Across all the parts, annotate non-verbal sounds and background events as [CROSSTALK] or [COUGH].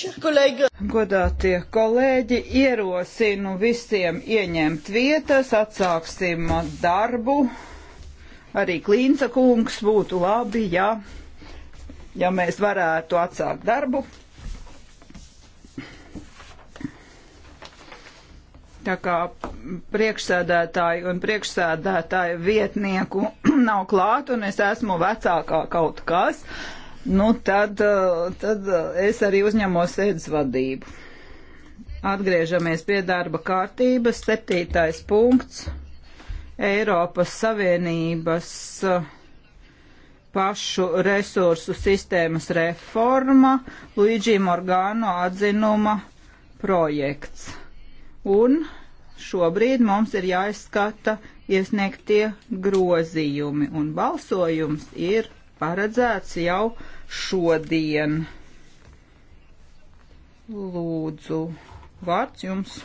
Godātie kolēģi, ierosinu visiem ieņemt vietas, atsāksim darbu. Arī Klīnca kungs būtu labi, ja, ja mēs varētu atsākt darbu. Tā kā priekšsēdētāji un priekšsēdētāju vietnieku [CLEARS THROAT] nav klāt, un es esmu vecākā kaut kas. Uh, nu tad, eh, tad eh, es arī uzņemos sēdes vadību. Atgriežamies pie darba kārtības. Septītais punkts - Eiropas Savienības eh, pašu resursu sistēmas reforma, Luigi Morgano atzinuma projekts. Un šobrīd mums ir jāizskata iesniegtie grozījumi, un balsojums ir paredzēts jau šodien. Lūdzu, vārds jums.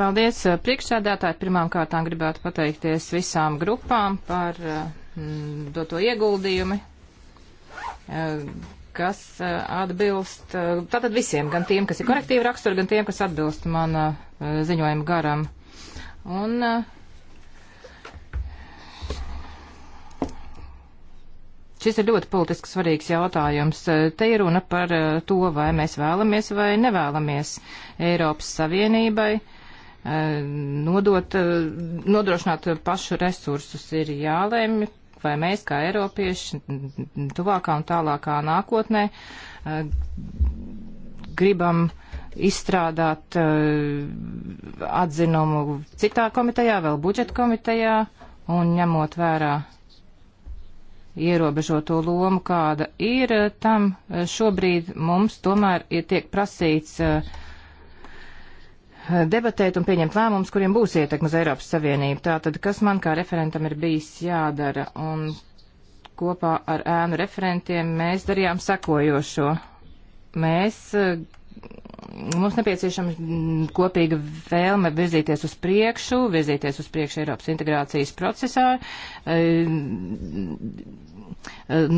Paldies, eh, priekšsēdētāji. Pirmām kārtām gribētu pateikties visām grupām par eh, mm, doto ieguldījumi, eh, kas atbilst tātad visiem, gan tiem, kas ir korektīvi rakstur, gan tiem, kas atbilst man ziņojumu garam. Un uh, Šis ir ļoti politiski svarīgs jautājums. Eh, te ir runa par eh, to, vai mēs vēlamies vai nevēlamies Eiropas Savienībai eh, nodot, nodrošināt pašu resursus. Ir jālēmj, vai mēs kā Eiropieši tuvākā un tālākā nākotnē gribam izstrādāt atzinumu citā komitejā, vēl budžeta komitejā un ņemot vērā ierobežoto lomu, kāda ir, eh, tam eh, šobrīd mums tomēr ir tiek prasīts eh, debatēt un pieņemt lēmumus, kuriem būs ietekme uz Eiropas Savienību. Tātad, kas man kā referentam ir bijis jādara? Un kopā ar ēnu referentiem mēs darījām sekojošo. Mēs mums nepieciešama kopīga vēlme virzīties uz priekšu, virzīties uz priekšu Eiropas integrācijas procesā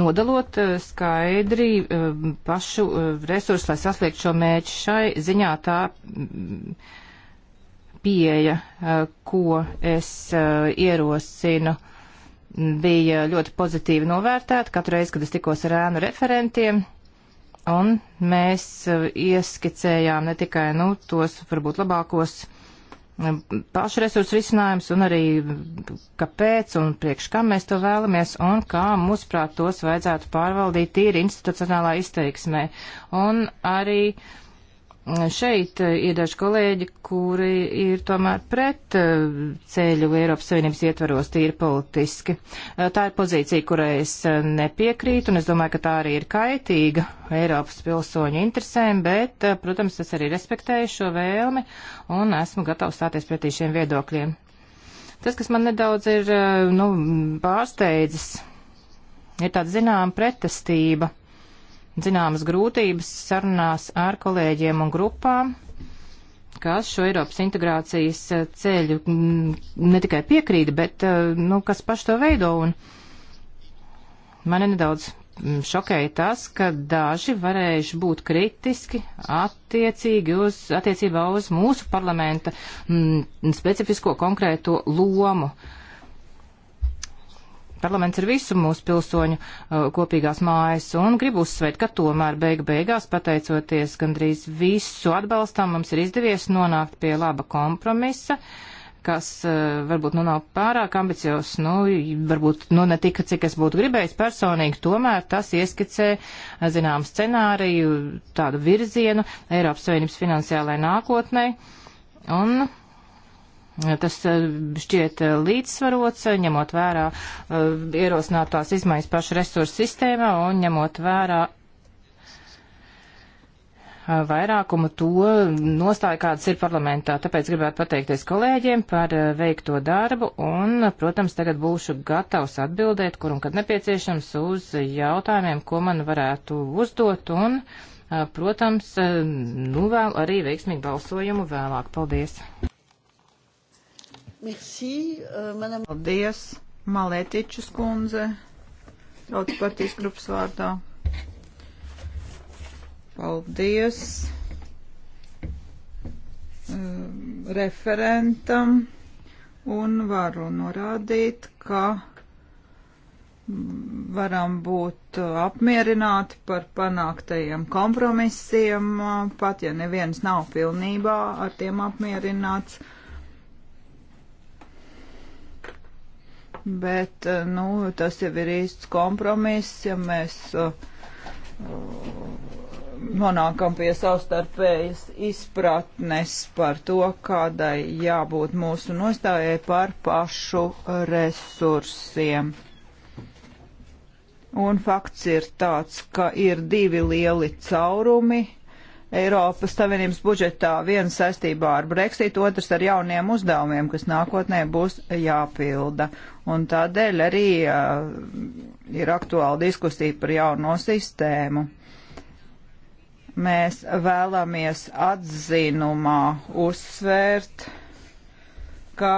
nodalot eh, skaidri eh, pašu eh, resursu, lai sasniegtu šo mērķi. Šai ziņā tā mm, pieeja, ko es ierosinu, mm, bija ļoti pozitīvi novērtēta katru reizi, kad es tikos ar ēnu referentiem. Un mēs ieskicējām ne tikai nu, tos varbūt labākos uh, pašu resursu risinājums un arī kāpēc un priekš kam mēs to vēlamies un kā mūsuprāt tos vajadzētu pārvaldīt tīri institucionālā izteiksmē. Un arī uh, Šeit eh, ir daži kolēģi, kuri ir tomēr pret eh, ceļu Eiropas Savienības ietvaros tīri politiski. Eh, tā ir pozīcija, kurai es nepiekrītu, un es domāju, ka tā arī ir kaitīga Eiropas pilsoņu interesēm, bet, protams, es arī respektēju šo vēlmi un esmu gatavs stāties pretī šiem viedokļiem. Tas, kas man nedaudz ir nu, pārsteidzis, ir tāda zināma pretestība zināmas grūtības sarunās ar kolēģiem un grupām, kas šo Eiropas integrācijas eh, ceļu mm, ne tikai piekrīt, bet, eh, nu, kas paši to veido. Un mani nedaudz mm, šokēja tas, ka daži varējuši būt kritiski attiecīgi uz, attiecībā uz mūsu parlamenta m, mm, specifisko konkrēto lomu. Uh, Parlaments ir visu mūsu pilsoņu uh, kopīgās mājas un gribu uzsvērt, ka tomēr beigu beigās, pateicoties gandrīz visu atbalstam, mums ir izdevies nonākt pie laba kompromisa kas uh, varbūt nu nav pārāk ambiciozs, nu, varbūt nu ne tika, cik es būtu gribējis personīgi, tomēr tas ieskicē, uh, zinām, scenāriju, tādu virzienu Eiropas Savienības finansiālajai nākotnei. Un Tas eh, šķiet eh, līdzsvarots, eh, ņemot vērā ierosinātās izmaiņas pašu resursu sistēmā un ņemot vērā vairākumu to nostāju, kādas ir parlamentā. Tāpēc gribētu pateikties kolēģiem par veikto darbu un, protams, tagad būšu gatavs atbildēt, kur un kad nepieciešams, uz jautājumiem, ko man varētu uzdot un, protams, nu vēl arī veiksmīgu balsojumu vēlāk. Paldies! Merci, uh, madame. Paldies, Maletičus kundze, tautas partijas grupas vārdā. Paldies eh, referentam un varu norādīt, ka varam būt eh, apmierināti par panāktajiem kompromisiem, eh, pat ja neviens nav pilnībā ar tiem apmierināts. bet eh, nu, tas jau ir īsts kompromiss, ja mēs eh, nonākam pie savstarpējas izpratnes par to, kādai jābūt mūsu nostājai par pašu resursiem. Un fakts ir tāds, ka ir divi lieli caurumi Eiropas Savienības budžetā, viens saistībā ar Brexit, otrs ar jauniem uzdevumiem, kas nākotnē būs jāpilda un tādēļ arī uh, ir aktuāla diskusija par jauno sistēmu. Mēs vēlamies atzinumā uzsvērt, ka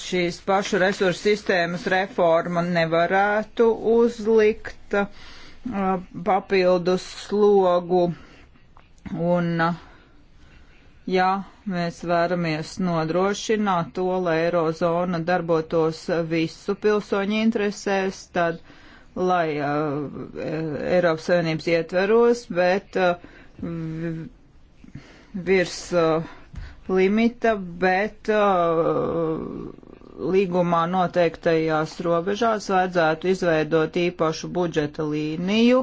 šīs pašu resursu sistēmas reforma nevarētu uzlikt uh, papildus slogu un, uh, ja Mēs vēramies nodrošināt to, lai Eirozona darbotos visu pilsoņu interesēs, tad, lai uh, e- Eiropas Savienības ietveros, bet uh, virs uh, limita, bet uh, līgumā noteiktajās robežās vajadzētu izveidot īpašu budžeta līniju,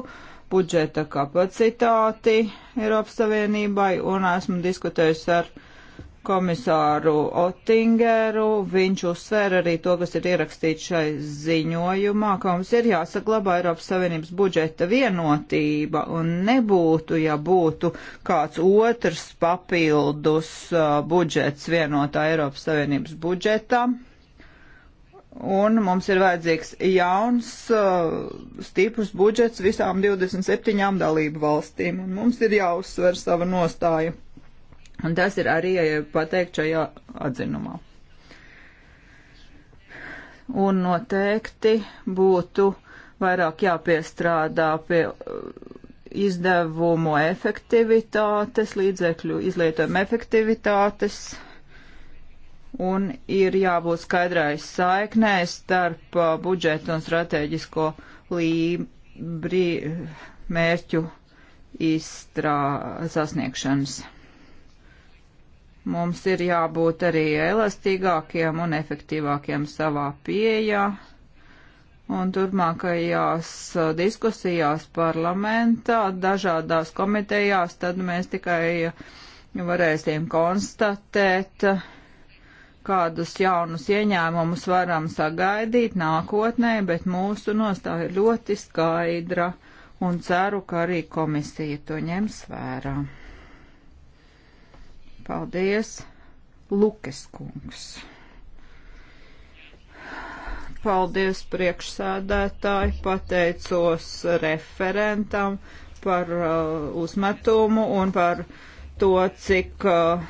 budžeta kapacitāti Eiropas Savienībai, un esmu diskutējusi ar komisāru Otingeru. Viņš uzsvēra arī to, kas ir ierakstīts šai ziņojumā, ka mums ir jāsaglabā Eiropas Savienības budžeta vienotība un nebūtu, ja būtu kāds otrs papildus uh, budžets vienotā Eiropas Savienības budžetam. Un mums ir vajadzīgs jauns, uh, stiprs budžets visām 27 dalību valstīm, un mums ir jāuzsver sava nostāja Un tas ir arī pateikt šajā atzinumā. Un noteikti būtu vairāk jāpiestrādā pie uh, izdevumu efektivitātes, līdzekļu izlietojuma efektivitātes, un ir jābūt skaidrai saiknē starp uh, budžetu un strateģisko lībrī mērķu izstrā sasniegšanas. Mums ir jābūt arī elastīgākiem un efektīvākiem savā pieejā. Un turpmākajās uh, diskusijās parlamentā, dažādās komitejās, tad mēs tikai varēsim konstatēt, kādus jaunus ieņēmumus varam sagaidīt nākotnē, bet mūsu nostāja ļoti skaidra un ceru, ka arī komisija to ņems vērā. Paldies, Lukas kungs. Paldies priekšsēdētāji, pateicos referentam par uh, uzmetumu un par to, cik uh,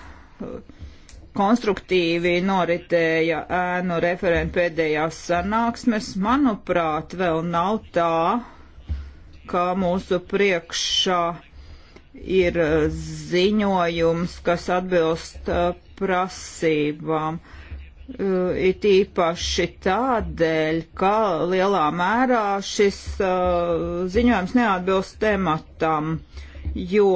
konstruktīvi noritēja ēnu referenta pēdējās sanāksmes. Manuprāt, vēl nav tā, kā mūsu priekšā uh, ir uh, ziņojums, kas atbilst uh, prasībām. Uh, it īpaši tādēļ, ka lielā mērā šis ziņojums neatbilst tematam jo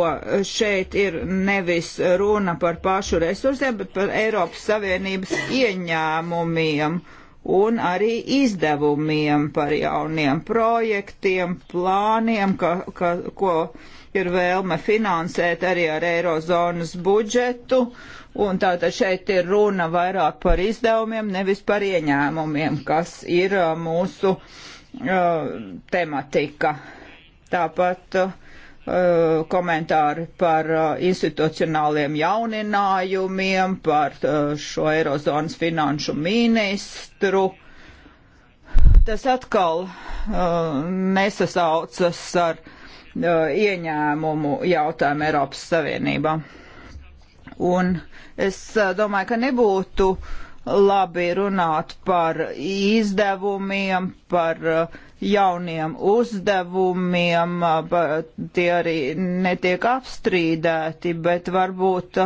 šeit ir nevis runa par pašu resursiem, bet par Eiropas Savienības ieņēmumiem un arī izdevumiem par jauniem projektiem, plāniem, ka, ka, ko ir vēlme finansēt arī ar eirozonas budžetu, un tātad šeit ir runa vairāk par izdevumiem, nevis par ieņēmumiem, kas ir uh, mūsu uh, tematika. Tāpat uh, komentāri par uh, institucionāliem jauninājumiem, par uh, šo Eirozonas finanšu ministru. Tas atkal uh, nesasaucas ar uh, ieņēmumu jautājumu Eiropas Savienībā. Un es domāju, ka nebūtu labi runāt par izdevumiem, par jauniem uzdevumiem, tie arī netiek apstrīdēti, bet varbūt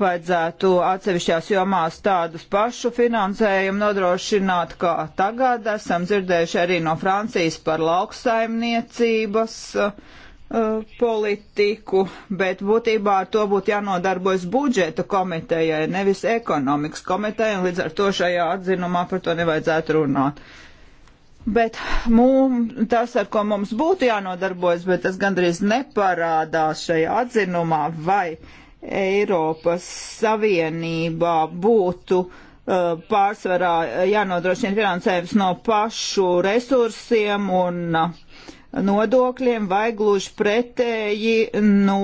vajadzētu atsevišķās jomās tādus pašu finansējumu nodrošināt, kā tagad esam dzirdējuši arī no Francijas par lauksaimniecības uh, Uh, politiku, bet būtībā ar to būtu jānodarbojas budžeta komitejai, nevis ekonomikas komitejai, un līdz ar to šajā atzinumā par to nevajadzētu runāt. Bet mūm, tas, ar ko mums būtu jānodarbojas, bet tas gandrīz neparādās šajā atzinumā, vai Eiropas Savienībā būtu uh, pārsvarā jānodrošina finansējums no pašu resursiem un uh, nodokļiem vai gluži pretēji no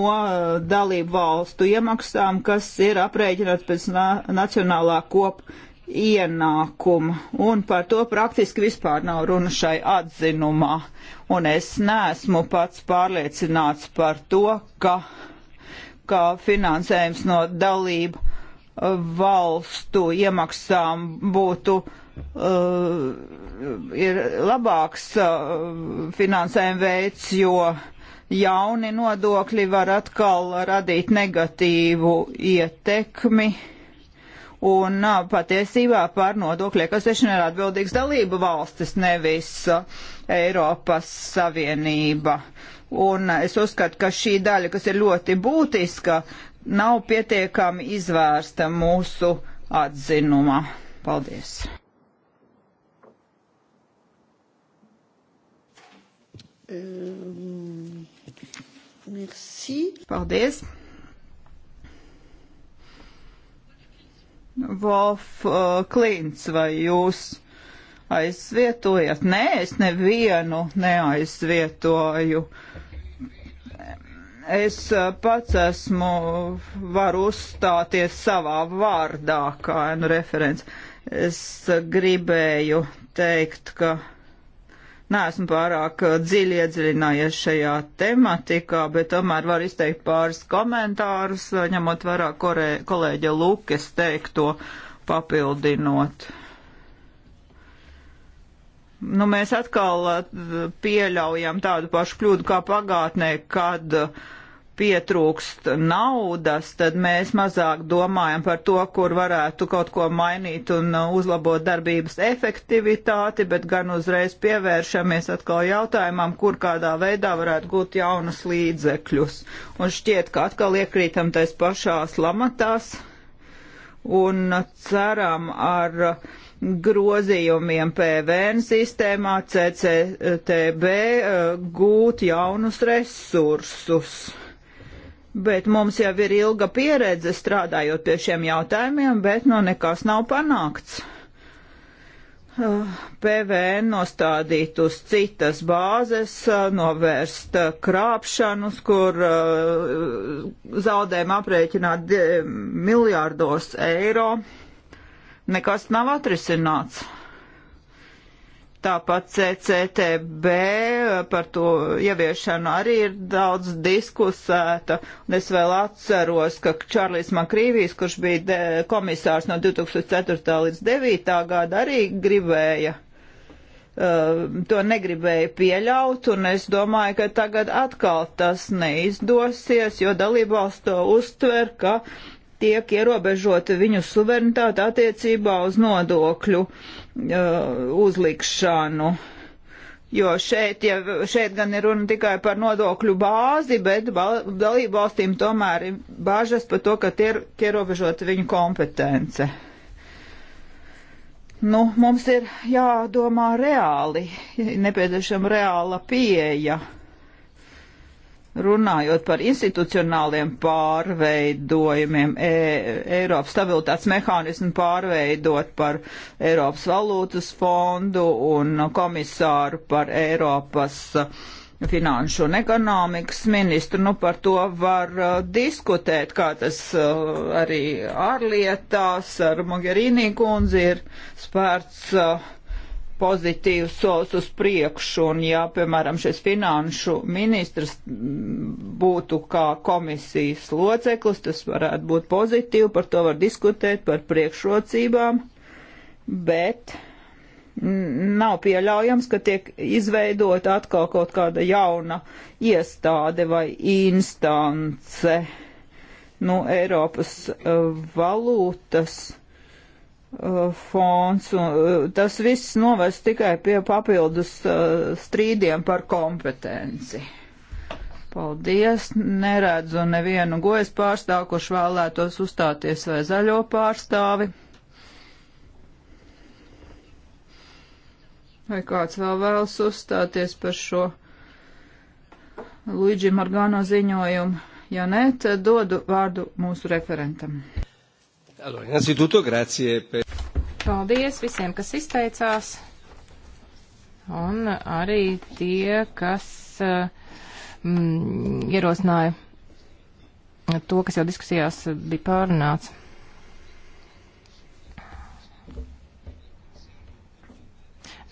dalību valstu iemaksām, kas ir aprēķināts pēc na nacionālā kopa ienākuma. Un par to praktiski vispār nav runa šai atzinumā. Un es neesmu pats pārliecināts par to, ka, ka finansējums no dalību valstu iemaksām būtu uh, uh, ir labāks uh, finansējuma veids, jo jauni nodokļi var atkal radīt negatīvu ietekmi. Un uh, patiesībā par nodokļu iekasēšanu ir atbildīgs dalību valstis, nevis uh, Eiropas Savienība. Un uh, es uzskatu, ka šī daļa, kas ir ļoti būtiska, nav pietiekami izvērsta mūsu atzinumā. Paldies! Ehm, merci. Paldies. Wolf uh, Klints, vai jūs aizvietojat? Nē, es nevienu neaizvietoju. Es eh, pats esmu, varu uzstāties savā vārdā, kā nu referents. Es eh, gribēju teikt, ka neesmu pārāk uh, dziļi iedziļinājies šajā tematikā, bet tomēr var izteikt pāris komentārus, uh, ņemot vērā kolēģa Lukas teikto papildinot. Nu, mēs atkal uh, pieļaujam tādu pašu kļūdu kā pagātnē, kad uh, pietrūkst naudas, tad mēs mazāk domājam par to, kur varētu kaut ko mainīt un uh, uzlabot darbības efektivitāti, bet gan uzreiz pievēršamies atkal jautājumam, kur kādā veidā varētu gūt jaunus līdzekļus. Un šķiet, ka atkal iekrītam tais pašās lamatās un ceram ar grozījumiem PVN sistēmā CCTB uh, gūt jaunus resursus bet mums jau ir ilga pieredze strādājot pie šiem jautājumiem, bet no nu nekas nav panākts. Ah, PVN nostādīt uz citas bāzes, ah, novērst ah, krāpšanus, kur zaudējumi aprēķināt miljārdos eiro. Nekas nav atrisināts. Tāpat CCTB eh, par to ieviešanu arī ir daudz diskusēta. Un es vēl atceros, ka Čārlis Makrīvijs, kurš bija komisārs no 2004. līdz 2009. gada, arī gribēja. Uh, to negribēja pieļaut, un es domāju, ka tagad atkal tas neizdosies, jo dalībvalsts to uztver, ka tiek ierobežota viņu suverenitāte attiecībā uz nodokļu uh, uzlikšanu. Jo šeit, ja, šeit gan ir runa tikai par nodokļu bāzi, bet dalību valstīm tomēr ir bāžas par to, ka ir ierobežota viņu kompetence. Nu, mums ir jādomā reāli, nepieciešama reāla pieeja runājot par institucionāliem pārveidojumiem, e Eiropas stabilitātes mehānismu pārveidot par Eiropas valūtas fondu un komisāru par Eiropas uh, finanšu un ekonomikas ministru. Nu, par to var uh, diskutēt, kā tas uh, arī ārlietās ar Mogherini kundzi ir spērts. Uh, pozitīvs solis uz priekšu, un ja, piemēram, šis finanšu ministrs būtu kā komisijas loceklis, tas varētu būt pozitīvi, par to var diskutēt, par priekšrocībām, bet nav pieļaujams, ka tiek izveidota atkal kaut kāda jauna iestāde vai instance. Nu, Eiropas uh, valūtas Uh, fonds. Uh, tas viss novest tikai pie papildus uh, strīdiem par kompetenci. Paldies! Neredzu nevienu gojas pārstāvu, kurš vēlētos uzstāties vai zaļo pārstāvi. Vai kāds vēl vēlas uzstāties par šo Luigi Margano ziņojumu? Ja nē, tad dodu vārdu mūsu referentam. Allora, innanzitutto grazie per. Paldies visiem, kas izteicās, un arī tie, kas eh, mm, ierosināja to, kas jau diskusijās bija pārunāts.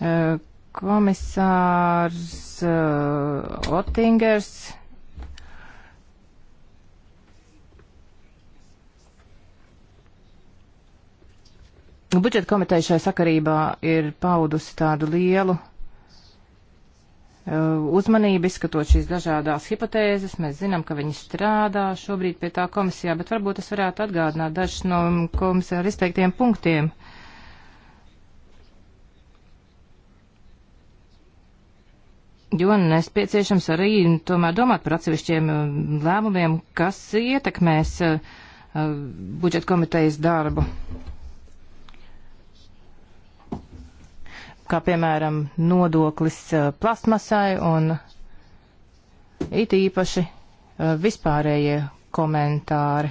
Eh, komisārs eh, Otingers. Uh, Budžeta komiteja šai sakarībā ir paudusi tādu lielu uh, uzmanību, izskatot šīs dažādās hipotēzes. Mēs zinām, ka viņi strādā šobrīd pie tā komisijā, bet varbūt es varētu atgādināt dažus no komisāra izteiktiem punktiem. Jo nespieciešams arī tomēr domāt par atsevišķiem uh, lēmumiem, kas ietekmēs uh, budžeta komitejas darbu. kā piemēram nodoklis plastmasai un it īpaši vispārējie komentāri.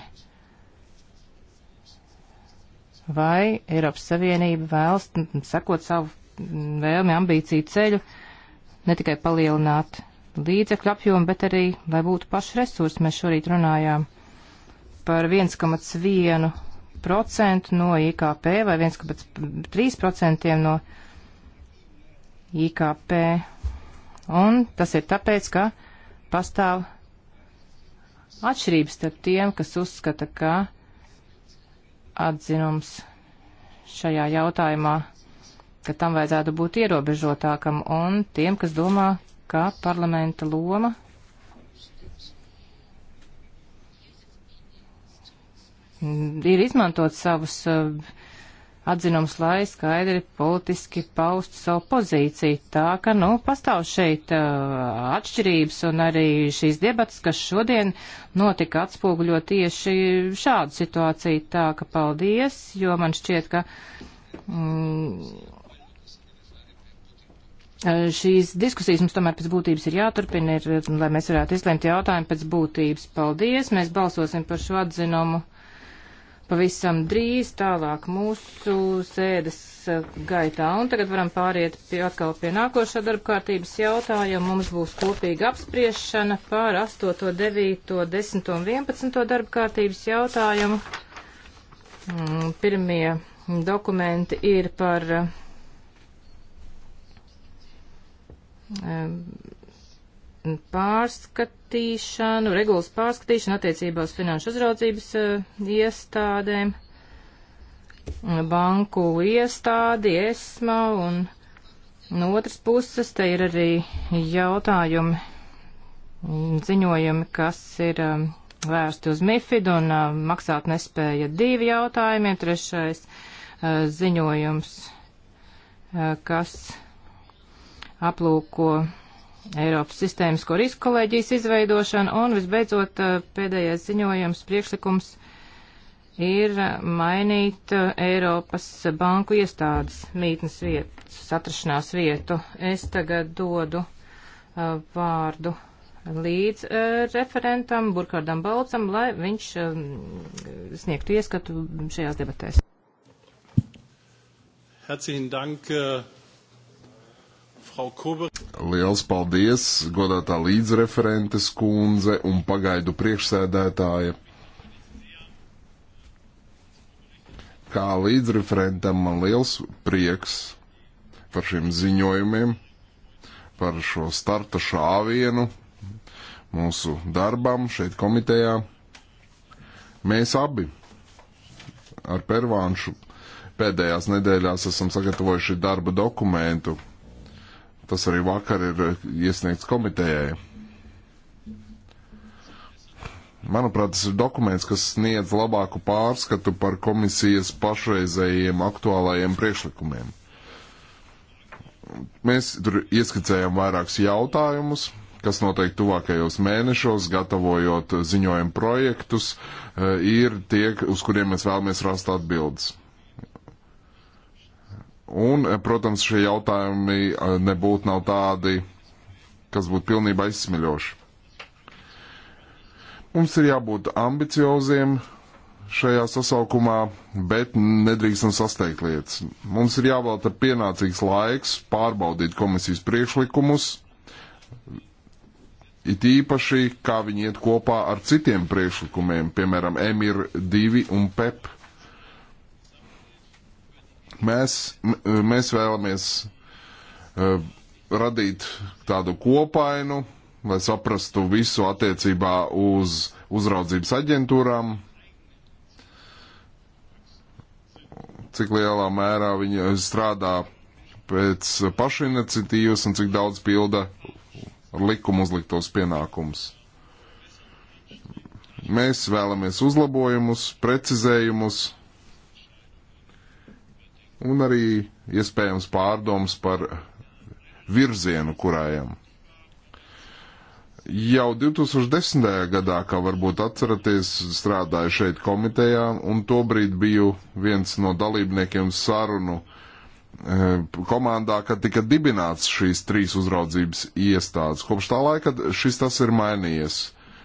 Vai Eiropas Savienība vēlas sekot savu vēlmi ambīciju ceļu, ne tikai palielināt līdzekļu apjomu, bet arī, lai būtu paši resursi. Mēs šorīt runājām par 1,1% no IKP vai 1,3% no IKP IKP. Un tas ir tāpēc, ka pastāv atšķirības starp tiem, kas uzskata, ka atzinums šajā jautājumā, ka tam vajadzētu būt ierobežotākam, un tiem, kas domā, ka parlamenta loma ir izmantot savus uh, atzinums, lai skaidri politiski paustu savu pozīciju. Tā ka, nu, pastāv šeit uh, atšķirības un arī šīs debatas, kas šodien notika atspoguļo tieši šādu situāciju. Tā ka paldies, jo man šķiet, ka. Mm, uh, Šīs diskusijas mums tomēr pēc būtības ir jāturpina, ir, lai mēs varētu izlemt jautājumu pēc būtības. Paldies! Mēs balsosim par šo atzinumu pavisam drīz tālāk mūsu sēdes uh, gaitā. Un tagad varam pāriet pie, atkal pie nākošā darba kārtības jautājuma. Mums būs kopīga apspriešana pār 8, 9, 10 un 11 darba kārtības jautājumu. Mm, pirmie dokumenti ir par uh, pārskatīšanu, regulas pārskatīšanu attiecībā uz finanšu uzraudzības eh, iestādēm, banku iestādi, ESMA un no otras puses te ir arī jautājumi, ziņojumi, kas ir eh, vērsti uz MIFID un eh, maksāt nespēja divi jautājumiem, trešais ziņojums, kas aplūko Eiropas sistēmisko risku kolēģijas izveidošanu, un visbeidzot eh, pēdējais ziņojums priekšlikums ir eh, mainīt eh, Eiropas banku iestādes mītnes vietu, satrašanās vietu. Es tagad dodu uh, vārdu līdz uh, referentam Burkardam Balcam, lai viņš uh, sniegtu ieskatu šajās debatēs. Herzlichen Dank. Uh... Liels paldies, godātā līdzreferentes kundze un pagaidu priekšsēdētāja. Kā līdzreferentam man liels prieks par šiem ziņojumiem, par šo starta šāvienu mūsu darbam šeit komitejā. Mēs abi ar Pervānšu pēdējās nedēļās esam sagatavojuši darba dokumentu Tas arī vakar ir eh, iesniegts komitejai. Manuprāt, tas ir dokuments, kas sniedz labāku pārskatu par komisijas pašreizējiem aktuālajiem priekšlikumiem. Mēs tur ieskicējām vairākus jautājumus, kas notiek tuvākajos mēnešos, gatavojot ziņojumu projektus, eh, ir tie, uz kuriem mēs vēlamies rast atbildes. Un, eh, protams, šie jautājumi eh, nebūtu nav tādi, kas būtu pilnībā izsmeļoši. Mums ir jābūt ambicioziem šajā sasaukumā, bet nedrīkstam sasteigt lietas. Mums ir jāvelta pienācīgs laiks pārbaudīt komisijas priekšlikumus, it īpaši, kā viņi iet kopā ar citiem priekšlikumiem, piemēram, MIR 2 un PEP 2 Mēs, mēs vēlamies uh, radīt tādu kopainu, lai saprastu visu attiecībā uz uzraudzības aģentūrām, cik lielā mērā viņi strādā pēc pašiniciatīvas un cik daudz pilda likuma uzliktos pienākumus. Mēs vēlamies uzlabojumus, precizējumus, un arī iespējams pārdoms par virzienu, kurājam. Jau 2010. gadā, kā varbūt atceraties, strādāju šeit komitejā, un tobrīd biju viens no dalībniekiem sarunu eh, komandā, kad tika dibināts šīs trīs uzraudzības iestādes. Kopš tā laika šis tas ir mainījies.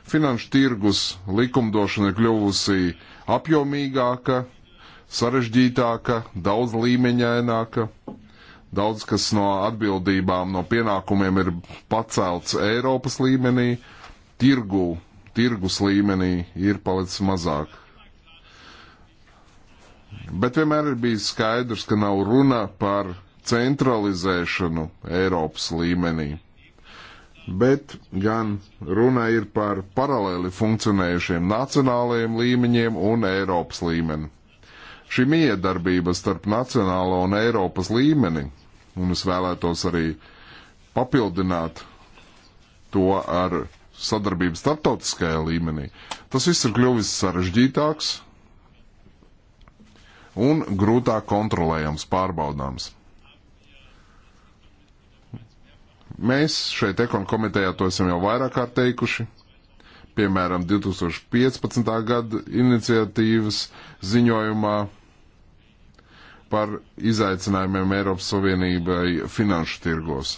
Finanšu tirgus likumdošana ir kļuvusi apjomīgāka, sarežģītāka, daudz līmeņaināka. Daudz kas no atbildībām, no pienākumiem ir pacelts Eiropas līmenī, tirgu, tirgus līmenī ir palicis mazāk. Bet vienmēr ir bijis skaidrs, ka nav runa par centralizēšanu Eiropas līmenī, bet gan runa ir par paralēli funkcionējušiem nacionālajiem līmeņiem un Eiropas līmeni šī miedarbība starp nacionālo un Eiropas līmeni, un es vēlētos arī papildināt to ar sadarbību starptautiskajā līmenī, tas viss ir kļuvis sarežģītāks un grūtāk kontrolējams, pārbaudāms. Mēs šeit ekonomikas komitejā to esam jau vairāk kārt teikuši piemēram, 2015. gada iniciatīvas ziņojumā par izaicinājumiem Eiropas Savienībai finanšu tirgos.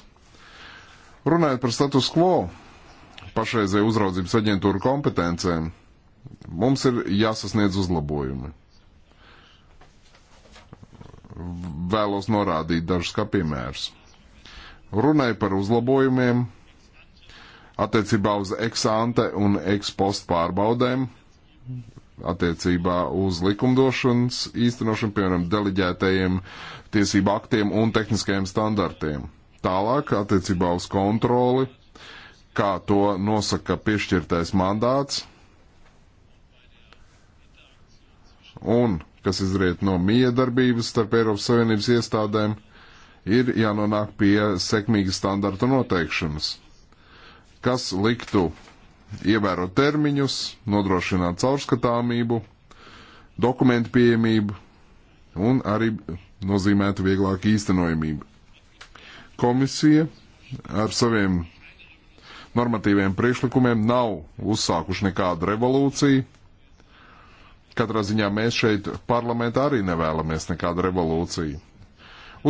Runājot par status quo, pašreizēju uzraudzības aģentūru kompetencēm, mums ir jāsasniedz uzlabojumi. Vēlos norādīt dažus kā piemērus. Runāja par uzlabojumiem attiecībā uz eksante un ekspost pārbaudēm, attiecībā uz likumdošanas īstenošanu, piemēram, deleģētajiem tiesību aktiem un tehniskajiem standartiem. Tālāk attiecībā uz kontroli, kā to nosaka piešķirtais mandāts un kas izriet no miedarbības starp Eiropas Savienības iestādēm, ir jānonāk pie sekmīgas standarta noteikšanas, kas liktu ievērot termiņus, nodrošināt caurskatāmību, dokumentu pieejamību un arī nozīmētu vieglāku īstenojamību. Komisija ar saviem normatīviem priekšlikumiem nav uzsākuši nekādu revolūciju. Katrā ziņā mēs šeit parlamentā arī nevēlamies nekādu revolūciju.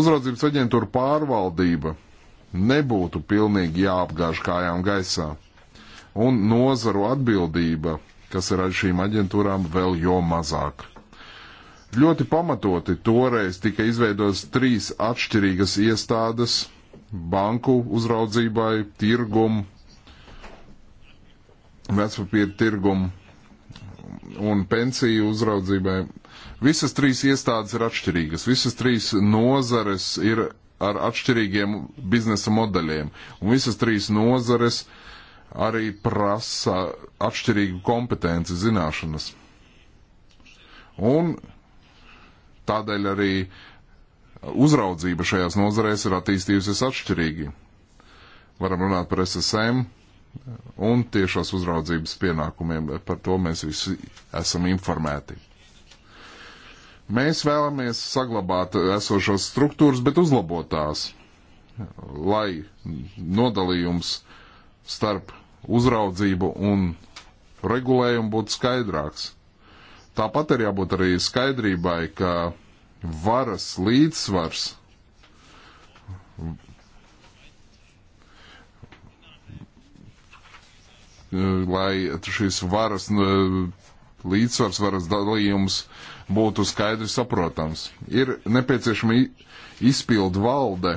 Uzraudzības aģentūra pārvaldība nebūtu pilnīgi jāapgāž kājām gaisā un nozaru atbildība, kas ir ar šīm aģentūrām, vēl jo mazāk. Ļoti pamatoti toreiz tika izveidotas trīs atšķirīgas iestādes - banku uzraudzībai, tirgumu, vecpapīra tirgumu un pensiju uzraudzībai. Visas trīs iestādes ir atšķirīgas, visas trīs nozares ir ar atšķirīgiem biznesa modeļiem, un visas trīs nozares uh, arī prasa atšķirīgu kompetenci zināšanas. Un tādēļ arī uzraudzība šajās nozarēs ir attīstījusies atšķirīgi. Varam runāt par SSM un tiešās uzraudzības pienākumiem, par to mēs visi esam informēti. Mēs vēlamies saglabāt esošās struktūras, bet uzlabot tās, lai nodalījums starp uzraudzību un regulējumu būtu skaidrāks. Tāpat ir jābūt arī skaidrībai, ka varas līdzsvars lai šīs varas līdzsvars, varas dalījums būtu skaidri saprotams. Ir nepieciešama izpildu valde,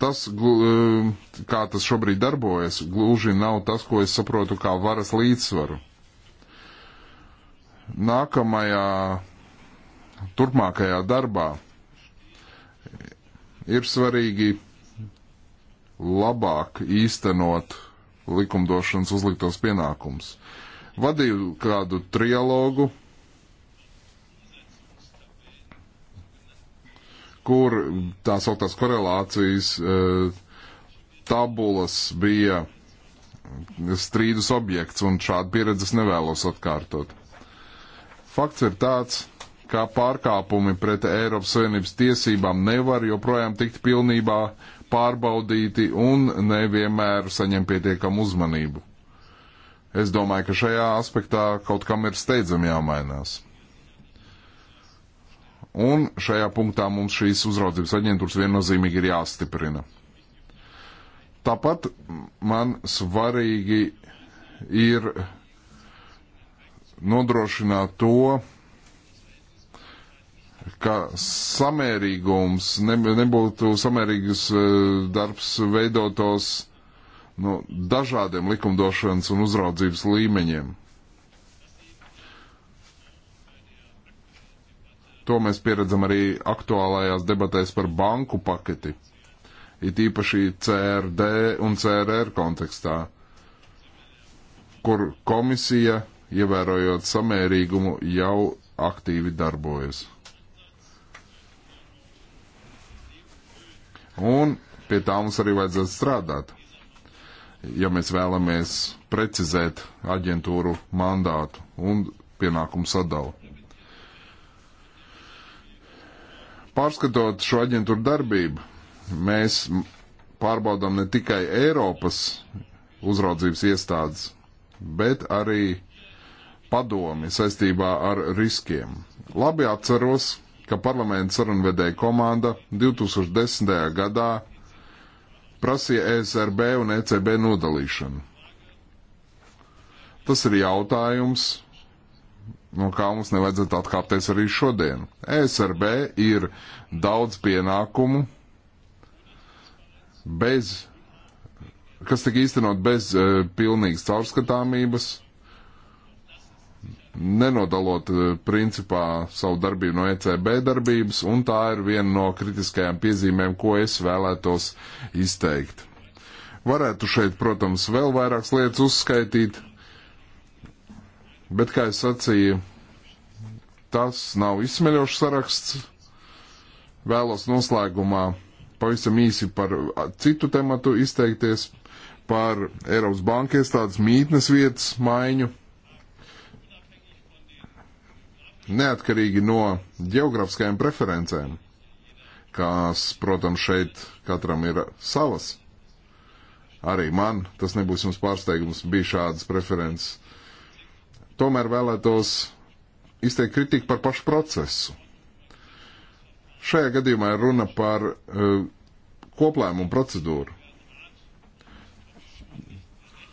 tas, um, kā tas šobrīd darbojas, gluži nav tas, ko es saprotu kā varas līdzsvaru. Nākamajā, turpmākajā darbā ir svarīgi labāk īstenot likumdošanas uzliktos pienākums. Vadīju kādu trialogu kur tā sauktās korelācijas eh, tabulas bija strīdus objekts, un šādu pieredzi es nevēlos atkārtot. Fakts ir tāds, ka pārkāpumi pret Eiropas Savienības tiesībām nevar joprojām tikt pilnībā pārbaudīti un nevienmēr saņem pietiekamu uzmanību. Es domāju, ka šajā aspektā kaut kam ir steidzami jāmainās. Un šajā punktā mums šīs uzraudzības aģentūras viennozīmīgi ir jāstiprina. Tāpat man svarīgi ir nodrošināt to, ka samērīgums nebūtu samērīgs e, darbs veidotos no nu, dažādiem likumdošanas un uzraudzības līmeņiem. To mēs pieredzam arī aktuālajās debatēs par banku paketi, it īpaši CRD un CRR kontekstā, kur komisija, ievērojot samērīgumu, jau aktīvi darbojas. Un pie tā mums arī vajadzētu strādāt, ja mēs vēlamies precizēt aģentūru mandātu un pienākumu sadalu. Pārskatot šo aģentūru darbību, mēs pārbaudām ne tikai Eiropas uzraudzības iestādes, bet arī padomi saistībā ar riskiem. Labi atceros, ka parlamenta sarunvedēja komanda 2010. gadā prasīja ESRB un ECB nodalīšanu. Tas ir jautājums, no nu, kā mums nevajadzētu atkāpties arī šodien. ESRB ir daudz pienākumu, bez, kas tika īstenot bez uh, pilnīgas caurskatāmības, nenodalot uh, principā savu darbību no ECB darbības, un tā ir viena no kritiskajām piezīmēm, ko es vēlētos izteikt. Varētu šeit, protams, vēl vairākas lietas uzskaitīt, Bet, kā es sacīju, tas nav izsmeļošs saraksts. Vēlos noslēgumā pavisam īsi par citu tematu izteikties par Eiropas bankas tādas mītnes vietas maiņu. Neatkarīgi no geogrāfiskajām preferencēm, kas, protams, šeit katram ir savas. Arī man tas nebūs jums pārsteigums, bija šādas preferences tomēr vēlētos izteikt kritiku par pašu procesu. Šajā gadījumā ir runa par uh, koplēmumu procedūru.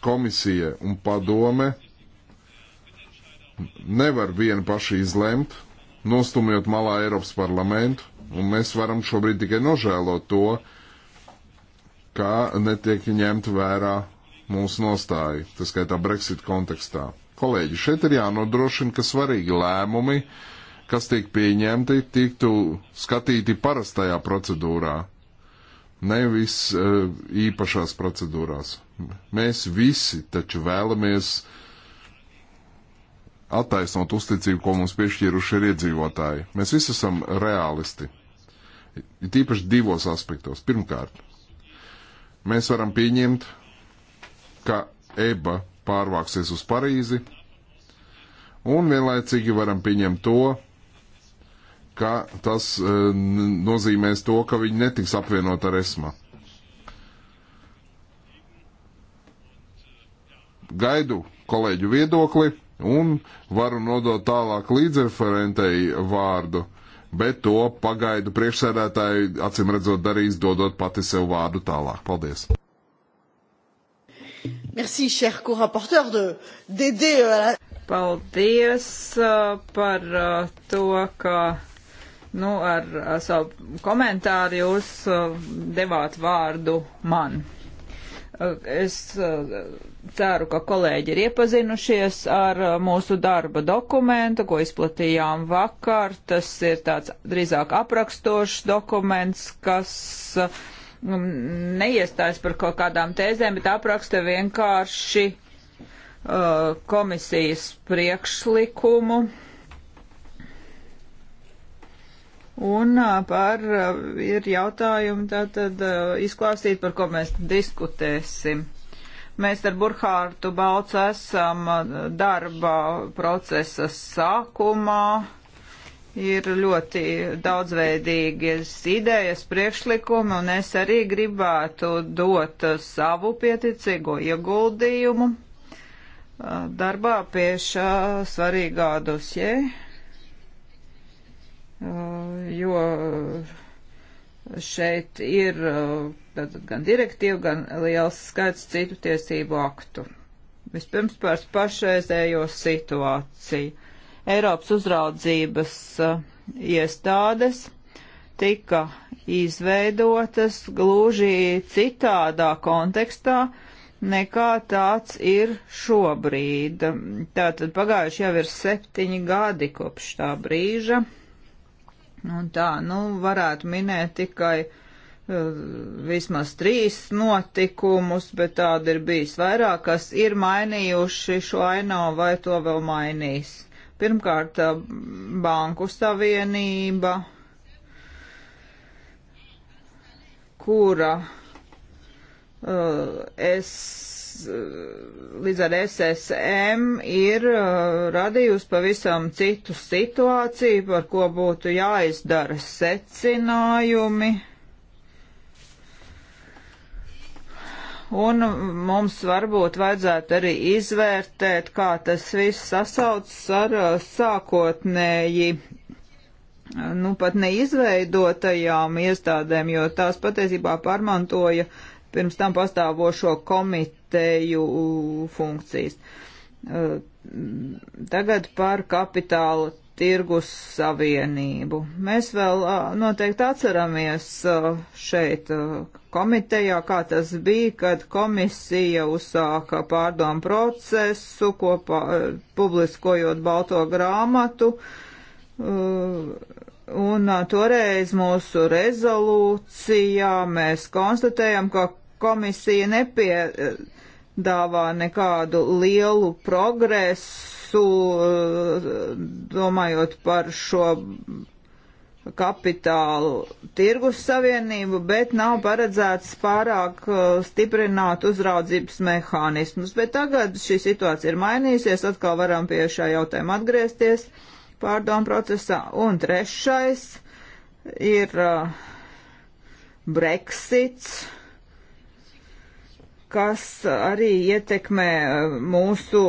Komisija un padome nevar vieni paši izlemt, nostumjot malā Eiropas parlamentu, un mēs varam šobrīd tikai nožēlot to, ka netiek ņemt vērā mūsu nostāju, tas skaitā Brexit kontekstā. Kolēģi, šeit ir jānodrošina, ka svarīgi lēmumi, kas tiek pieņemti, tiktu skatīti parastajā procedūrā, nevis eh, īpašās procedūrās. Mēs visi taču vēlamies attaisnot uzticību, ko mums piešķīruši ir iedzīvotāji. Mēs visi esam realisti. Tīpaši divos aspektos. Pirmkārt, mēs varam pieņemt, ka EBA pārvāksies uz Parīzi. Un vienlaicīgi varam pieņemt to, ka tas e, nozīmēs to, ka viņi netiks apvienot ar ESMA. Gaidu kolēģu viedokli un varu nodot tālāk līdzreferentei vārdu, bet to pagaidu priekšsēdētāji acim redzot darīs, dodot pati sev vārdu tālāk. Paldies! Merci, cher co-rapporteur, d'aider. Euh, la... Paldies uh, par uh, to, ka nu, ar, ar savu komentāru jūs uh, devāt vārdu man. Es ceru, ka kolēģi ir iepazinušies ar mūsu darba dokumentu, ko izplatījām vakar. Tas ir tāds drīzāk aprakstošs dokuments, kas uh, Nu, neiestājas par kaut kādām tēzēm, bet apraksta vienkārši uh, komisijas priekšlikumu un uh, par uh, ir jautājumi tātad uh, izklāstīt, par ko mēs diskutēsim. Mēs ar Burhārtu Balcu esam darba procesa sākumā ir ļoti daudzveidīgas idejas, priekšlikumi, un es arī gribētu dot savu pieticīgo ieguldījumu uh, darbā pie šā svarīgā dosjē, uh, jo šeit ir uh, gan direktīva, gan liels skaits citu tiesību aktu. Vispirms par pašreizējo situāciju Eiropas uzraudzības eh, iestādes tika izveidotas gluži citādā kontekstā nekā tāds ir šobrīd. Tātad pagājuši jau ir septiņi gadi kopš tā brīža. Un tā, nu, varētu minēt tikai eh, vismaz trīs notikumus, bet tāda ir bijis vairāk, kas ir mainījuši šo aino vai to vēl mainīs. Pirmkārt, Banku savienība, kura uh, es līdz ar SSM ir uh, radījusi pavisam citu situāciju, par ko būtu jāizdara secinājumi. un mums varbūt vajadzētu arī izvērtēt, kā tas viss sasaucas ar uh, sākotnēji, uh, nu pat neizveidotajām iestādēm, jo tās patiesībā pārmantoja pirms tam pastāvošo komiteju uh, funkcijas. Tagad par kapitālu tirgus savienību. Mēs vēl noteikti atceramies šeit komitejā, kā tas bija, kad komisija uzsāka pārdomu procesu, kopā publiskojot balto grāmatu. Uh, un uh, toreiz mūsu rezolūcijā mēs konstatējam, ka komisija nepiedāvā nekādu lielu progresu, uh, domājot par šo kapitālu tirgus savienību, bet nav paredzēts pārāk uh, stiprināt uzraudzības mehānismus. Bet tagad šī situācija ir mainīsies, atkal varam pie šā jautājuma atgriezties pārdomu procesā. Un trešais ir uh, Brexits kas arī ietekmē uh, mūsu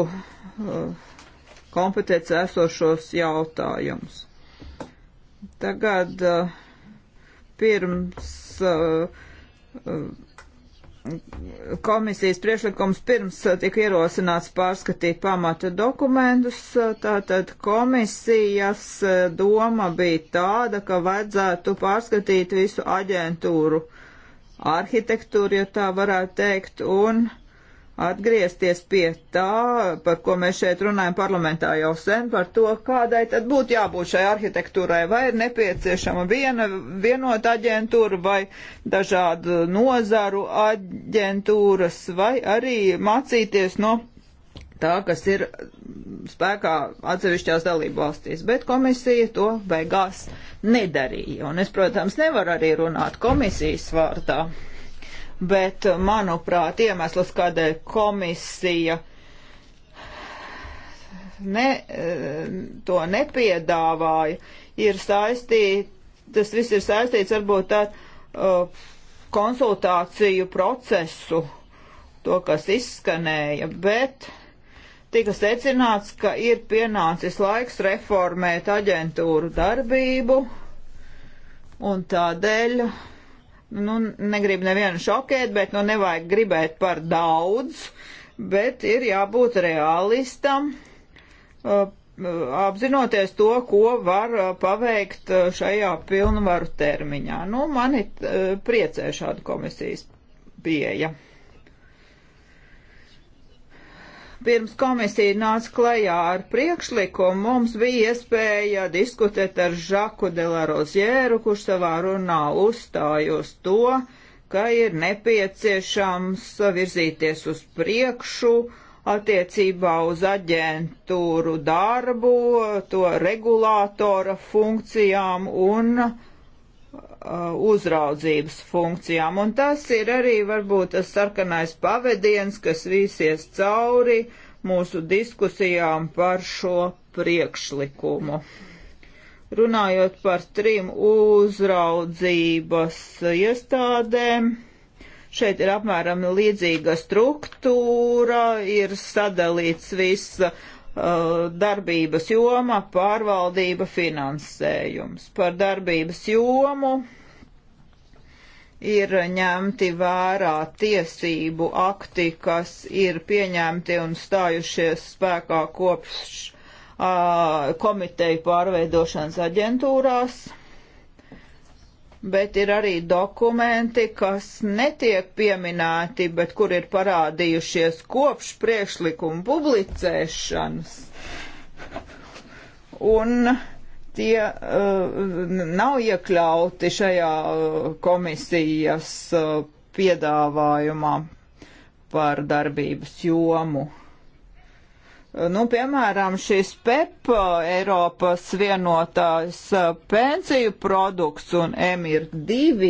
kompetenci esošos jautājumus. Tagad uh, pirms uh, uh, komisijas priekšlikums pirms tika ierosināts pārskatīt pamata dokumentus, tātad komisijas doma bija tāda, ka vajadzētu pārskatīt visu aģentūru arhitektūru, ja tā varētu teikt, un uh, atgriezties pie tā, par ko mēs šeit runājam parlamentā jau sen, par to, kādai tad būtu jābūt šai arhitektūrai, vai ir nepieciešama viena vienota aģentūra vai dažādu nozaru aģentūras, vai arī mācīties no tā, kas ir spēkā atsevišķās dalību valstīs, bet komisija to beigās nedarīja. Un es, protams, nevaru arī runāt komisijas vārdā bet, manuprāt, iemesls, kādēļ komisija ne, to nepiedāvāja, ir saistīts, tas viss ir saistīts varbūt ar uh, konsultāciju procesu, to, kas izskanēja, bet tika secināts, ka ir pienācis laiks reformēt aģentūru darbību, un tādēļ Nu, negribu nevienu šokēt, bet nu nevajag gribēt par daudz, bet ir jābūt realistam, uh, uh, apzinoties to, ko var uh, paveikt šajā pilnvaru termiņā. Nu, mani priecē šāda komisijas pieeja. pirms komisija nāca klajā ar priekšlikumu, mums bija iespēja diskutēt ar Žaku Delarozieru, kurš savā runā uzstājos to, ka ir nepieciešams virzīties uz priekšu attiecībā uz aģentūru darbu, to regulātora funkcijām un uh, Uh, uzraudzības funkcijām. Un tas ir arī varbūt tas sarkanais pavadiens, kas vīsies cauri mūsu diskusijām par šo priekšlikumu. Runājot par trim uzraudzības iestādēm, šeit ir apmēram līdzīga struktūra, ir sadalīts viss Uh, darbības joma, pārvaldība, finansējums. Par darbības jomu ir ņemti vērā tiesību akti, kas ir pieņemti un stājušies spēkā kopš uh, komiteju pārveidošanas aģentūrās bet ir arī dokumenti, kas netiek pieminēti, bet kur ir parādījušies kopš priekšlikuma publicēšanas. Un tie uh, nav iekļauti šajā uh, komisijas uh, piedāvājumā par darbības jomu. Nu, piemēram, šis PEP, Eiropas vienotās eh, pensiju produkts un EMIR 2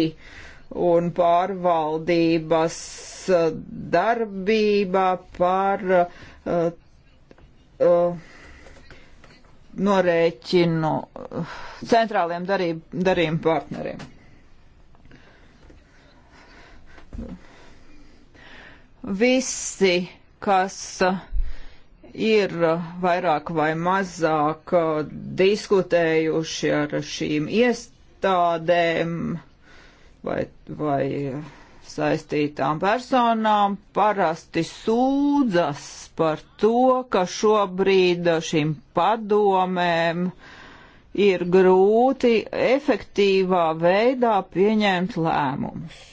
un pārvaldības eh, darbība par uh, uh, norēķinu centrāliem darību, darījumu partneriem. Visi, kas uh, ir eh, vairāk vai mazāk eh, diskutējuši ar šīm iestādēm vai, vai saistītām personām, parasti sūdzas par to, ka šobrīd šīm padomēm ir grūti efektīvā veidā pieņemt lēmumus.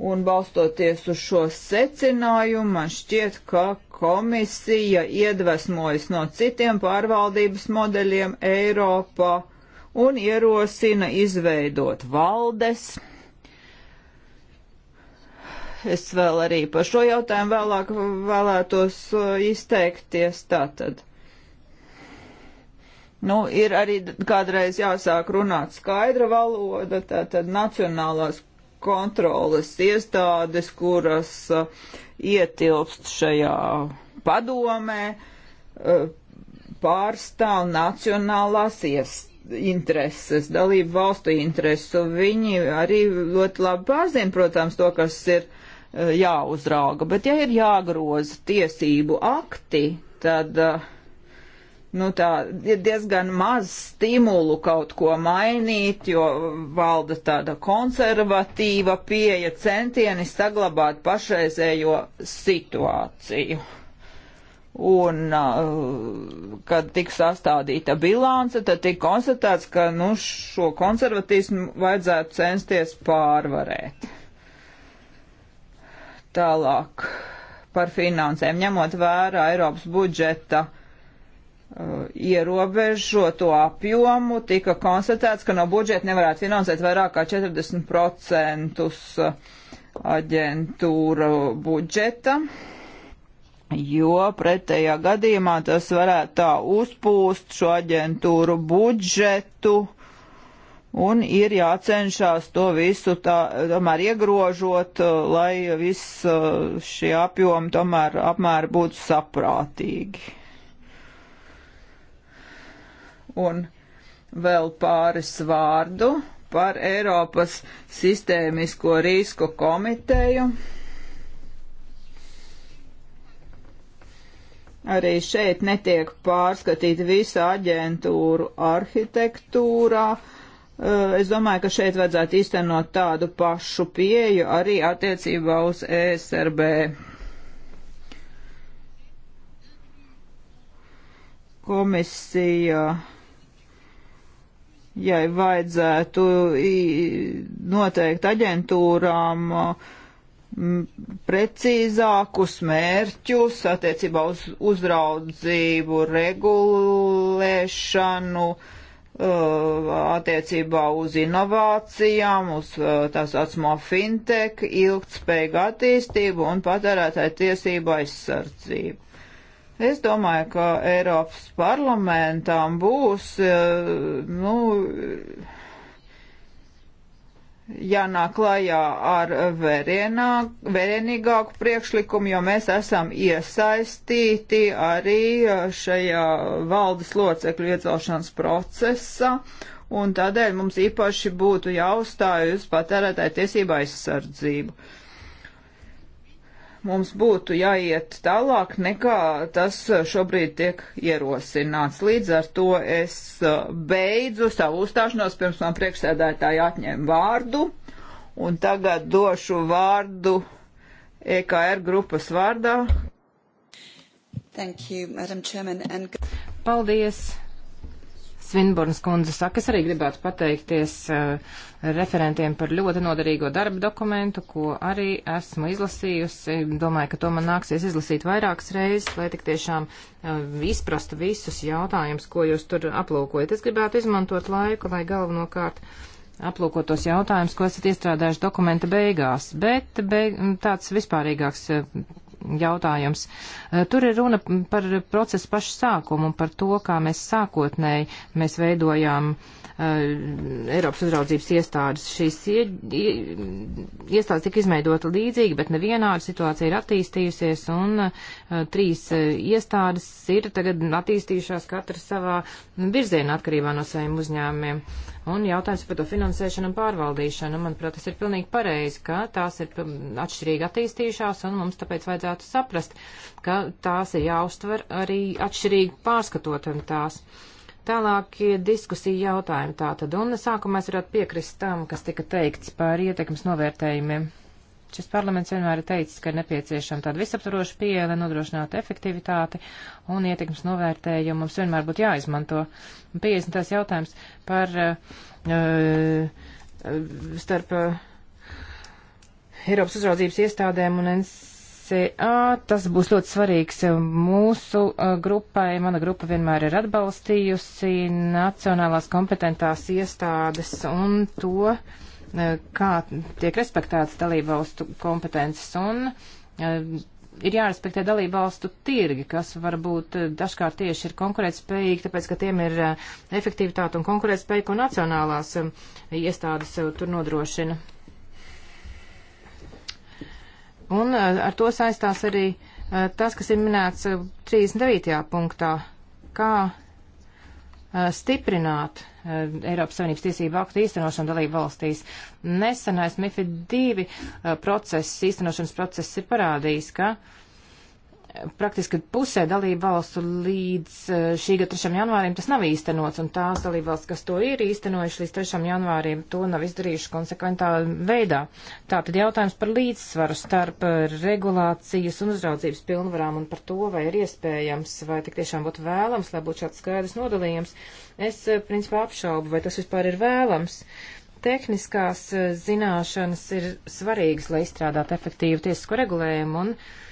Un balstoties uz šo secinājumu, man šķiet, ka komisija iedvesmojas no citiem pārvaldības modeļiem Eiropā un ierosina izveidot valdes. Es vēl arī par šo jautājumu vēlāk vēlētos uh, izteikties tātad. Nu, ir arī kādreiz jāsāk runāt skaidra valoda, tātad nacionālās kontroles iestādes, kuras uh, ietilpst šajā padomē, uh, pārstāv nacionālās iestādes intereses, dalību valstu interesu. Viņi arī ļoti labi pārzina, protams, to, kas ir uh, jāuzrauga. Bet ja ir jāgroza tiesību akti, tad uh, nu, tā, ir diezgan maz stimulu kaut ko mainīt, jo valda tāda konservatīva pieeja centieni saglabāt pašreizējo situāciju. Un, uh, kad tika sastādīta bilance, tad tika konstatēts, ka nu, šo konservatīsmu vajadzētu censties pārvarēt. Tālāk par finansēm, ņemot vērā Eiropas budžeta uh, Uh, ierobežoto apjomu tika konstatēts, ka no budžeta nevarētu finansēt vairāk kā 40% uh, aģentūra budžeta, jo pretējā gadījumā tas varētu tā uzpūst šo aģentūru budžetu un ir jācenšas to visu tā, tomēr iegrožot, uh, lai viss šie apjomi tomēr apmēri būtu saprātīgi. Un vēl pāris vārdu par Eiropas sistēmisko risku komiteju. Arī šeit netiek pārskatīta visa aģentūru arhitektūrā. Eh, es domāju, ka šeit vajadzētu īstenot tādu pašu pieju arī attiecībā uz ESRB. Komisija uh, ja vajadzētu noteikt aģentūrām precīzākus mērķus attiecībā uz uzraudzību, regulēšanu, attiecībā uz inovācijām, uz tā saucamo fintech, ilgtspējīgu attīstību un patērētāju tiesību aizsardzību Es domāju, ka Eiropas parlamentām būs, eh, nu, jānāk klajā ar vērienā, vērienīgāku priekšlikumu, jo mēs esam iesaistīti arī eh, šajā valdes locekļu iecelšanas procesā, un tādēļ mums īpaši būtu jāuzstāj uz patērētāju tiesību aizsardzību mums būtu jāiet tālāk nekā tas šobrīd tiek ierosināts. Līdz ar to es uh, beidzu savu uzstāšanos, pirms man priekšsēdētāji atņēma vārdu, un tagad došu vārdu EKR grupas vārdā. Thank you, Madam Chairman. And... Paldies, Svinburnas kundze saka, es arī gribētu pateikties uh, referentiem par ļoti noderīgo darba dokumentu, ko arī esmu izlasījusi. Domāju, ka to man nāksies izlasīt vairākas reizes, lai tik tiešām uh, izprastu visus jautājumus, ko jūs tur aplūkojat. Es gribētu izmantot laiku, lai galvenokārt aplūkotos jautājumus, ko esat iestrādājuši dokumenta beigās, bet beig tāds vispārīgāks uh, jautājums. Eh, tur ir runa par procesu pašu sākumu un par to, kā mēs sākotnēji mēs veidojām uh, Eh, Eiropas uzraudzības iestādes. Šīs ie, ie, iestādes tika izveidota līdzīgi, bet nevienāda situācija ir attīstījusies, un uh, trīs uh, iestādes ir tagad attīstījušās katra savā virzienā atkarībā no saviem uzņēmumiem. Un jautājums par to finansēšanu un pārvaldīšanu, manuprāt, tas ir pilnīgi pareizi, ka tās ir atšķirīgi attīstījušās, un mums tāpēc vajadzētu saprast, ka tās ir jāuztver arī atšķirīgi pārskatot tās. Uh, Tālākie diskusija jautājumi tātad, un sākumā es varētu piekrist tam, kas tika teikts par ietekmes novērtējumiem. Šis parlaments vienmēr ir teicis, ka ir nepieciešama tāda visaptvaroša pieeja, lai nodrošinātu efektivitāti un ietekmes novērtējumu. Mums vienmēr būtu jāizmanto. 50. jautājums par uh, starp uh, Eiropas uzraudzības iestādēm un NS DCA. Tas būs ļoti svarīgs mūsu grupai. Mana grupa vienmēr ir atbalstījusi nacionālās kompetentās iestādes un to, kā tiek respektētas dalībvalstu kompetences. Un, Ir jārespektē dalībvalstu tirgi, kas varbūt dažkārt tieši ir konkurētspējīgi, tāpēc, ka tiem ir efektivitāte un konkurētspēja, ko nacionālās iestādes tur nodrošina. Un eh, ar to saistās arī eh, tas, kas ir minēts 39. Eh, punktā, kā stiprināt Eiropas Savienības tiesību aktu īstenošanu dalību valstīs. Nesenais MIFID 2 process, īstenošanas process ir parādījis, ka uh, praktiski pusē dalību valstu līdz eh, šī gada 3. janvārim tas nav īstenots, un tās dalību valsts, kas to ir īstenojuši līdz 3. janvārim, to nav izdarījuši konsekventā veidā. Tātad jautājums par līdzsvaru starp eh, regulācijas un uzraudzības pilnvarām un par to, vai ir iespējams, vai tik tiešām būtu vēlams, lai būtu šāds skaidrs nodalījums, es eh, principā apšaubu, vai tas vispār ir vēlams. Tehniskās zināšanas ir svarīgas, lai izstrādātu efektīvu tiesisko regulējumu. Un, uh,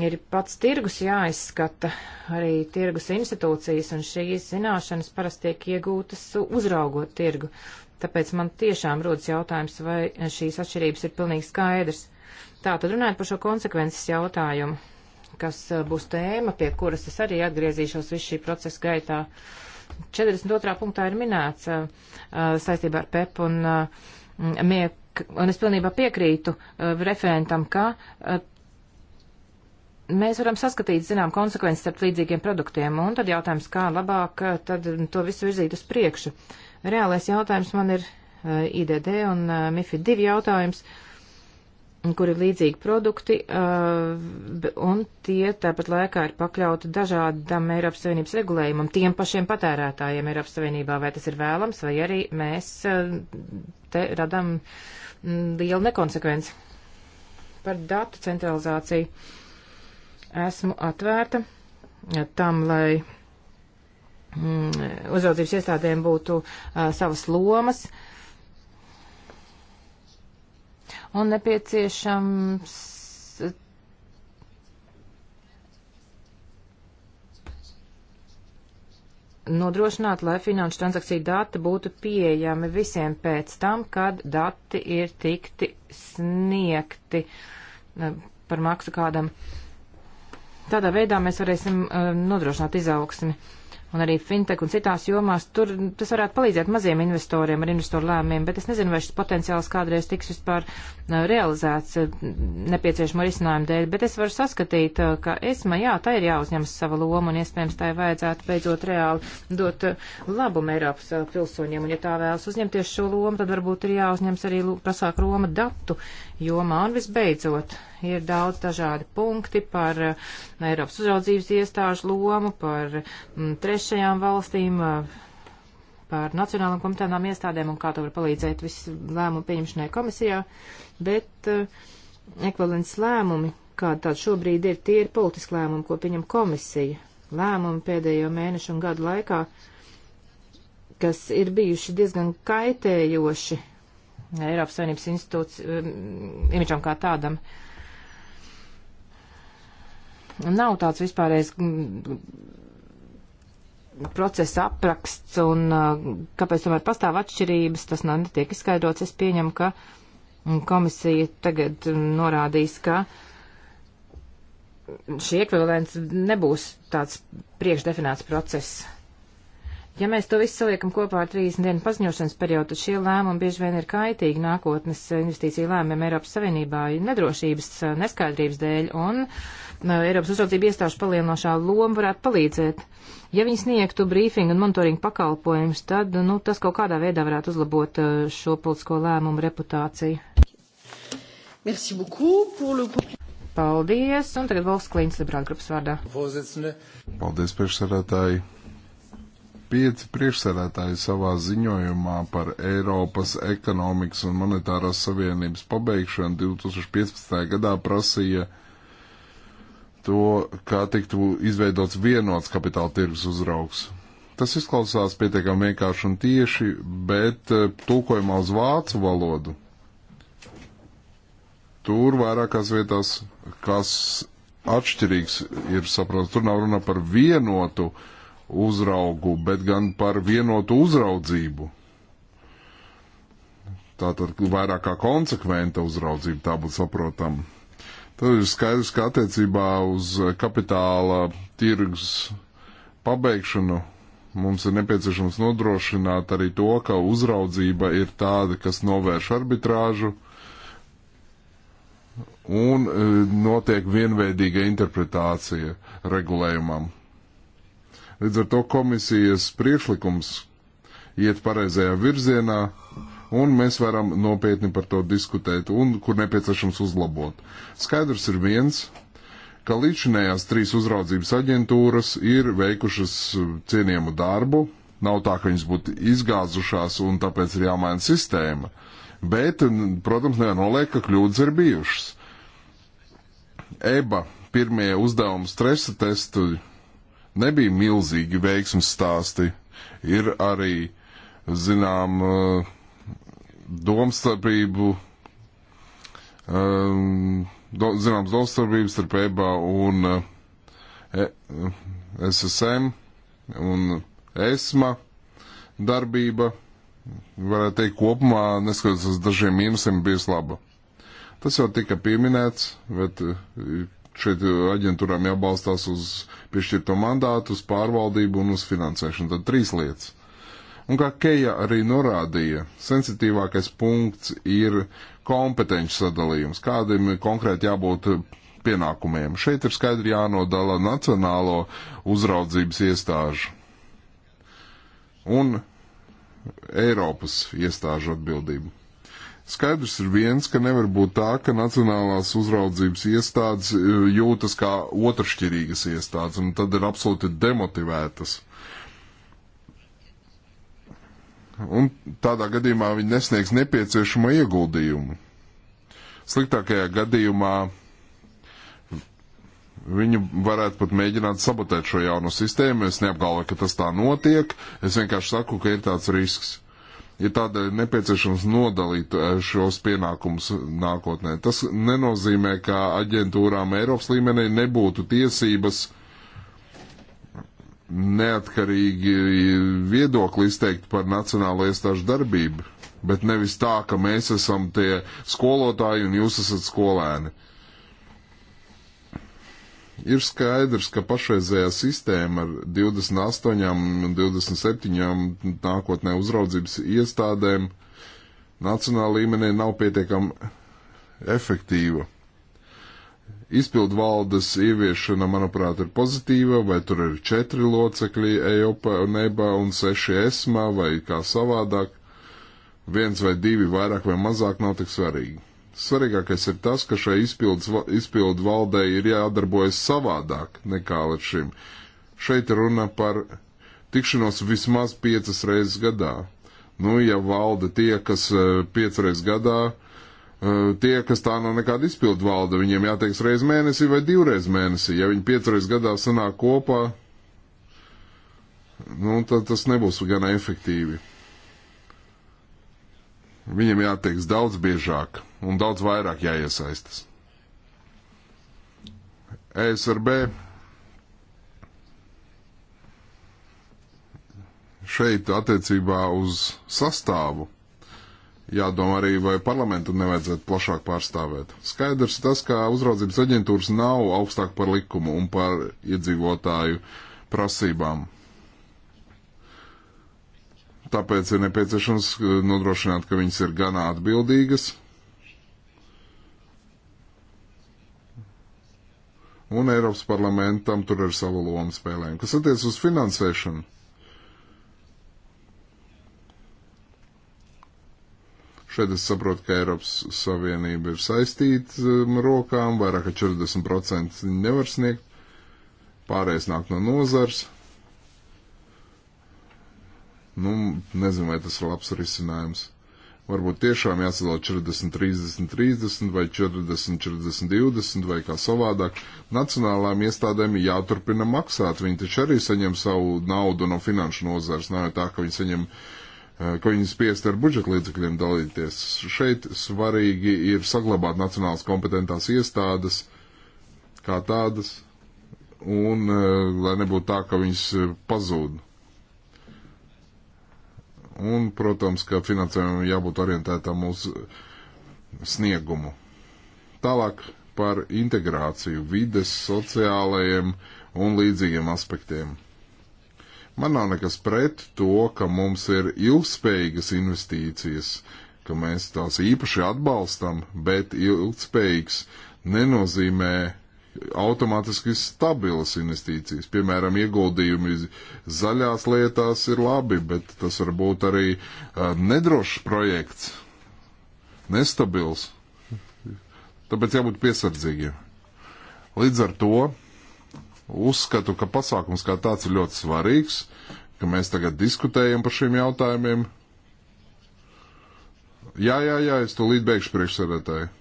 ir pats tirgus jāizskata, arī tirgus institūcijas, un šīs zināšanas parasti tiek iegūtas uzraugot tirgu. Tāpēc man tiešām rodas jautājums, vai šīs atšķirības ir pilnīgi skaidrs. Tā tad runājot par šo konsekvences jautājumu, kas eh, būs tēma, pie kuras es arī atgriezīšos visu šī procesa gaitā. 42. punktā ir minēts eh, eh, saistībā ar PEP un MIEK, un es pilnībā piekrītu referentam, ka mēs varam saskatīt, zinām, konsekvences starp līdzīgiem produktiem, un tad jautājums, kā labāk eh, tad to visu virzīt uz priekšu. Reālais jautājums man ir eh, IDD un eh, MIFID 2 jautājums, kur ir līdzīgi produkti, un tie tāpat laikā ir pakļauti dažādam Eiropas Savienības regulējumam, tiem pašiem patērētājiem Eiropas Savienībā, vai tas ir vēlams, vai arī mēs te radam mm, lielu nekonsekvenci par datu centralizāciju esmu atvērta tam, lai mm, uzraudzības iestādēm būtu uh, savas lomas. Un nepieciešams nodrošināt, lai finanšu transakciju dati būtu pieejami visiem pēc tam, kad dati ir tikti sniegti par maksu kādam uh, Tādā veidā mēs varēsim uh, nodrošināt izaugsmi. Un arī fintech un citās jomās tur tas varētu palīdzēt maziem investoriem ar investoru lēmumiem, bet es nezinu, vai šis potenciāls kādreiz tiks vispār uh, realizēts uh, nepieciešamo risinājumu dēļ, bet es varu saskatīt, ka esma, jā, tā ir jāuzņemas sava loma un iespējams tā ir vajadzētu beidzot reāli dot labumu Eiropas pilsoņiem, un ja tā vēlas uzņemties šo lomu, tad varbūt ir jāuzņems arī prasāk Roma datu jomā. Un visbeidzot, ir daudz dažādi punkti par eh, Eiropas uzraudzības iestāžu lomu, par mm, trešajām valstīm, eh, par nacionālām komitēnām iestādēm un kā to var palīdzēt visu lēmumu pieņemšanai komisijā. Bet eh, ekvivalents lēmumi, kāda tāda šobrīd ir, tie ir politiski lēmumi, ko pieņem komisija. Lēmumi pēdējo mēnešu un gadu laikā kas ir bijuši diezgan kaitējoši Eiropas Savienības institūts um, imidžam kā tādam. Nav tāds vispārējais mm, procesa apraksts un uh, kāpēc tomēr pastāv atšķirības, tas nav netiek izskaidrots. Es pieņemu, ka mm, komisija tagad norādīs, ka šī ekvivalents nebūs tāds priekšdefinēts process. Ja mēs to visu saliekam kopā ar 30 dienu paziņošanas periodu, tad šie lēmumi bieži vien ir kaitīgi nākotnes eh, investīciju lēmumiem Eiropas Savienībā nedrošības, eh, neskaidrības dēļ, un eh, Eiropas uzraudzība iestāžu palielinošā loma varētu palīdzēt. Ja viņi sniegtu brīfingu un monitoringu pakalpojumus, tad nu, tas kaut kādā veidā varētu uzlabot šo politisko lēmumu reputāciju. Merci beaucoup pour le Paldies, un tagad Valsts Klīns Liberāla grupas vārdā. Paldies, priekšsēdētāji. 5 priekšsēdētāji savā ziņojumā par Eiropas ekonomikas un monetāras savienības pabeigšanu 2015. gadā prasīja to, kā tiktu izveidots vienots kapitāla tirgus uzraugs. Tas izklausās pietiekami vienkārši un tieši, bet eh, tulkojumā uz vācu valodu. Tur vairākās vietās, kas atšķirīgs ir saprotams, tur nav runa par vienotu uh, uzraugu, bet gan par vienotu uzraudzību. Tātad vairāk kā konsekventa uzraudzība, tā būtu saprotama. Tad ir skaidrs, ka attiecībā uz kapitāla tirgus pabeigšanu mums ir nepieciešams nodrošināt arī to, ka uzraudzība ir tāda, kas novērš arbitrāžu un e, notiek vienveidīga interpretācija regulējumam. Līdz ar to komisijas priekšlikums iet pareizajā virzienā, un mēs varam nopietni par to diskutēt, un kur nepieciešams uzlabot. Skaidrs ir viens, ka līdzinējās trīs uzraudzības aģentūras ir veikušas uh, cienījumu darbu. Nav tā, ka viņas būtu izgāzušās un tāpēc ir jāmaina sistēma. Bet, protams, nevar noliekt, ka kļūdas ir bijušas. EBA pirmie uzdevumi stresa testu nebija milzīgi veiksmes stāsti. Ir arī, zinām, eh, domstarpību, ehm, do, zināms, domstarpības starp EBA eh, e, un e, SSM un ESMA darbība, varētu teikt, kopumā, neskatoties uz dažiem mīnusiem, bijusi laba. Tas jau tika pieminēts, bet eh, šeit eh, aģentūrām jābalstās uz piešķirto mandātu, uz pārvaldību un uz finansēšanu. Tad trīs lietas. Un kā Keja arī norādīja, sensitīvākais punkts ir kompetenci sadalījums, kādiem konkrēti jābūt pienākumiem. Šeit ir skaidri jānodala nacionālo uzraudzības iestāžu un Eiropas iestāžu atbildību. Skaidrs ir viens, ka nevar būt tā, ka nacionālās uzraudzības iestādes e, jūtas kā otršķirīgas iestādes, un tad ir absolūti demotivētas. Un tādā gadījumā viņi nesniegs nepieciešamo ieguldījumu. Sliktākajā gadījumā Viņi varētu pat mēģināt sabotēt šo jaunu sistēmu. Es neapgalvoju, ka tas tā notiek. Es vienkārši saku, ka ir tāds risks ir tādēļ nepieciešams nodalīt eh, šos pienākumus nākotnē. Tas nenozīmē, ka aģentūrām Eiropas līmenī nebūtu tiesības neatkarīgi viedokli izteikt par nacionālo iestāžu darbību, bet nevis tā, ka mēs esam tie skolotāji un jūs esat skolēni. Uh, Ir skaidrs, ka pašreizējā sistēma ar 28 un 27 nākotnē uzraudzības iestādēm nacionāla līmenī nav pietiekami efektīva. Izpildu valdes ieviešana, manuprāt, ir pozitīva, vai tur ir četri locekļi EOPA un EBA un seši ESMA vai kā savādāk. Viens vai divi vairāk vai mazāk nav tik svarīgi. Svarīgākais ir tas, ka šai izpildu, izpildu valdē ir jādarbojas savādāk nekā līdz šim. Šeit runa par tikšanos vismaz piecas reizes gadā. Nu, ja valde tie, kas eh, piecas reizes gadā, eh, tie, kas tā nav nekāda izpildu valde, viņiem jāteiks reiz mēnesī vai divreiz mēnesī. Ja viņi piecas reizes gadā sanāk kopā, nu, tad tas nebūs gan efektīvi. Viņam jāteiks daudz biežāk un daudz vairāk jāiesaistas. ESRB šeit attiecībā uz sastāvu jādomā arī, vai parlamentu nevajadzētu plašāk pārstāvēt. Skaidrs tas, ka uzraudzības aģentūras nav augstāk par likumu un par iedzīvotāju prasībām. Tāpēc ir nepieciešams eh, nodrošināt, ka viņas ir gan atbildīgas, un Eiropas parlamentam tur ir sava loma spēlējuma. Kas attiec uz finansēšanu? Šeit es saprotu, ka Eiropas Savienība ir saistīta um, rokām, vairāk kā 40% nevar sniegt, pārējais nāk no nozars. Nu, nezinu, vai tas ir labs risinājums. Varbūt tiešām jāsadala 40, 30, 30 vai 40, 40, 20 vai kā savādāk. Nacionālām iestādēm jāturpina maksāt. Viņi taču arī saņem savu naudu no finanšu nozars. Nav tā, ka viņi saņem eh, ka viņi spiest ar budžeta līdzekļiem dalīties. Šeit svarīgi ir saglabāt nacionālas kompetentās iestādes kā tādas, un eh, lai nebūtu tā, ka viņas eh, pazūda. Un, protams, ka finansējumam jābūt orientētam uz sniegumu. Tālāk par integrāciju, vides, sociālajiem un līdzīgiem aspektiem. Man nav nekas pret to, ka mums ir ilgspējīgas investīcijas, ka mēs tās īpaši atbalstam, bet ilgspējīgs nenozīmē automātiski stabilas investīcijas. Piemēram, ieguldījumi zaļās lietās ir labi, bet tas var būt arī uh, nedrošs projekts, nestabils. Tāpēc jābūt piesardzīgiem. Līdz ar to uzskatu, ka pasākums kā tāds ir ļoti svarīgs, ka mēs tagad diskutējam par šiem jautājumiem. Jā, jā, jā, es to līdz beigšu priekšsēdētāju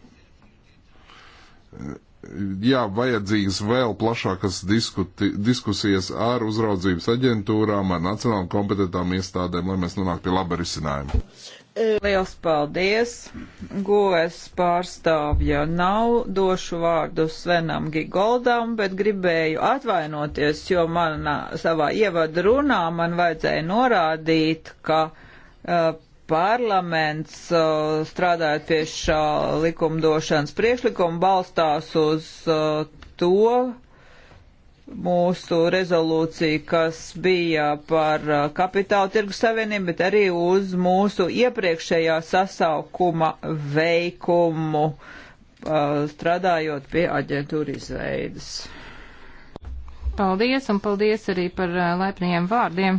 jā, vajadzīgas vēl plašākas diskuti, diskusijas ar uzraudzības aģentūrām, ar nacionālām kompetentām iestādēm, lai mēs nonāktu pie laba risinājuma. Liels paldies! Goes pārstāvja nav, došu vārdu Svenam Gigoldam, bet gribēju atvainoties, jo man savā ievada runā man vajadzēja norādīt, ka uh, parlaments, uh, strādājot pie šā likumdošanas priekšlikuma, balstās uz uh, to mūsu rezolūciju, kas bija par uh, kapitāla tirgus savienību, bet arī uz mūsu iepriekšējā sasaukuma veikumu, strādājot pie aģentūra izveidas. Paldies, un paldies arī par laipniem vārdiem.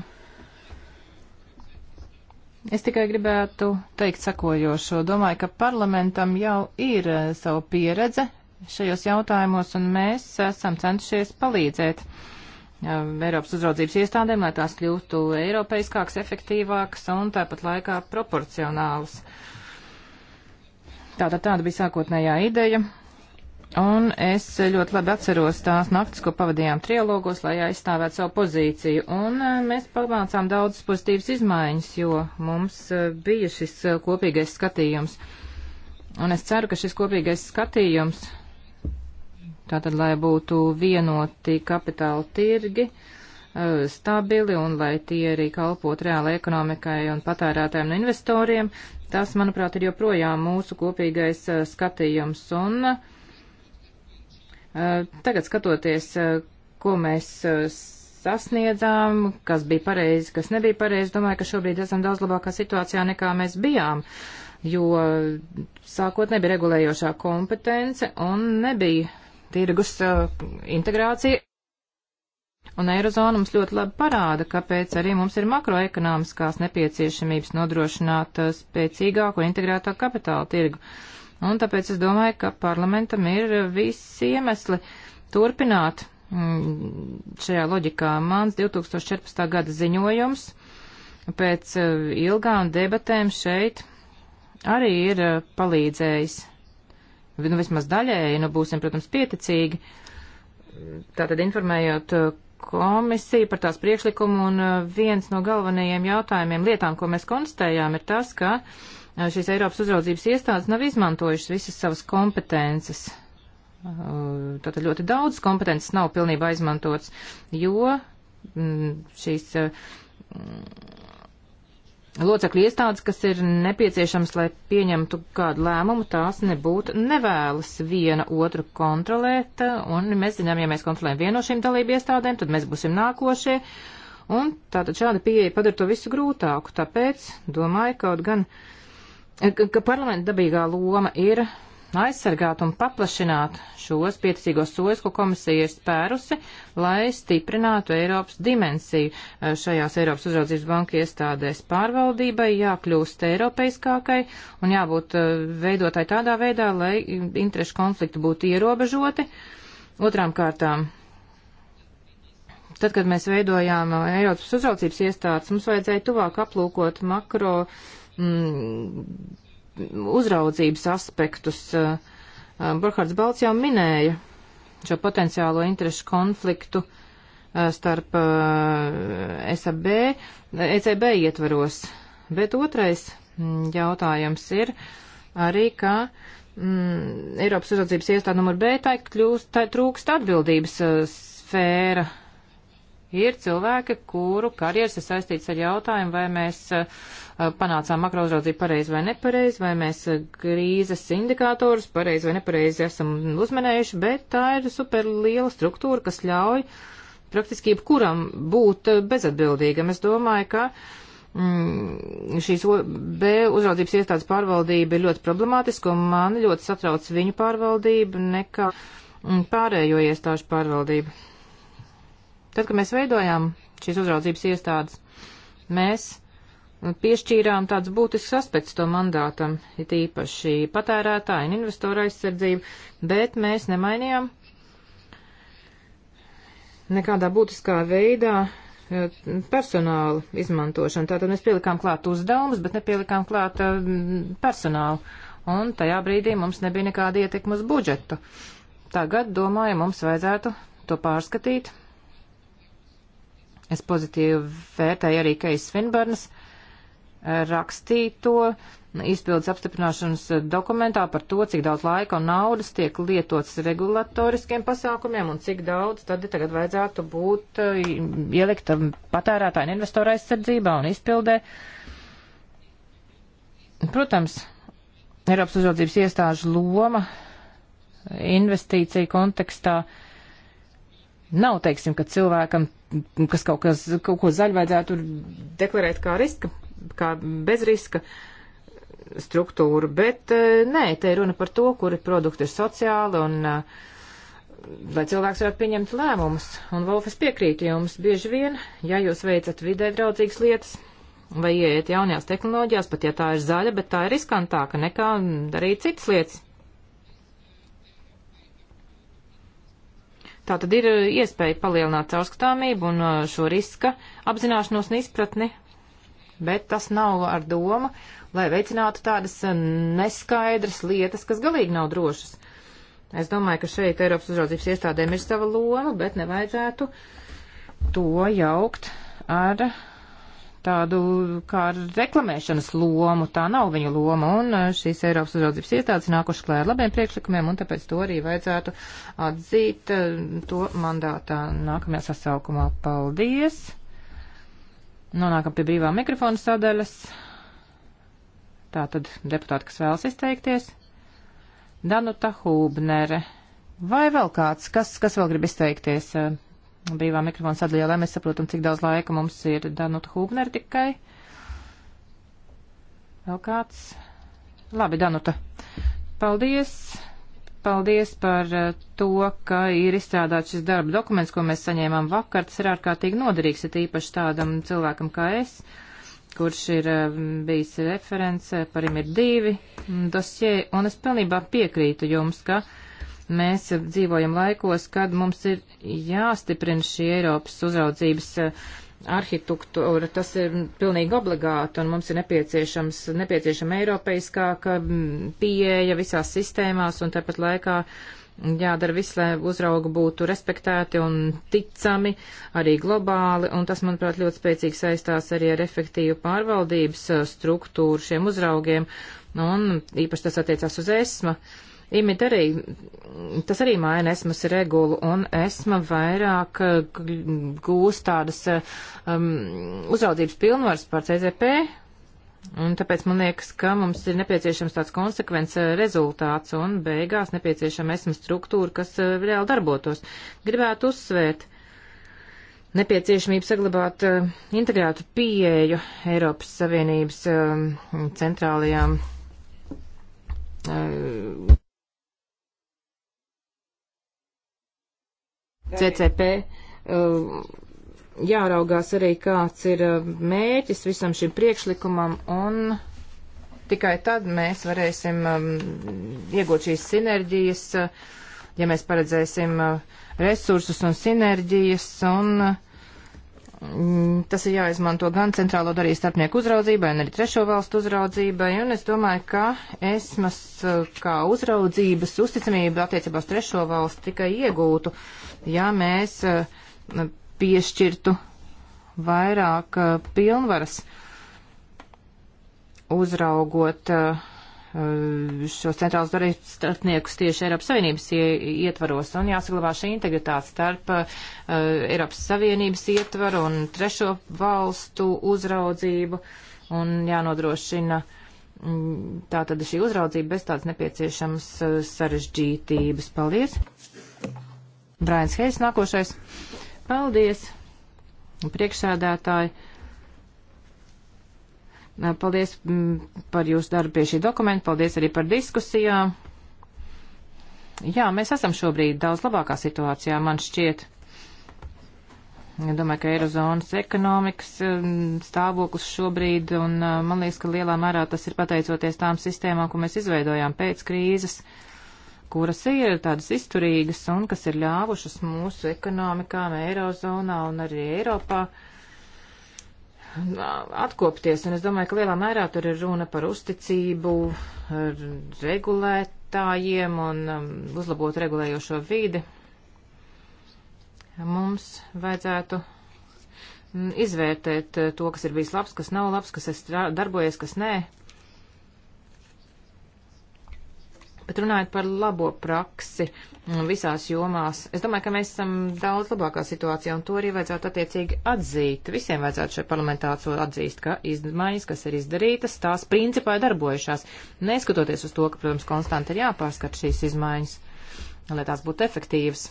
Es tikai gribētu teikt sakojošo. Domāju, ka parlamentam jau ir eh, savu pieredze šajos jautājumos, un mēs esam centušies palīdzēt eh, Eiropas uzraudzības iestādēm, lai tās kļūtu eiropeiskākas, efektīvākas un tāpat laikā proporcionālas. Tātad tāda bija sākotnējā ideja. Un es ļoti labi atceros tās naktis, ko pavadījām trialogos, lai aizstāvētu savu pozīciju. Un eh, mēs pamācām daudzas pozitīvas izmaiņas, jo mums eh, bija šis eh, kopīgais skatījums. Un es ceru, ka šis kopīgais skatījums, tātad, lai būtu vienoti kapitāla tirgi, stabili un lai tie arī kalpot reālai ekonomikai un patērētājiem un investoriem, tas, manuprāt, ir joprojām mūsu kopīgais skatījums. Un, uh, Eh, tagad skatoties, eh, ko mēs eh, sasniedzām, kas bija pareizi, kas nebija pareizi, domāju, ka šobrīd esam daudz labākā situācijā nekā mēs bijām, jo sākot nebija regulējošā kompetence un nebija tirgus integrācija. Un Eirozona mums ļoti labi parāda, kāpēc arī mums ir makroekonomiskās nepieciešamības nodrošināt spēcīgāku un integrētāku kapitāla tirgu. Uh, Un tāpēc es domāju, ka parlamentam ir visi iemesli turpināt mm, šajā loģikā. Mans 2014. gada ziņojums pēc e, ilgām debatēm šeit arī ir e, palīdzējis. Nu, vismaz daļēji, nu, būsim, protams, pieticīgi. Tātad informējot e, komisiju par tās priekšlikumu, un viens no galvenajiem jautājumiem, lietām, ko mēs konstatējām, ir tas, ka uh, šīs Eiropas uzraudzības iestādes nav izmantojušas visas savas kompetences. Tātad ļoti daudz kompetences nav pilnībā izmantots, jo mm, šīs mm, locekļu iestādes, kas ir nepieciešams, lai pieņemtu kādu lēmumu, tās nebūtu nevēlas viena otru kontrolēt. Un mēs zinām, ja mēs kontrolējam vienu no šīm dalību iestādēm, tad mēs būsim nākošie. Un tātad šāda pieeja padara to visu grūtāku. Tāpēc domāju, kaut gan. Uh, ka, ka parlamenta dabīgā loma ir aizsargāt un paplašināt šos pieticīgos soļus, ko komisija ir spērusi, lai stiprinātu Eiropas dimensiju eh, šajās Eiropas uzraudzības banka iestādēs pārvaldībai, jākļūst eiropeiskākai un jābūt eh, veidotai tādā veidā, lai interešu konflikti būtu ierobežoti. Otrām kārtām. Tad, kad mēs veidojām Eiropas uzraucības iestādes, mums vajadzēja tuvāk aplūkot makro uh, mm, uzraudzības aspektus. Eh, eh, Burkhards Balts jau minēja šo potenciālo interešu konfliktu eh, starp SAB, ECB ietvaros. Bet otrais mm, jautājums ir arī, ka mm, Eiropas uzraudzības iestāde numur B tā kļūst, tā trūkst atbildības sfēra Ir cilvēki, kuru karjeras ir saistīts ar jautājumu, vai mēs eh, panācām makrouzraudzību pareizi vai nepareizi, vai mēs eh, krīzes indikātorus pareizi vai nepareizi esam uzmanējuši, bet tā ir super liela struktūra, kas ļauj praktiski jebkuram būt eh, bezatbildīgam. Es domāju, ka mm, šīs B uzraudzības iestādes pārvaldība ir ļoti problemātiska, un man ļoti satrauc viņu pārvaldība nekā mm, pārējo iestāžu pārvaldība. Tad, kad mēs veidojām šīs uzraudzības iestādes, mēs nu, piešķīrām tāds būtisks aspekts to mandātam, it īpaši patērētāju un investoru aizsardzību, bet mēs nemainījām nekādā būtiskā veidā e, personāla izmantošanu. Tātad mēs pielikām klāt uzdevumus, bet nepielikām klāt e, personālu. Un tajā brīdī mums nebija nekāda ietekma uz budžetu. Tagad, domāju, mums vajadzētu to pārskatīt Es pozitīvi vērtēju arī Keijas Svinbarnas eh, rakstīto izpildes apstiprināšanas eh, dokumentā par to, cik daudz laika un naudas tiek lietots regulatoriskiem pasākumiem un cik daudz tad tagad vajadzētu būt eh, ielikt patērētāju un investoru aizsardzībā un izpildē. Protams, Eiropas uzraudzības iestāžu loma investīciju kontekstā nav, teiksim, ka cilvēkam kas kaut, kas, kaut ko zaļu vajadzētu deklarēt kā riska, kā bez riska struktūru, bet eh, nē, te ir runa par to, kuri produkti ir sociāli un eh, lai cilvēks varētu pieņemt lēmumus. Un Volfas piekrīt jums bieži vien, ja jūs veicat vidē draudzīgas lietas vai ieiet jaunajās tehnoloģijās, pat ja tā ir zaļa, bet tā ir riskantāka nekā darīt citas lietas. Tā tad ir eh, iespēja palielināt caurskatāmību un eh, šo riska apzināšanos un izpratni, bet tas nav ar domu, lai veicinātu tādas eh, neskaidras lietas, kas galīgi nav drošas. Es domāju, ka šeit Eiropas uzraudzības iestādēm ir sava loma, bet nevajadzētu to jaukt ar tādu kā reklamēšanas lomu, tā nav viņa loma, un eh, šīs Eiropas uzraudzības iestādes nākuši klē ar labiem priekšlikumiem, un tāpēc to arī vajadzētu atzīt eh, to mandātā nākamajā sasaukumā. Paldies! Nonākam pie brīvā mikrofona sadaļas. Tātad deputāti, kas vēlas izteikties. Danuta Hūbnere. Vai vēl kāds, kas, kas vēl grib izteikties? brīvā mikrofona sadaļā, lai mēs saprotam, cik daudz laika mums ir Danuta Hūbner tikai. Vēl kāds? Labi, Danuta. Paldies! Paldies par eh, to, ka ir izstrādāts šis darba dokuments, ko mēs saņēmām vakar. Tas ir ārkārtīgi noderīgs, ir īpaši tādam cilvēkam kā es, kurš ir eh, bijis referents par imirdīvi mm, dosie, un es pilnībā piekrītu jums, ka. Uh, Mēs dzīvojam laikos, kad mums ir jāstiprina šī Eiropas uzraudzības eh, arhitektūra. Tas ir pilnīgi obligāti, un mums ir nepieciešams, nepieciešama eiropeiskāka mm, pieeja visās sistēmās, un tāpat laikā jādara viss, lai uzrauga būtu respektēti un ticami arī globāli, un tas, manuprāt, ļoti spēcīgi saistās arī ar efektīvu pārvaldības eh, struktūru šiem uzraugiem, un īpaši tas attiecās uz ESMA. Uh, Imit arī, tas arī maina esmas regulu, un esma vairāk eh, gūs tādas eh, um, uzraudzības pilnvaras par CZP, un tāpēc man liekas, ka mums ir nepieciešams tāds konsekvents eh, rezultāts, un beigās nepieciešama esma struktūra, kas uh, reāli darbotos. Gribētu uzsvērt nepieciešamību saglabāt uh, integrētu pieeju Eiropas Savienības uh, centrālajām uh, CCP. Um, jāraugās arī, kāds ir um, mērķis visam šim priekšlikumam, un tikai tad mēs varēsim um, iegūt šīs sinerģijas, uh, ja mēs paredzēsim uh, resursus un sinerģijas, un mm, tas ir jāizmanto gan centrālo darīju starpnieku uzraudzībai, un arī trešo valstu uzraudzībai, un es domāju, ka esmas uh, kā uzraudzības uzticamība attiecībā uz trešo valstu tikai iegūtu, ja mēs eh, piešķirtu vairāk eh, pilnvaras uzraugot eh, šos centrālus darījus starpniekus tieši Eiropas Savienības ietvaros un jāsaglabā šī integritāte starp uh, Eiropas Savienības ietvaru un trešo valstu uzraudzību un jānodrošina mm, tā tad šī uzraudzība bez tādas nepieciešamas sarežģītības. Paldies! Brains Heis nākošais. Paldies, priekšsēdētāji. Paldies mm, par jūsu darbu pie šī dokumenta, paldies arī par diskusijām. Jā, mēs esam šobrīd daudz labākā situācijā, man šķiet. Es domāju, ka Eirozonas ekonomikas mm, stāvoklis šobrīd, un mm, man liekas, ka lielā mērā tas ir pateicoties tām sistēmām, ko mēs izveidojām pēc krīzes. Uh, kuras ir tādas izturīgas un kas ir ļāvušas mūsu ekonomikām, Eirozonā un arī Eiropā atkopties. Un es domāju, ka lielā mērā tur ir runa par uzticību regulētājiem un um, uzlabot regulējošo vīdi. Mums vajadzētu mm, izvērtēt eh, to, kas ir bijis labs, kas nav labs, kas ir darbojies, kas nē. Bet runājot par labo praksi mm, visās jomās, es domāju, ka mēs esam daudz labākā situācijā, un to arī vajadzētu attiecīgi atzīt. Visiem vajadzētu šai parlamentāco atzīst, ka izmaiņas, kas ir izdarītas, tās principā ir darbojušās, neskatoties uz to, ka, protams, konstanti ir jāpārskat šīs izmaiņas, lai tās būtu efektīvas.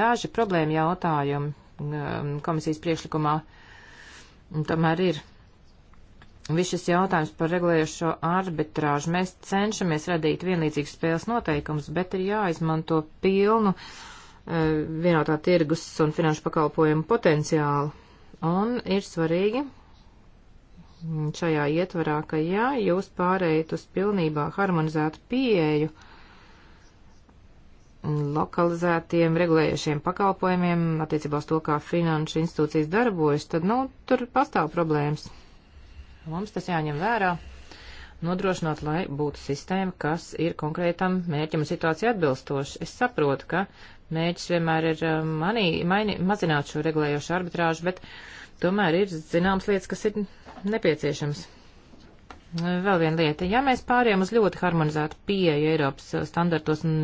Daži problēma jautājumi mm, komisijas priekšlikumā tomēr ir viss šis jautājums par regulējušo arbitrāžu. Mēs cenšamies radīt vienlīdzīgas spēles noteikumus, bet ir jāizmanto pilnu uh, vienotā tirgus un finanšu pakalpojumu potenciālu. Un ir svarīgi šajā ietvarā, ka ja jūs pārējat uz pilnībā harmonizētu pieeju lokalizētiem regulējušiem pakalpojumiem attiecībā uz to, kā finanšu institūcijas darbojas, tad, nu, tur pastāv problēmas. Mums tas jāņem vērā, nodrošināt, lai būtu sistēma, kas ir konkrētam mērķim un situācijai atbilstoši. Es saprotu, ka mērķis vienmēr ir eh, manī, maini, mazināt šo regulējošu arbitrāžu, bet tomēr ir zināmas lietas, kas ir nepieciešams. Vēl viena lieta. Ja mēs pārējām uz ļoti harmonizētu pieeju Eiropas eh, standartos un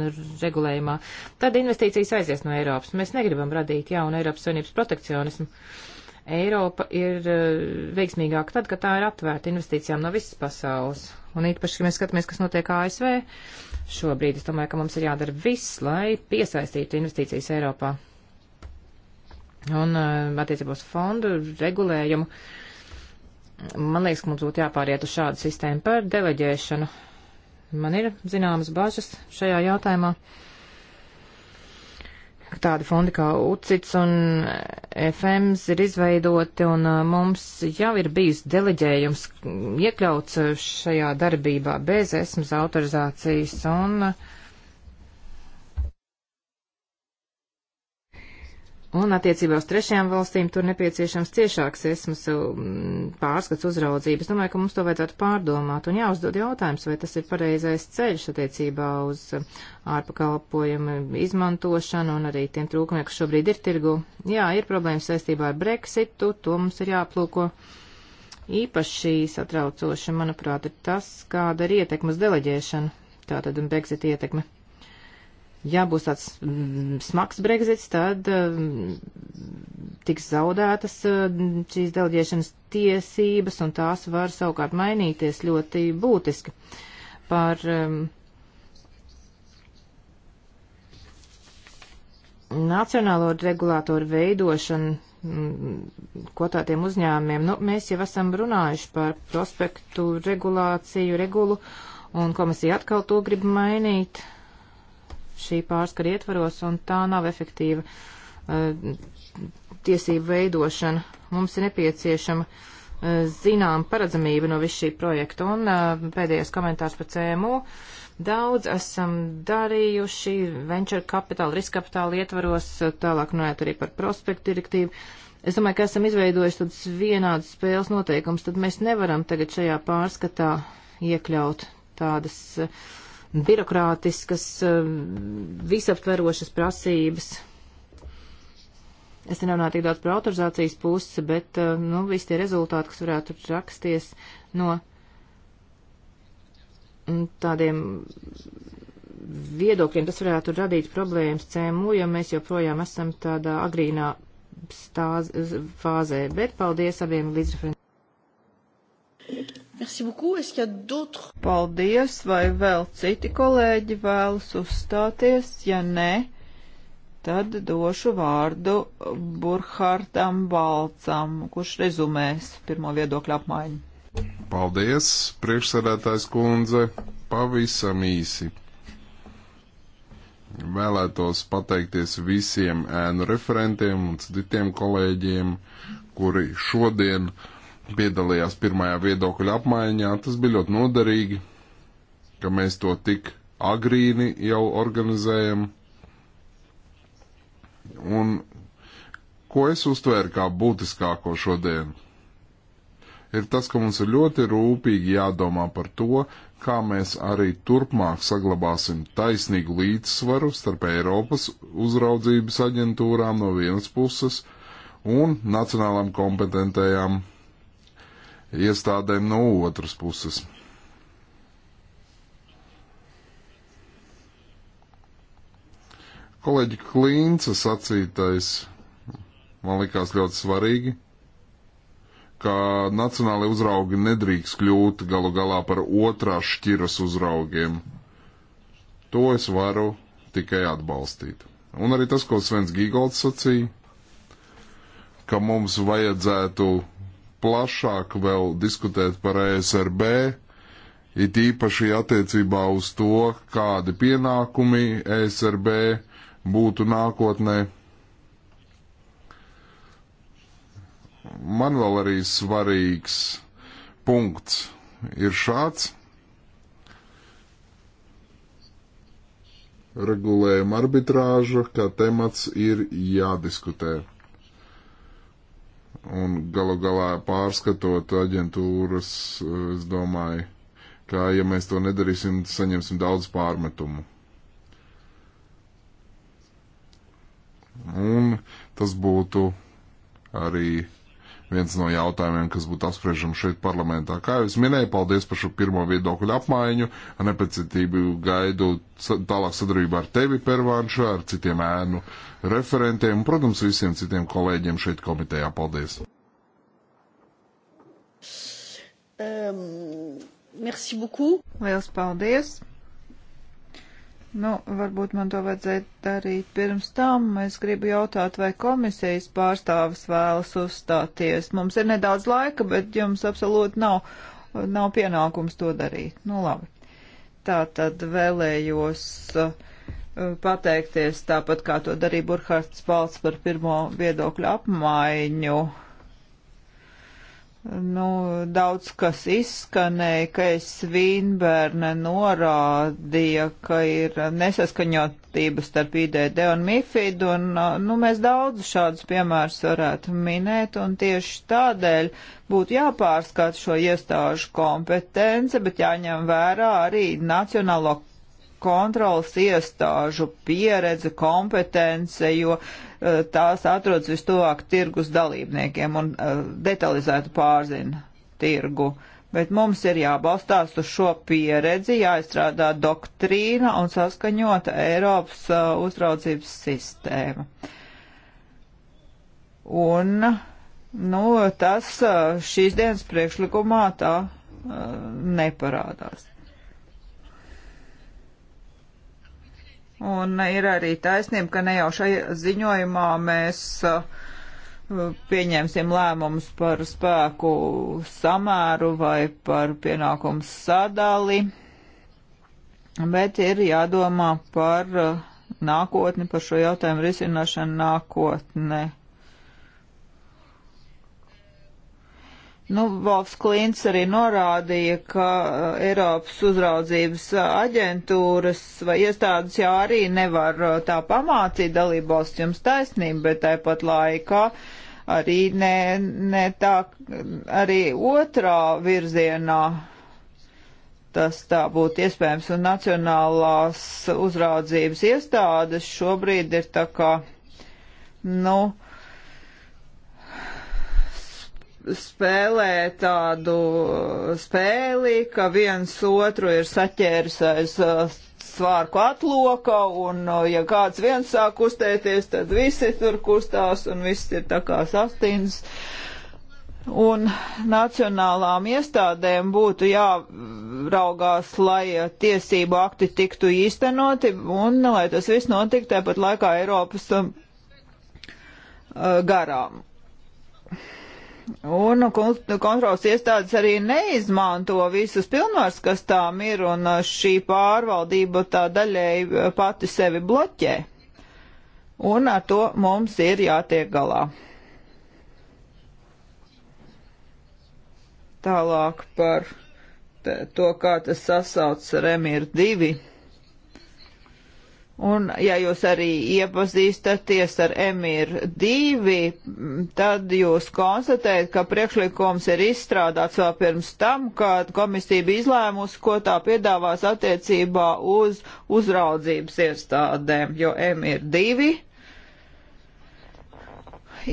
regulējumā, tad investīcijas aizies no Eiropas. Mēs negribam radīt jaunu Eiropas Savienības protekcionismu. Uh, Eiropa ir eh, veiksmīgāka tad, kad tā ir atvērta investīcijām no visas pasaules. Un īpaši, ja mēs skatāmies, kas notiek ASV, šobrīd es domāju, ka mums ir jādara viss, lai piesaistītu investīcijas Eiropā. Un eh, attiecībos fondu regulējumu, man liekas, ka mums būtu jāpāriet uz šādu sistēmu par deleģēšanu. Man ir zināmas bažas šajā jautājumā. Uh, tādi fondi kā UCITS un FMS ir izveidoti, un uh, mums jau ir bijis deleģējums iekļauts uh, šajā darbībā bez esmas autorizācijas, un uh, Un attiecībā uz trešajām valstīm tur nepieciešams ciešāks esmas eh, mm, pārskats uzraudzības. Domāju, ka mums to vajadzētu pārdomāt un jāuzdod jautājums, vai tas ir pareizais ceļš attiecībā uz eh, ārpakalpojumu izmantošanu un arī tiem trūkumiem, kas šobrīd ir tirgu. Jā, ir problēmas saistībā ar Brexitu, to mums ir jāplūko. Īpaši satraucoši, manuprāt, ir tas, kāda ir ietekmas deleģēšana, tātad un Brexit ietekme ja būs tāds mm, smags Brexits, tad mm, tiks zaudētas mm, šīs delģiešanas tiesības, un tās var savukārt mainīties ļoti būtiski par. Mm, Nacionālo regulātoru veidošanu, mm, ko tā tiem uzņēmumiem, nu, mēs jau esam runājuši par prospektu regulāciju, regulu, un komisija atkal to grib mainīt. Uh, šī pārskara ietvaros, un tā nav efektīva uh, tiesību veidošana. Mums ir nepieciešama uh, zinām paredzamība no visu šī projekta, un uh, pēdējais komentārs par CMU. Daudz esam darījuši venture kapitāla, riska kapitāla ietvaros, tālāk runājot arī par prospektu direktīvu. Es domāju, ka esam izveidojuši tādus vienādus spēles noteikumus, tad mēs nevaram tagad šajā pārskatā iekļaut tādas uh, birokrātiskas, um, visaptverošas prasības. Es te nav tik daudz par autorizācijas pusi, bet, uh, nu, visi tie rezultāti, kas varētu raksties no tādiem viedokļiem, tas varētu radīt problēmas CMU, jo mēs joprojām esam tādā agrīnā stāz, fāzē. Bet paldies abiem līdzreferentiem. Merci beaucoup. Es, ja d'autres... Paldies, vai vēl citi kolēģi vēlas uzstāties? Ja nē, tad došu vārdu Burkhārtam Balcam, kurš rezumēs pirmo viedokļu apmaiņu. Paldies, priekšsēdētājs kundze, pavisam īsi. Vēlētos pateikties visiem ēnu referentiem un citiem kolēģiem, kuri šodien uh, piedalījās pirmajā viedokļa apmaiņā. Tas bija ļoti noderīgi, ka mēs to tik agrīni jau organizējam. Un ko es uztvēru kā būtiskāko šodien? ir tas, ka mums ir ļoti rūpīgi jādomā par to, kā mēs arī turpmāk saglabāsim taisnīgu līdzsvaru starp Eiropas uzraudzības aģentūrām no vienas puses un nacionālām kompetentajām iestādēm no otras puses. Kolēģi Klīnca sacītais man likās ļoti svarīgi, ka nacionālai uzraugi nedrīkst kļūt galu galā par otrā šķiras uzraugiem. To es varu tikai atbalstīt. Un arī tas, ko Svens Gīgolds sacīja, ka mums vajadzētu plašāk vēl diskutēt par ESRB, it īpaši attiecībā uz to, kādi pienākumi ESRB būtu nākotnē. Man vēl arī svarīgs punkts ir šāds. Regulējuma arbitrāža kā temats ir jādiskutē. Un galu galā pārskatot aģentūras, eh, es domāju, ka ja mēs to nedarīsim, saņemsim daudz pārmetumu. Un tas būtu arī viens no jautājumiem, kas būtu apspriežams šeit parlamentā. Kā jau es minēju, paldies par šo pirmo viedokļu apmaiņu. Ar nepacietību gaidu tālāk sadarbību ar tevi, Pervānšu, ar citiem ēnu referentiem un, protams, visiem citiem kolēģiem šeit komitejā. Paldies! Um, merci beaucoup. Liels paldies! Nu, varbūt man to vajadzēja darīt pirms tam. Es gribu jautāt, vai komisijas pārstāvis vēlas uzstāties. Mums ir nedaudz laika, bet jums absolūti nav, nav pienākums to darīt. Nu, labi. Tā tad vēlējos uh, pateikties tāpat, kā to darīja Burkhards Palts par pirmo viedokļu apmaiņu. Uh, Nu, daudz kas izskanēja, ka es Vīnbērne norādīja, ka ir nesaskaņotība starp IDD un MIFID, un nu, mēs daudz šādus piemērus varētu minēt, un tieši tādēļ būtu jāpārskata šo iestāžu kompetence, bet jāņem vērā arī nacionālo kontrolas iestāžu pieredze, kompetence, jo Eh, tās atrodas vistuvāk tirgus dalībniekiem un eh, detalizētu pārzina tirgu. Bet mums ir jābalstās uz šo pieredzi, jāizstrādā doktrīna un saskaņota Eiropas eh, uzraudzības sistēma. Un, nu, tas šīs dienas priekšlikumā tā neparādās. Un ir arī taisnība, ka ne jau šajā ziņojumā mēs uh, pieņemsim lēmumus par spēku samēru vai par pienākumu sadali, bet ir jādomā par uh, nākotni, par šo jautājumu risināšanu nākotnē. Nu, Valfs Klīns arī norādīja, ka uh, Eiropas uzraudzības uh, aģentūras vai iestādes jau arī nevar uh, tā pamācīt dalībvalsts jums taisnību, bet tāpat laikā arī ne, ne tā, arī otrā virzienā tas tā būtu iespējams, un nacionālās uzraudzības iestādes šobrīd ir tā kā, nu, spēlē tādu spēli, ka viens otru ir saķēris aiz uh, svārku atloka, un uh, ja kāds viens sāk kustēties, tad visi tur kustās, un viss ir tā kā sastins. Un nacionālām iestādēm būtu jāraugās, lai uh, tiesību akti tiktu īstenoti, un lai tas viss notiktu tāpat laikā Eiropas um, garām. Un kontrols iestādes arī neizmanto visas pilnvars, kas tām ir, un uh, šī pārvaldība tā daļēji uh, pati sevi bloķē. Un ar to mums ir jātiek galā. Tālāk par to, kā tas sasaucas ar MIR 2. Un, ja jūs arī iepazīstaties ar Emīru 2, tad jūs konstatējat, ka priekšlikums ir izstrādāts vēl pirms tam, kad komisija bija izlēmusi, ko tā piedāvās attiecībā uz uzraudzības iestādēm, jo Emīru 2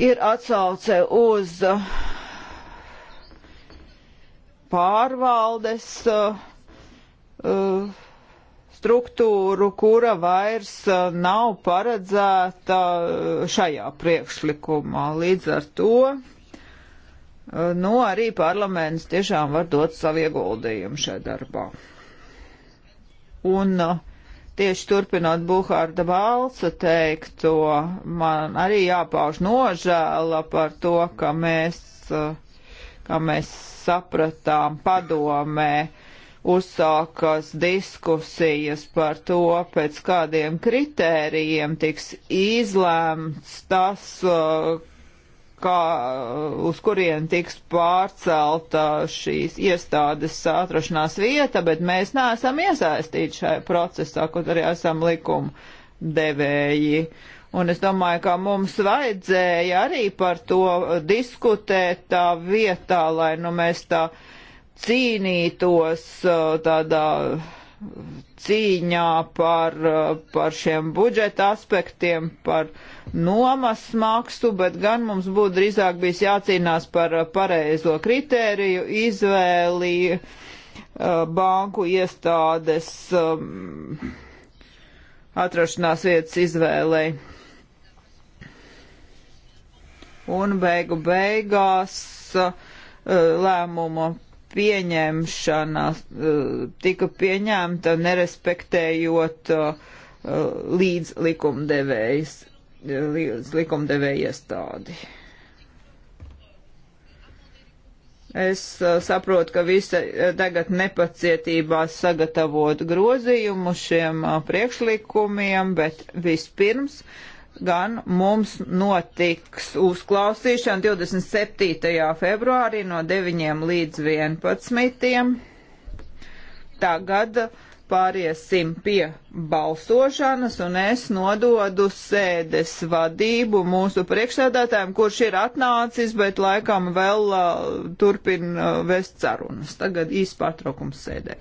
ir atsauce uz pārvaldes. Uh, uh, struktūru, kura vairs uh, nav paredzēta uh, šajā priekšlikumā. Līdz ar to uh, nu, arī parlaments tiešām var dot savu ieguldījumu šajā darbā. Un tieši turpinot Buhārda Balca teikto, man arī jāpauž nožēla par to, ka mēs, ka mēs sapratām padomē, uzsākas diskusijas par to, pēc kādiem kritērijiem tiks izlēmts tas, uh, kā, uz kurien tiks pārcelta šīs iestādes atrašanās vieta, bet mēs neesam iesaistīti šajā procesā, kaut arī esam likuma devēji. Un es domāju, ka mums vajadzēja arī par to diskutēt tā vietā, lai nu mēs tā uh, cīnītos uh, tādā cīņā par, uh, par šiem budžeta aspektiem, par nomas maksu, bet gan mums būtu drīzāk bijis jācīnās par uh, pareizo kritēriju izvēli banku iestādes um, atrašanās vietas izvēlei. Un beigu beigās lēmumu pieņemšana eh, tika pieņemta nerespektējot eh, līdz likumdevējas, eh, līdz likumdevēja iestādi. Es uh, saprotu, ka visi tagad nepacietībā sagatavot grozījumu šiem uh, priekšlikumiem, bet vispirms gan mums notiks uzklausīšana 27. februārī no 9 līdz 11. Tagad pāriesim pie balsošanas, un es nododu sēdes vadību mūsu priekšsēdētājiem, kurš ir atnācis, bet laikam vēl uh, turpin uh, vest sarunas. Tagad īsts pārtraukums sēdē.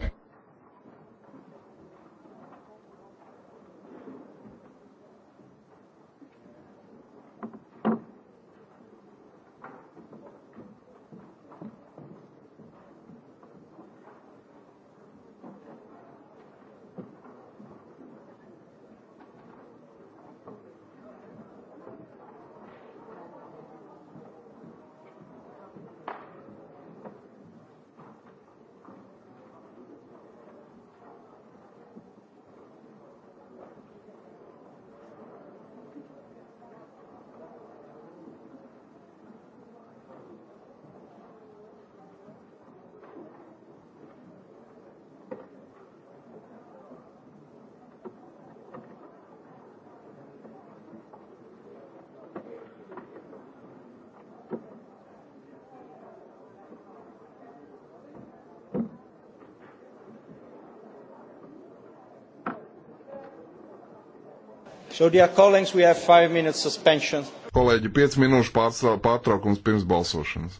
So, colleagues, Kolēģi, 5 minūšu pārtraukums pirms balsošanas.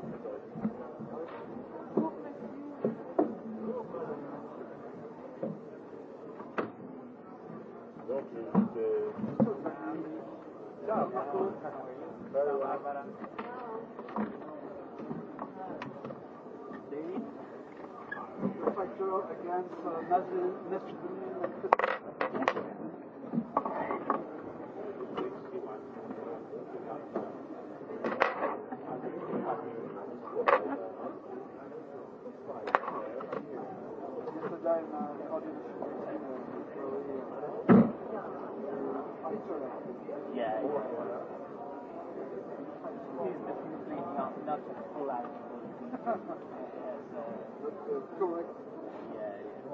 Very well. Professor against uh, Nazir Nesbitt. not not full out. yes, uh, correct. Yeah, yeah.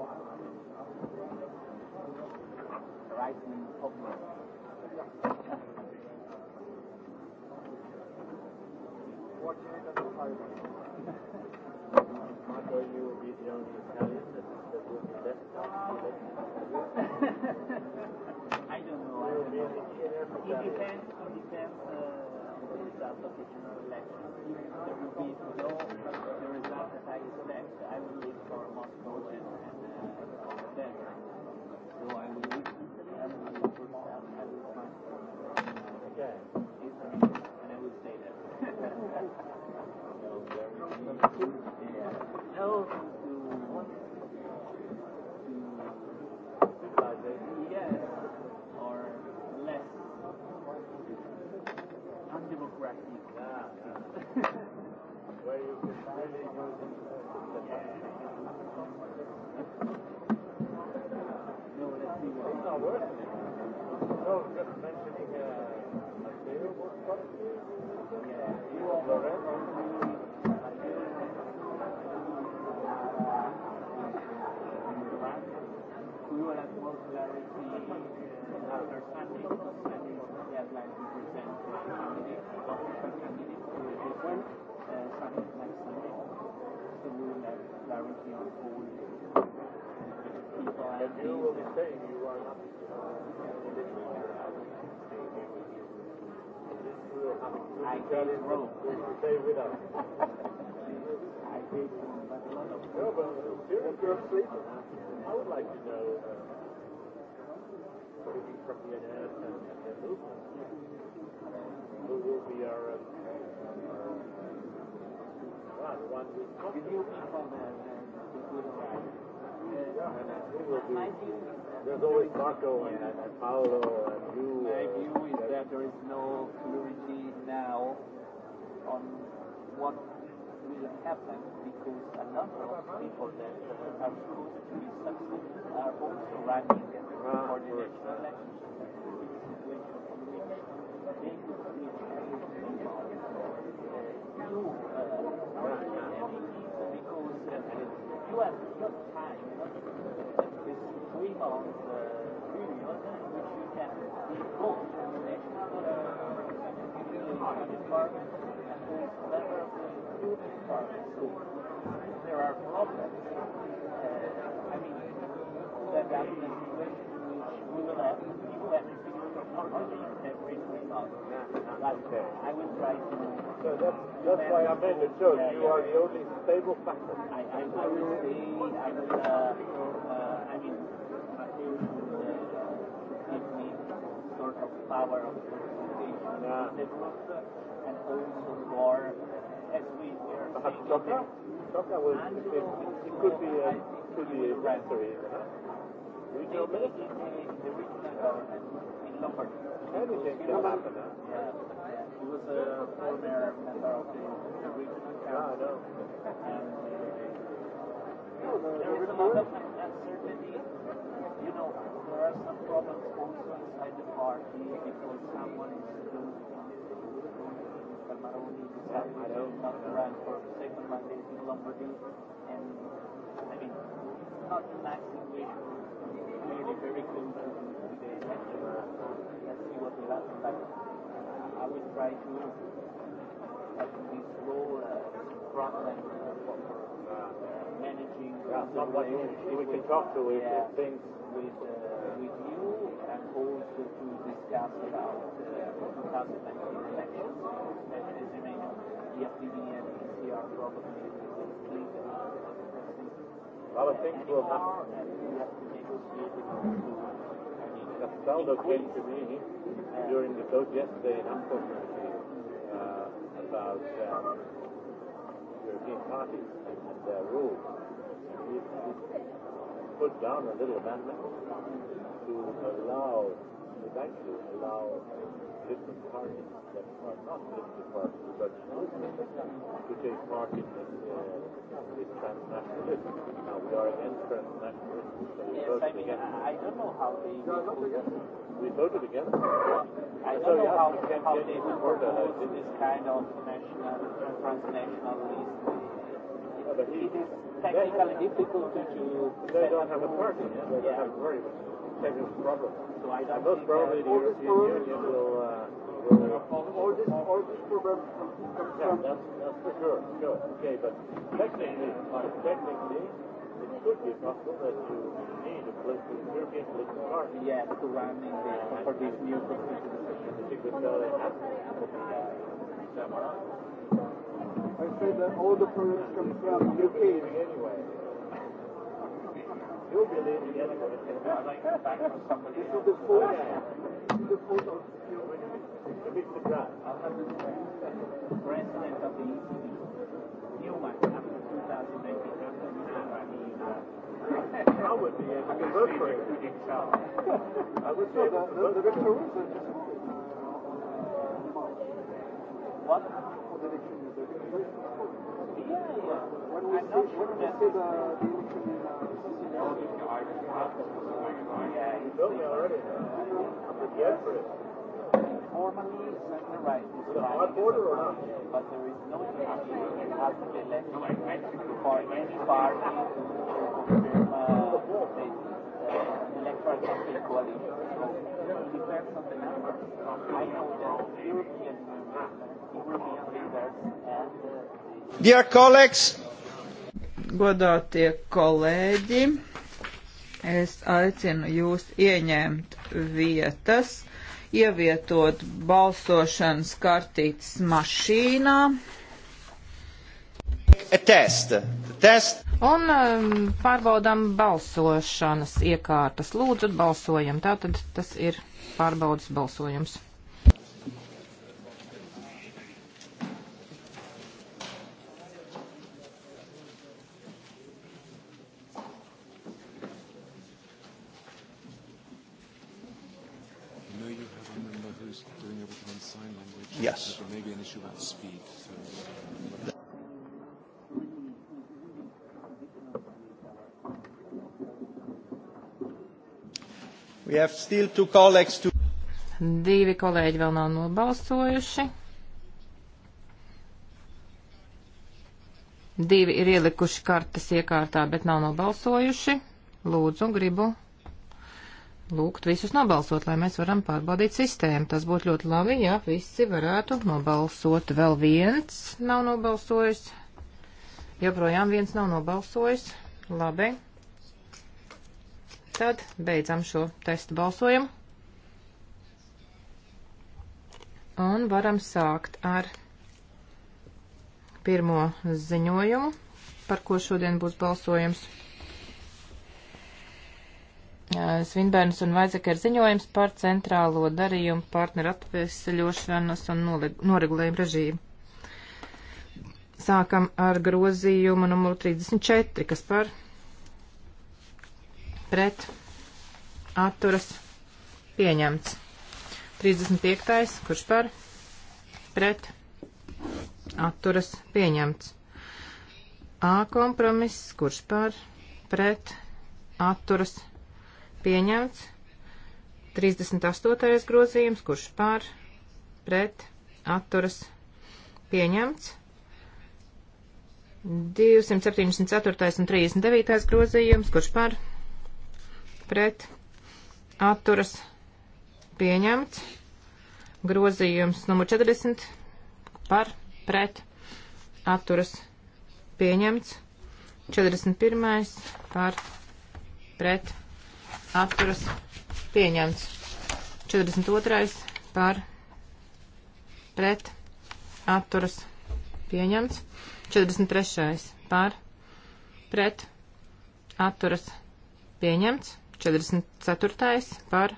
Right wing popular. Watching it at the highway. Marco, you will be the only Italian that, that will be left. result of regional elections. If there would be no uh, the result that I expect, I will leave for Moscow and I came wrong. Stay with us. I did. No, but serious, you're sleeping. I would like to know uh, from the announcement and the movement who will be our, uh, our well, the one who's talking about. Can you keep on that? Uh, yeah. And who will be... There's always Paco and, and, and Paolo and you. My uh, view is that, that there is no clarity now on what will happen because a number of people that are supposed to be successful are also running ah, for the next election. They could be uh, you uh, because uh, you have not time about uh, union, which you can improve in the next uh, department and the level of the student department. So there are problems. Uh, I mean, that government which we will have, we will have to figure out how to interpret results. Like, okay. I will try to. So that's, that's why I made a joke. Yeah, you yeah, are yeah. the only stable factor. I, I will say, I will. Uh, of power of representation yeah. that was uh, an old war as we were uh, but saying Chocra? Chocra was Angelo, it, it could be a, uh, could be a ranter here huh? regional minister the regional government uh, in Lombardy anything can happen huh? yeah. he was a former member of the, the regional council yeah, I know and uh, there is a lot of uncertainty you know there are some problems also at the party because someone is doing Mr. Maroni decided to not run for the second mandate in Lombardy, and I mean, not a nice situation. Clearly, very close to the election. Let's see what will happen, but I will try to have this role uh, frontline uh, for, for uh, managing. Yeah, someone who we can talk to if yeah, things with uh, with you. Uh, and also to discuss about uh, 2019 elections and as you may know EFPD and ECR probably will split a lot of things will happen and we have to negotiate in order to Castaldo came to me uh, during the talk yesterday in Amsterdam uh, about um, European parties and, and their rules. He put down a little amendment to allow, eventually allow different parties that are not political parties, but to take part in this, uh, this transnationalism. Now we are against transnationalism. So we yes, voted I mean, against I don't know how they. No, not against we voted against it. I don't so, know yeah, how, can, how they would work out this kind of national, transnational list. Yeah, but he, it is technically difficult to. They don't have a party. Yeah? They yeah. don't have a party. Technical problem. So I don't Most probably the European Union will. Uh, will all this, all this problem comes yeah, from. That's, that's for sure. Sure. Okay, but technically, technically, it could be possible that you need a political European political party. Yes, yeah, surrounding the for these new constitution decisions. You could tell it has to be uh, I said that all the problems come from UK anyway. You'll be late again. I'd like to back from somebody else. This is the photo. This is the photo of Mr. Grant. I'll have this president of the ECB. Newman, after 2019, after Mr. Grant. I would be able to vote for him. I would say that the Victor Russo just What? For the election, the Victor Russo. Yeah, yeah. When we I'm see, not sure when we see the, the election in uh, Yeah, he built me already. I'm the head for it. Formally, certain rights is a hard border or not? But there is no sanction that has to be left for any party to confirm uh, the electoral campaign coalition. So it depends on the numbers. I know that European European leaders and uh, Dear colleagues, godātie kolēģi, Es aicinu jūs ieņemt vietas, ievietot balsošanas kartītes mašīnā. Test. Test. Un um, pārbaudām balsošanas iekārtas. Lūdzu, balsojam. Tātad tas ir pārbaudas balsojums. Yes. Maybe an issue about speed. We have still two colleagues to... Divi kolēģi vēl nav nobalsojuši. Divi ir ielikuši kartes iekārtā, bet nav nobalsojuši. Lūdzu, gribu lūgt visus nobalsot, lai mēs varam pārbaudīt sistēmu. Tas būtu ļoti labi, ja visi varētu nobalsot. Vēl viens nav nobalsojis. Joprojām viens nav nobalsojis. Labi. Tad beidzam šo testu balsojumu. Un varam sākt ar pirmo ziņojumu, par ko šodien būs balsojums. Svinbērnas un Vaizekera ziņojums par centrālo darījumu partneru atvesaļošanas un noregulējumu režīmu. Sākam ar grozījumu numuru 34, kas par pret atturas pieņemts. 35. kurš par pret atturas pieņemts. A kompromiss, kurš par pret atturas pieņemts pieņemts. 38. grozījums, kurš pār, pret, atturas, pieņemts. 274. un 39. grozījums, kurš pār, pret, atturas, pieņemts. Grozījums numur 40 par, pret, atturas, pieņemts. 41. par, pret, atturas atturas pieņemts. 42. par pret atturas pieņemts. 43. par pret atturas pieņemts. 44. par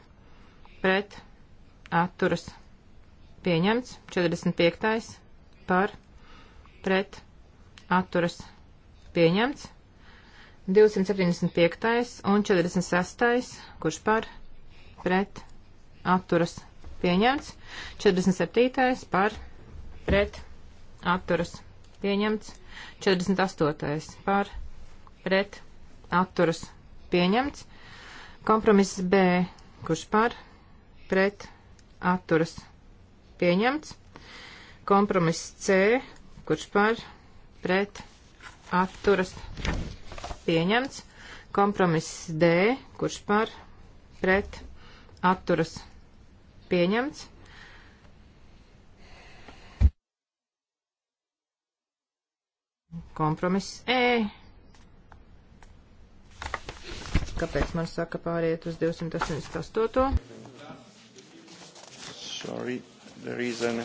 pret atturas pieņemts. 45. par pret atturas pieņemts. 275. un 46. kurš par pret atturas pieņemts. 47. par pret atturas pieņemts. 48. par pret atturas pieņemts. Kompromiss B, kurš par pret atturas pieņemts. Kompromiss C, kurš par pret atturas pieņemts pieņemts. Kompromiss D, kurš par pret atturas pieņemts. Kompromiss E. Kāpēc man saka pāriet uz 288? Sorry, there is an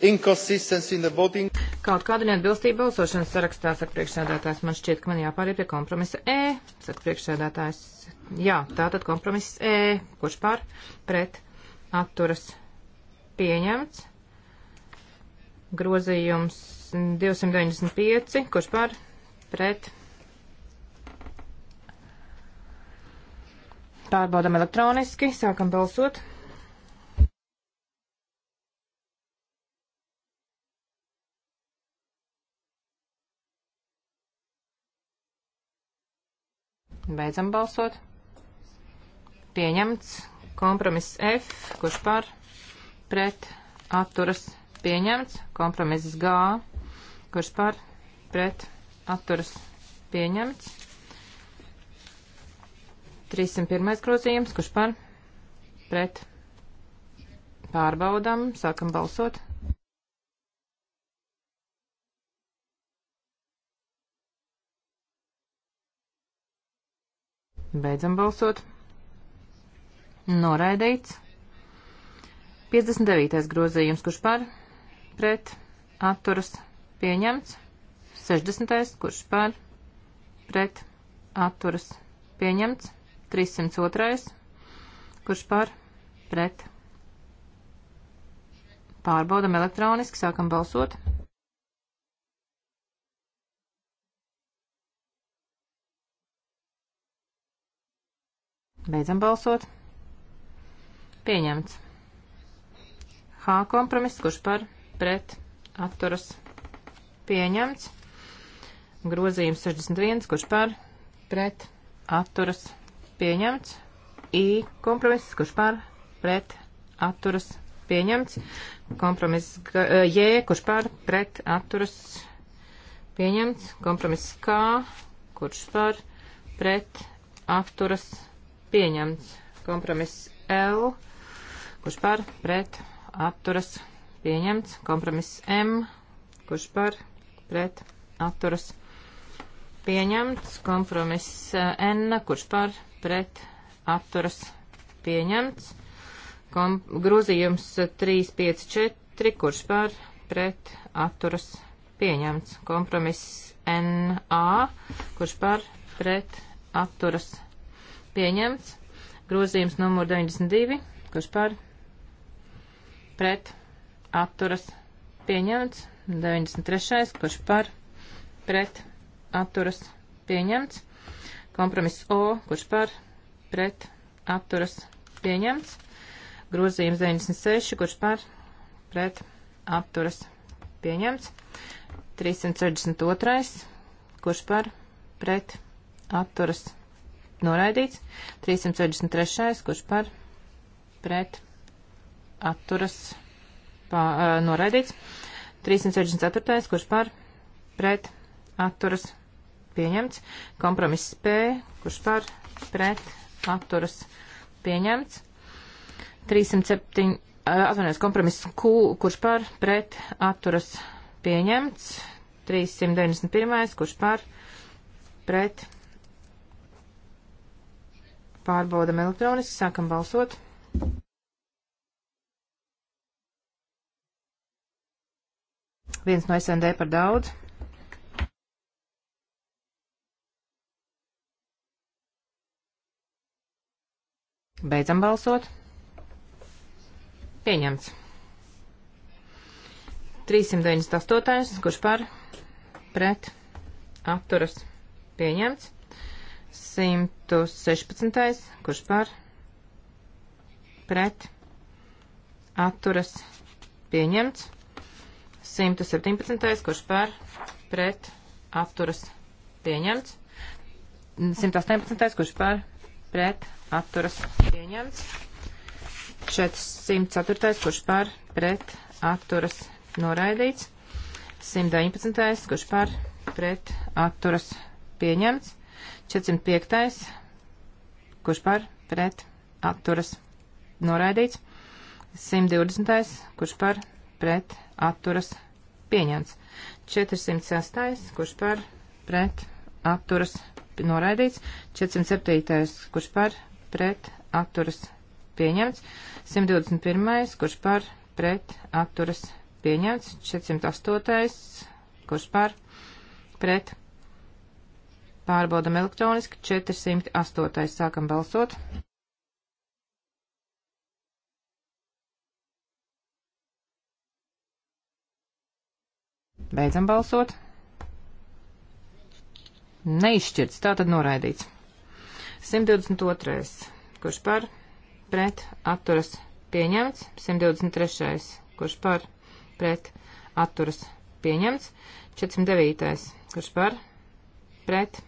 inconsistency in the voting kaut kāda neatbilstība balsošanas sarakstā, saka priekšsēdētājs. Man šķiet, ka man jāpāriet pie kompromisa E, saka priekšsēdētājs. Jā, tātad kompromiss E, kurš par pret atturas pieņemts. Grozījums 295, kurš par pret. Pārbaudam elektroniski, sākam balsot. Beidzam balsot. Pieņemts. Kompromiss F, kurš par pret atturas pieņemts. Kompromiss G, kurš par pret atturas pieņemts. 301. grozījums, kurš par pret pārbaudām, sākam balsot. Beidzam balsot. Noraidīts. 59. grozījums, kurš par, pret, atturas, pieņemts. 60. kurš par, pret, atturas, pieņemts. 302. kurš par, pret. Pārbaudam elektroniski, sākam balsot. Beidzam balsot. Pieņemts. H kompromiss, kurš par pret atturas pieņemts. Grozījums 61, kurš par pret atturas pieņemts. I kompromiss, kurš par pret atturas pieņemts. Kompromiss eh, J, kurš par pret atturas pieņemts. Kompromiss K, kurš par pret atturas pieņemts pieņemts. Kompromiss L, kurš par pret atturas pieņemts. Kompromiss M, kurš par pret atturas pieņemts. Kompromiss eh, N, kurš par pret atturas pieņemts. Kom grozījums 354, kurš par pret atturas pieņemts. Kompromiss NA, kurš par pret atturas pieņemts pieņemts. Grozījums numur 92, kurš par pret atturas pieņemts. 93, kurš par pret atturas pieņemts. Kompromiss O, kurš par pret atturas pieņemts. Grozījums 96, kurš par pret atturas pieņemts. 362, kurš par pret atturas pieņemts atturas noraidīts. 363. kurš par pret atturas pā, noraidīts. 364. kurš par pret atturas pieņemts. Kompromiss P, kurš par pret atturas pieņemts. 307, atvainojos, kompromiss Q, kurš par pret atturas pieņemts. 391, kurš par pret Pārbaudam elektroniski, sākam balsot. Viens no SND par daudz. Beidzam balsot. Pieņemts. 398. Kurš par? Pret. Atturas. Pieņemts. 116. Kurš par? Pret. Atturas. Pieņemts. 117. Kurš par? Pret. Atturas. Pieņemts. 118. Kurš par? Pret. Atturas. Pieņemts. 404. Kurš par? Pret. Atturas. Noraidīts. 119. Kurš par? Pret. Atturas. Pieņemts. 405. Kurš par? Pret. Atturas. Noraidīts. 120. Kurš par? Pret. Atturas. Pieņemts. 406. Kurš par? Pret. Atturas. Noraidīts. 407. Kurš par? Pret. Atturas. Pieņemts. 121. Kurš par? Pret. Atturas. Pieņemts. 408. Kurš par? Pret. Pārbaudam elektroniski 408. Sākam balsot. Beidzam balsot. Neizšķirts, tā tad noraidīts. 122. Kurš par? Pret. Atturas. Pieņemts. 123. Kurš par? Pret. Atturas. Pieņemts. 409. Kurš par? Pret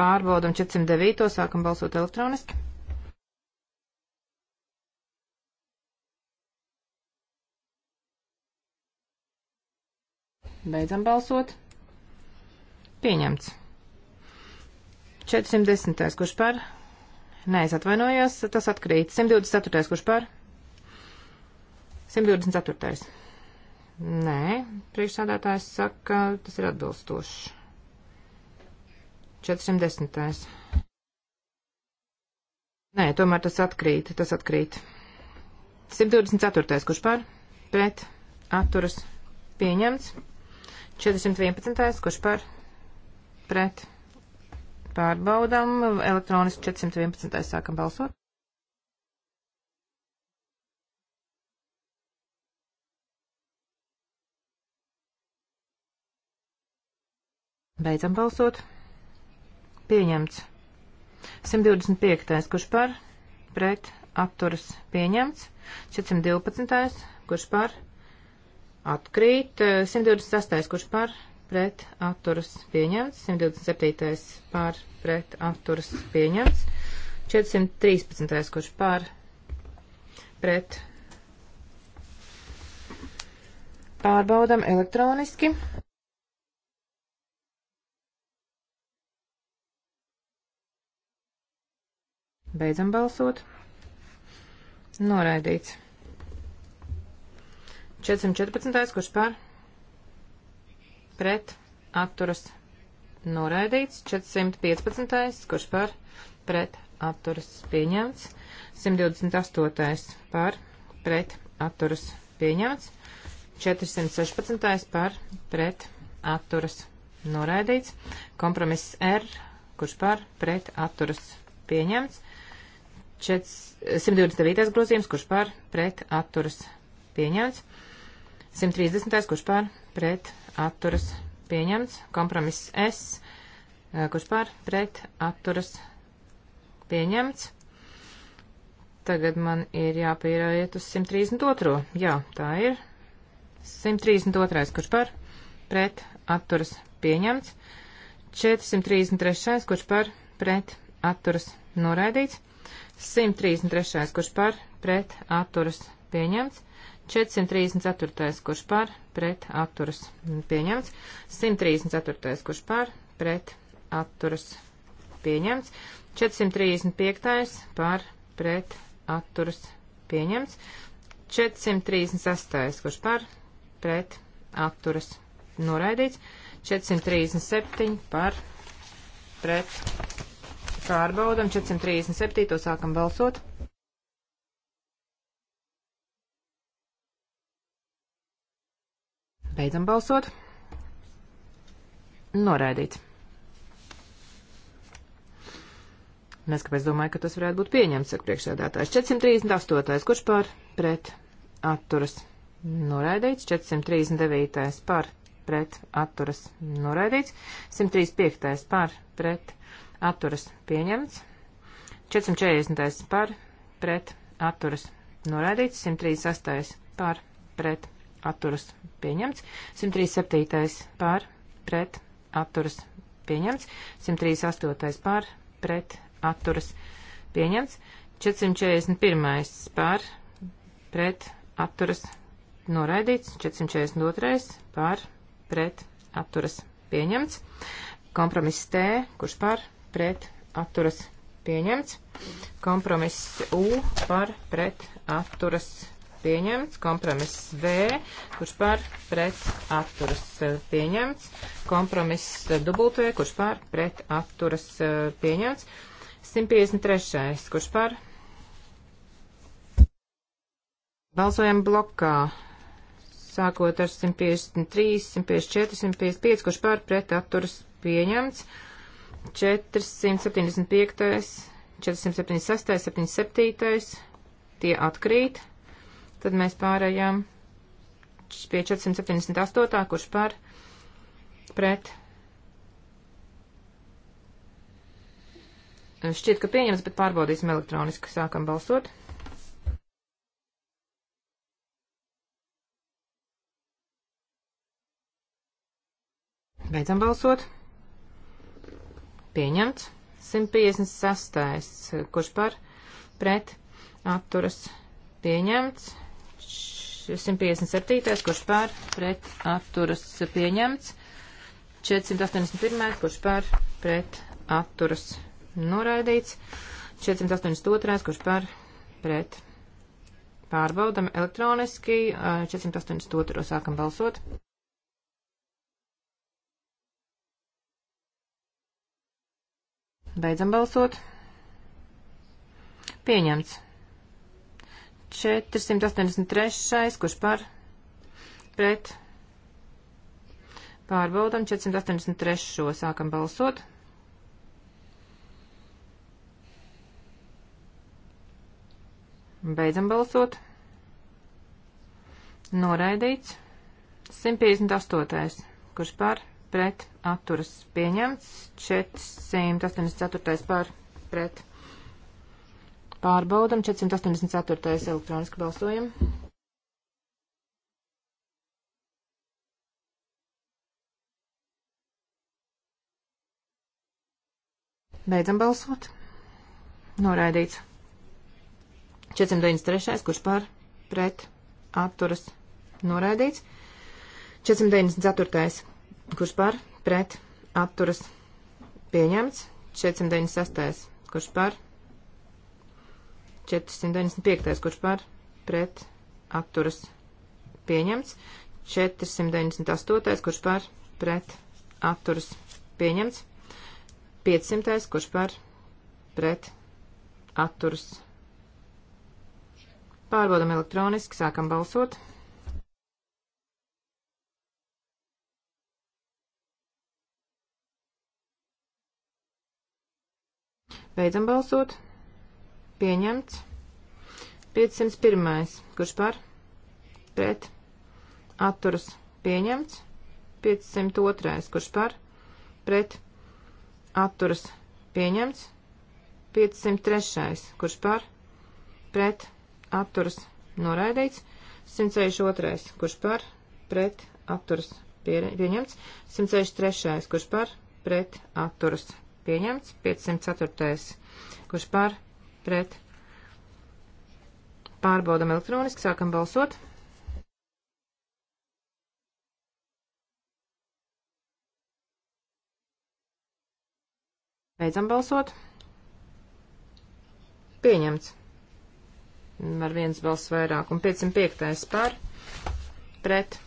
pārbaudam 409. sākam balsot elektroniski. Beidzam balsot. Pieņemts. 410. kurš par? Nē, es atvainojos, tas atkrīt. 124. kurš par? 124. Nē, priekšsādātājs saka, tas ir atbilstošs. 410. Nē, tomēr tas atkrīt, tas atkrīt. 124. kurš par, pret, atturas, pieņemts. 411. kurš par, pret, pārbaudam, elektroniski 411. sākam balsot. Beidzam balsot pieņemts. 125. kurš par pret atturas pieņemts. 412. kurš par atkrīt. 126. kurš par pret atturas pieņemts. 127. par pret atturas pieņemts. 413. kurš par pret pārbaudam elektroniski. Beidzam balsot. Noraidīts. 414. kurš par? Pret. Atturas. Noraidīts. 415. kurš par? Pret. Atturas. Pieņemts. 128. par? Pret. Atturas. Pieņemts. 416. par? Pret. Atturas. Noraidīts. Kompromiss R. Kurš par? Pret. Atturas. Pieņemts. 129. grozījums, kurš pār pret atturas pieņemts. 130. kurš pār pret atturas pieņemts. Kompromiss S, eh, kurš pār pret atturas pieņemts. Tagad man ir jāpieraiet uz 132. Jā, tā ir. 132. kurš pār pret atturas pieņemts. 433. kurš pār pret atturas noraidīts. 133. kurš par pret atturas pieņemts. 434. kurš par pret atturas pieņemts. 134. kurš par pret atturas pieņemts. 435. par pret atturas pieņemts. 436. kurš par pret atturas noraidīts. 437 par pret Pārbaudam 437. sākam balsot. Beidzam balsot. Noraidīts. Mēs kāpēc domāju, ka tas varētu būt pieņemts, saka priekšsēdētājs. 438. Kurš par pret atturas? Noraidīts. 439. par pret atturas. Noraidīts. 135. par pret atturas pieņemts. 440. par pret atturas noraidīts. 136. par pret atturas pieņemts. 137. par pret atturas pieņemts. 138. par pret atturas pieņemts. 441. par pret atturas noraidīts. 442. par pret atturas pieņemts. Kompromiss T, kurš par pret pret atturas pieņemts. Kompromiss U par pret atturas pieņemts. Kompromiss V, kurš par pret atturas pieņemts. Kompromiss W, kurš par pret atturas pieņemts. 153. kurš par. Balsojam blokā sākot ar 153, 154, 155, kurš pārpret atturas pieņemts, 475, 476, 77, tie atkrīt. Tad mēs pārējām pie 478, kurš par pret. Šķiet, ka pieņems, bet pārbaudīsim elektroniski. Sākam balsot. Beidzam balsot pieņemts. 156. kurš par pret atturas pieņemts. 157. kurš par pret atturas pieņemts. 481. kurš par pret atturas noraidīts. 482. kurš par pret pārbaudam elektroniski. 482. sākam balsot. Beidzam balsot. Pieņemts. 483. Kurš par? Pret. Pārbaudam 483. Šo. Sākam balsot. Beidzam balsot. Noraidīts. 158. Kurš par? Pret pret atturas pieņemts, 484. par pret pārbaudam, 484. elektroniski balsojam. Beidzam balsot. Noraidīts. 493. kurš par pret atturas noraidīts. 494. Kurš par? Pret. Atturas. Pieņemts. 496. Kurš par? 495. Kurš par? Pret. Atturas. Pieņemts. 498. Kurš par? Pret. Atturas. Pieņemts. 500. Kurš par? Pret. Atturas. Pārbaudam elektroniski. Sākam balsot. Beidzam balsot. Pieņemts. 501. Kurš par? Pret. Atturas. Pieņemts. 502. Kurš par? Pret. Atturas. Pieņemts. 503. Kurš par? Pret. Atturas. Noraidīts. 162. Kurš par? Pret. Atturas. Pieņemts. 163. Kurš par? Pret. Atturas pieņemts, 504. kurš par pret. Pārbaudam elektroniski, sākam balsot. Beidzam balsot. Pieņemts. Ar viens balss vairāk. Un 505. par pret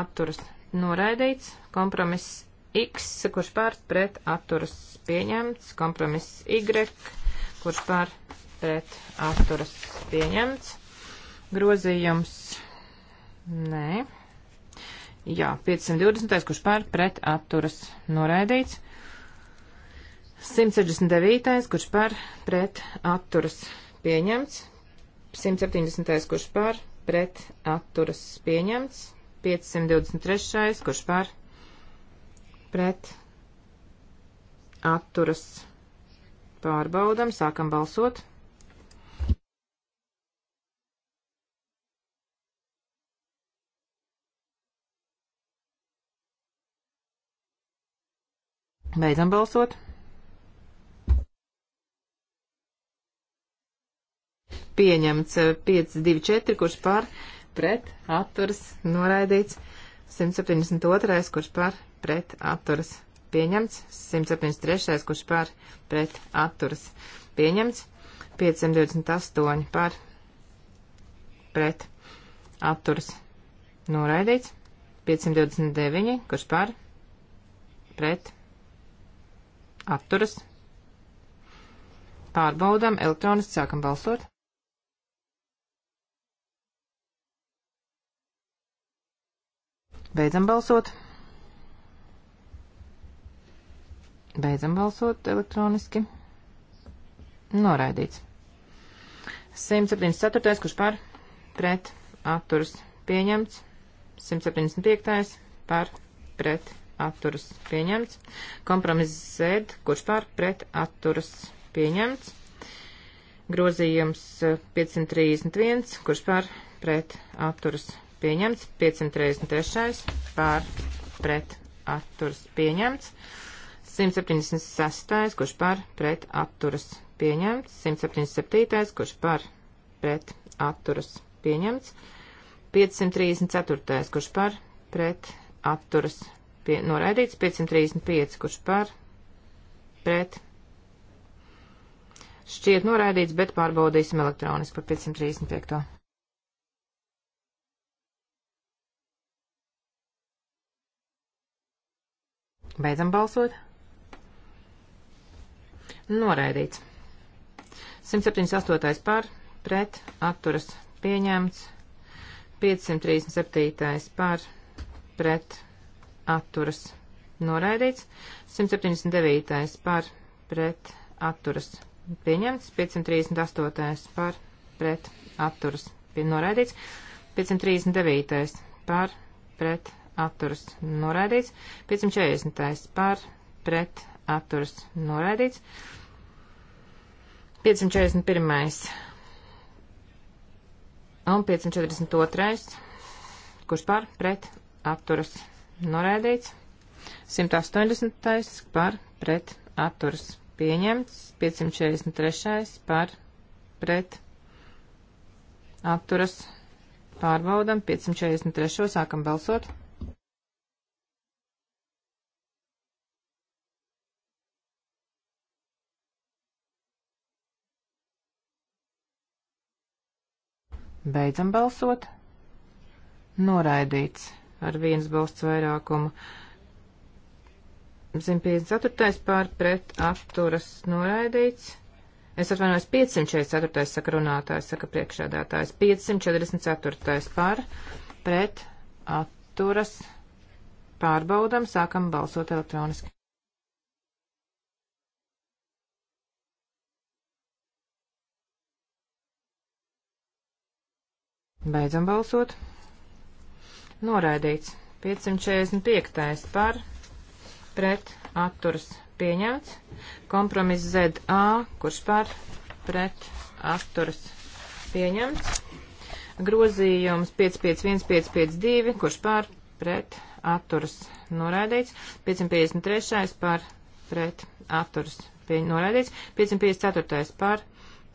atturas noraidīts. Kompromiss X, kurš pār pret atturas pieņemts, kompromiss Y, kurš pār pret atturas pieņemts, grozījums nē. Jā, 520, kurš pār pret atturas noraidīts. 169, kurš pār pret atturas pieņemts. 170, kurš pār pret atturas pieņemts. 523, kurš pār pret atturas pārbaudam, sākam balsot. Beidzam balsot. Pieņemts 524, eh, kurš par pret atturas noraidīts. 172, kurš par pret atturas pieņemts, 173. kurš par pret atturas pieņemts, 528 par pret atturas noraidīts, 529 kurš par pret atturas. Pārbaudām elektroniski sākam balsot. Beidzam balsot. Beidzam balsot elektroniski. Noraidīts. 174. kurš par pret atturas pieņemts. 175. par pret atturas pieņemts. Kompromiss Z, kurš par pret atturas pieņemts. Grozījums 531, kurš par pret atturas pieņemts. 533. par pret atturas pieņemts. 176. kurš par pret atturas pieņemts, 177. kurš par pret atturas pieņemts, 534. kurš par pret atturas pie, noraidīts, 535. kurš par pret šķiet noraidīts, bet pārbaudīsim elektroniski par 535. Beidzam balsot. Noraidīts. 178. par, pret, atturas, pieņemts. 537. par, pret, atturas, noraidīts. 179. par, pret, atturas, pieņemts. 538. par, pret, atturas, noraidīts. 539. par, pret, atturas, noraidīts. 540. par, pret, atturas, noraidīts. 541. un 542. kurš par pret atturas noraidīts. 180. par pret atturas pieņemts. 543. par pret atturas pārbaudam. 543. sākam balsot. Beidzam balsot. Noraidīts ar viens balsts vairākumu. 154. pār pret atturas noraidīts. Es atvainojos 544. saka runātājs, saka priekšādātājs. 544. pār pret atturas pārbaudam, sākam balsot elektroniski. Beidzam balsot. Noraidīts. 545. par pret atturas pieņemts. Kompromiss ZA, kurš par pret atturas pieņemts. Grozījums 551552, kurš par pret atturas noraidīts. 553. par pret atturas noraidīts. 554. par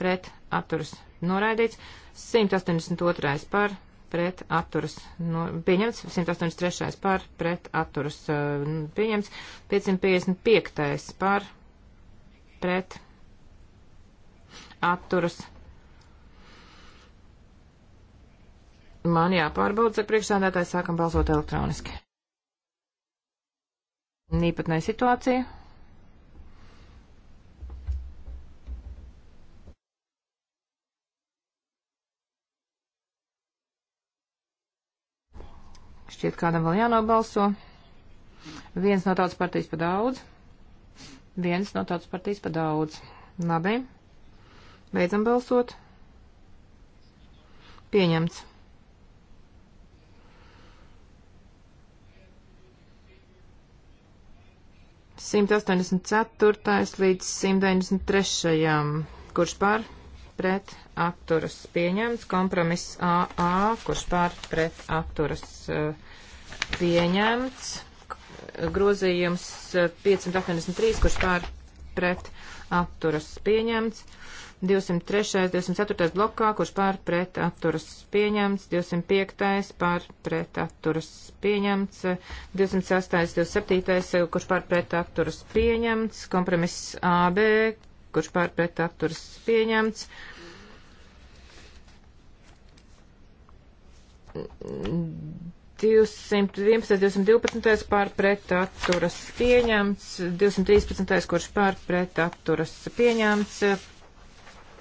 pret atturas noraidīts. 182. par pret atturas no, pieņemts, 183. par pret atturas uh, pieņemts, 555. par pret atturas. Man jāpārbauda, cik priekšsādātājs sākam balsot elektroniski. Nīpatnē situācija. Šķiet, kādam vēl jānobalso. Viens no tautas partijas pa daudz. Viens no tautas partijas pa daudz. Labi. Beidzam balsot. Pieņemts. Simt astoņdesmit ceturtais līdz simt deviņdesmit trešajam. Kurš pār? pret atturas pieņemts, kompromiss AA, kurš pār pret atturas uh, pieņemts. Grozījums 583, kurš pār pret atturas pieņemts. 203, 204 blokā, kurš pār pret atturas pieņemts. 205 pār pret atturas pieņemts. 206, 207, kurš pār pret atturas pieņemts. Kompromiss AB, kurš pār pret atturas pieņemts. 2 211, 212 pārpret atturas pieņemts, 213, kurš pārpret atturas pieņemts,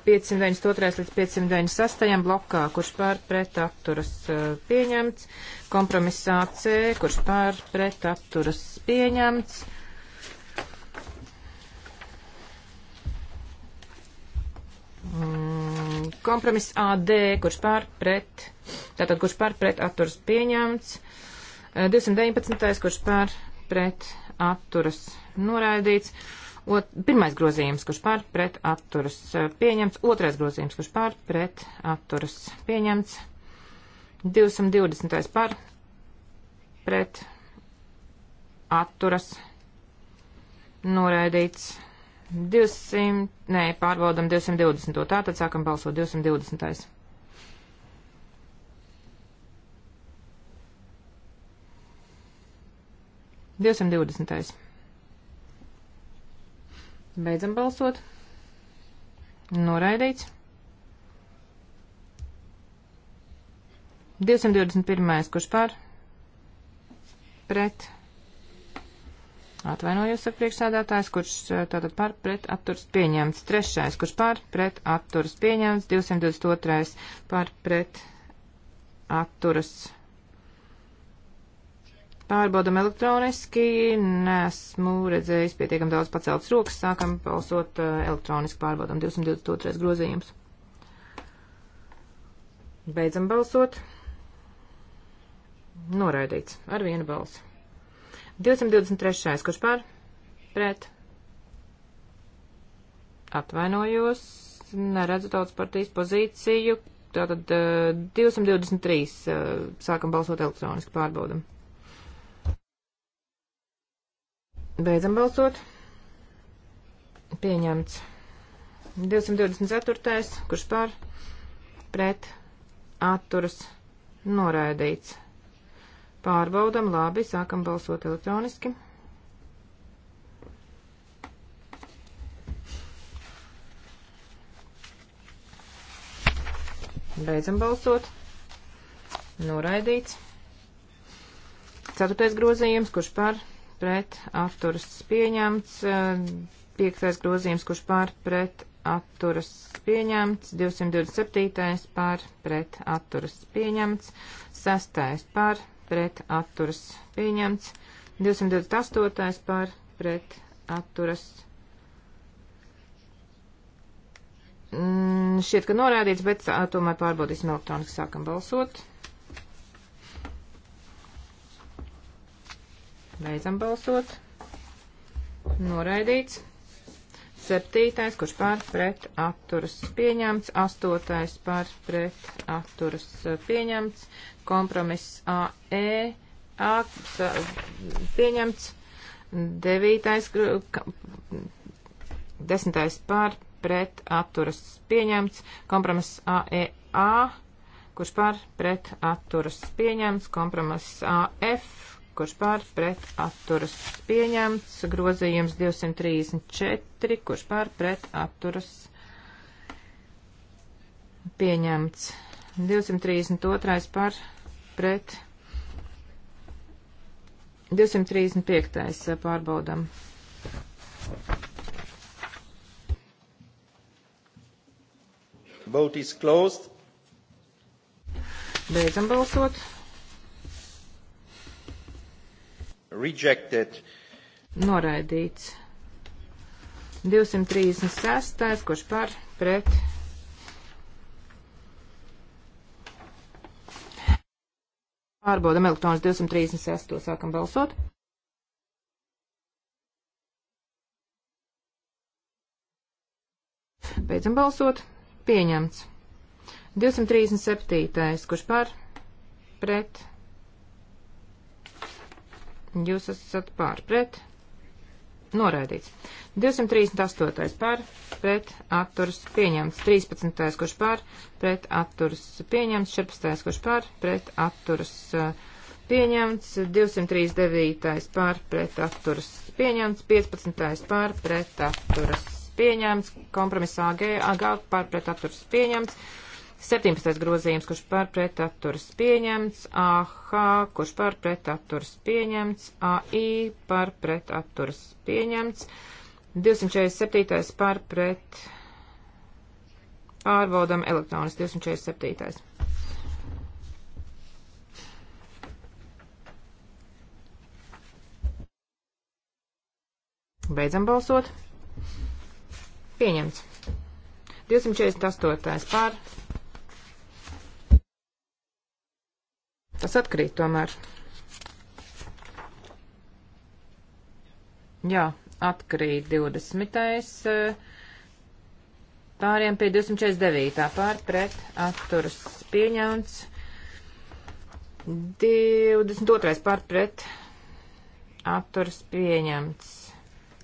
592 līdz 598 blokā, kurš pārpret eh, atturas pieņemts, kompromisā C, kurš pārpret atturas pieņemts, Mm, kompromiss AD, kurš pār pret, tātad kurš pār pret atturas pieņemts. 219. Eh, kurš pār pret atturas noraidīts. Ot, pirmais grozījums, kurš pār pret atturas eh, pieņemts. Otrais grozījums, kurš pār pret atturas pieņemts. 220. par pret atturas noraidīts. 200, nē, pārbaudam 220. Tātad sākam balsot 220. Divsimt divdesmitais. Beidzam balsot. Noraidīts. 221. kurš pār? Pret Atvainojos ar priekšsēdētājs, kurš eh, tātad par pret atturs pieņemts. Trešais, kurš par pret atturs pieņemts. 222. par pret atturs. Pārbaudam elektroniski. Nesmu redzējis pietiekam daudz paceltas rokas. Sākam balsot eh, elektroniski. Pārbaudam 222. grozījums. Beidzam balsot. Noraidīts ar vienu balsu. 223. Kurš par? Pret. Atvainojos. Neredzu tautas partijas pozīciju. Tātad 223. Eh, eh, sākam balsot elektroniski pārbaudam. Beidzam balsot. Pieņemts. 224. Kurš par? Pret. Atturas. Noraidīts. Pārbaudam, labi, sākam balsot elektroniski. Beidzam balsot. Noraidīts. Ceturtais grozījums, kurš par pret atturas pieņemts. Piektais grozījums, kurš par pret atturas pieņemts. 227. par pret atturas pieņemts. Sestais par pret atturas pieņemts, 228. par pret atturas. Mm, šķiet, ka norādīts, bet tā, tomēr pārbaudīsim elektroniski, sākam balsot. Beidzam balsot. Noraidīts. Septītais, kurš pār pret atturas pieņemts. Astotais pār pret atturas eh, pieņemts. Kompromiss AE aks, pieņemts. Devītais, desmitais pār pret atturas pieņemts. Kompromiss AEA, e, kurš pār pret atturas pieņemts. Kompromiss AF, kurš pār pret atturas pieņemts, grozījums 234, kurš pār pret atturas pieņemts, 232 par pret 235 eh, pārbaudam. Vote is closed. Beidzam balsot. rejected. Noraidīts. 236. kurš par pret. Pārbaudam elektronas 236. sākam balsot. Beidzam balsot. Pieņemts. 237. kurš par pret. Jūs esat pār pret. Noraidīts. 238. pār pret atturs pieņemts. 13. kurš pār pret atturs pieņemts. 14. kurš pār pret atturs pieņemts. 239. pār pret atturs pieņemts. 15. pār pret atturs pieņemts. Kompromisā AG pār pret atturs pieņemts. 17. grozījums, kurš par pret atturas pieņemts, AH, kurš par pret atturas pieņemts, AI par pret atturas pieņemts, 247. par pret pārbaudam elektronis 247. Beidzam balsot. Pieņemts. 248. pār Tas atkrīt tomēr. Jā, atkrīt 20. Eh, pāriem pie 249. pār pret atturas pieņemts. 22. pār pret atturas pieņemts.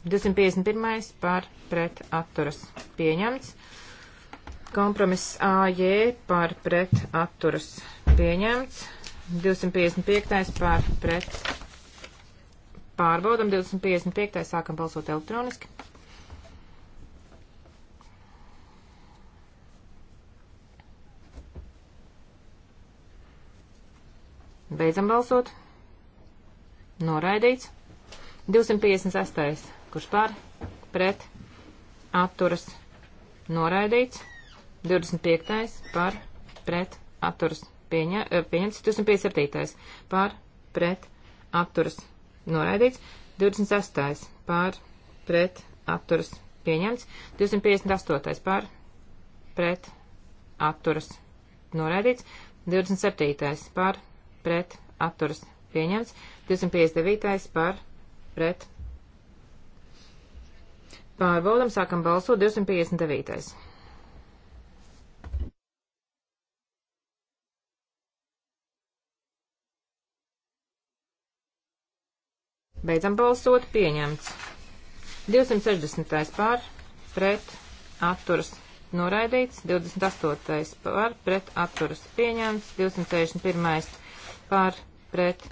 251. pār pret atturas pieņemts. Kompromiss AJ pār pret atturas pieņemts. 255. pār pret. Pārbaudam 255. sākam balsot elektroniski. Beidzam balsot. Noraidīts. 256. Kurš pār? Pret. Atturas. Noraidīts. 25. Par. Pret. Atturas pieņa, e, pieņemts, 257. pār pret atturas noraidīts, 26. pār pret atturas pieņemts, 258. pār pret atturas noraidīts, 27. pār pret atturas pieņemts, 259. pār pret. Pārbaudam, sākam balsot 259. Beidzam balsot. Pieņemts. 260. pār pret atturas noraidīts. 28. pār pret atturas pieņemts. 261. pār pret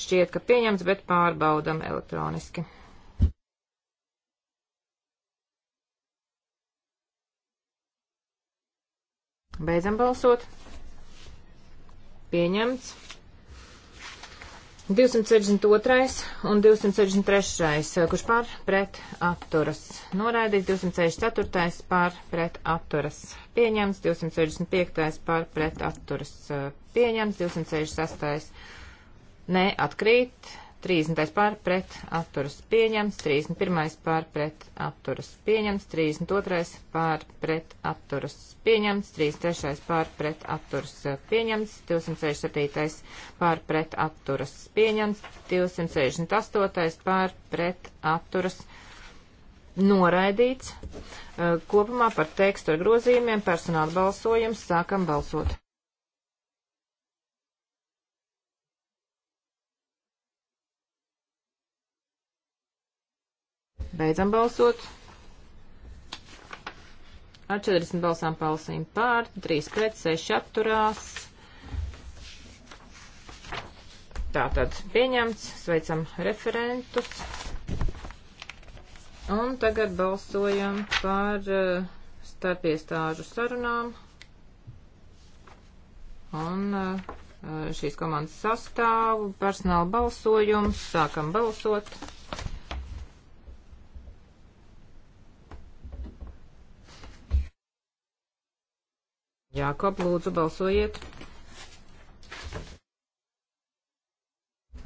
šķiet, ka pieņemts, bet pārbaudam elektroniski. Beidzam balsot. Pieņemts. 262. un 263. kurš pār pret atturas noraidīts, 264. pār pret atturas pieņems, 265. pār pret atturas pieņems, 266. neatkrīt, 30. pār pret atturas pieņems, 31. pār pret atturas pieņems, 32. pār pret atturas pieņems, 33. pār pret atturas pieņems, 267. pār pret atturas pieņems, 268. pār pret atturas noraidīts. Kopumā par tekstu ar grozījumiem personāla balsojums sākam balsot. Beidzam balsot. Ar 40 balsām palsīm pār, 3 pret, 6 apturās. Tātad pieņemts, sveicam referentus. Un tagad balsojam par uh, starpiestāžu sarunām. Un uh, šīs komandas sastāvu, personāla balsojums, sākam balsot. Jākop, lūdzu, balsojiet.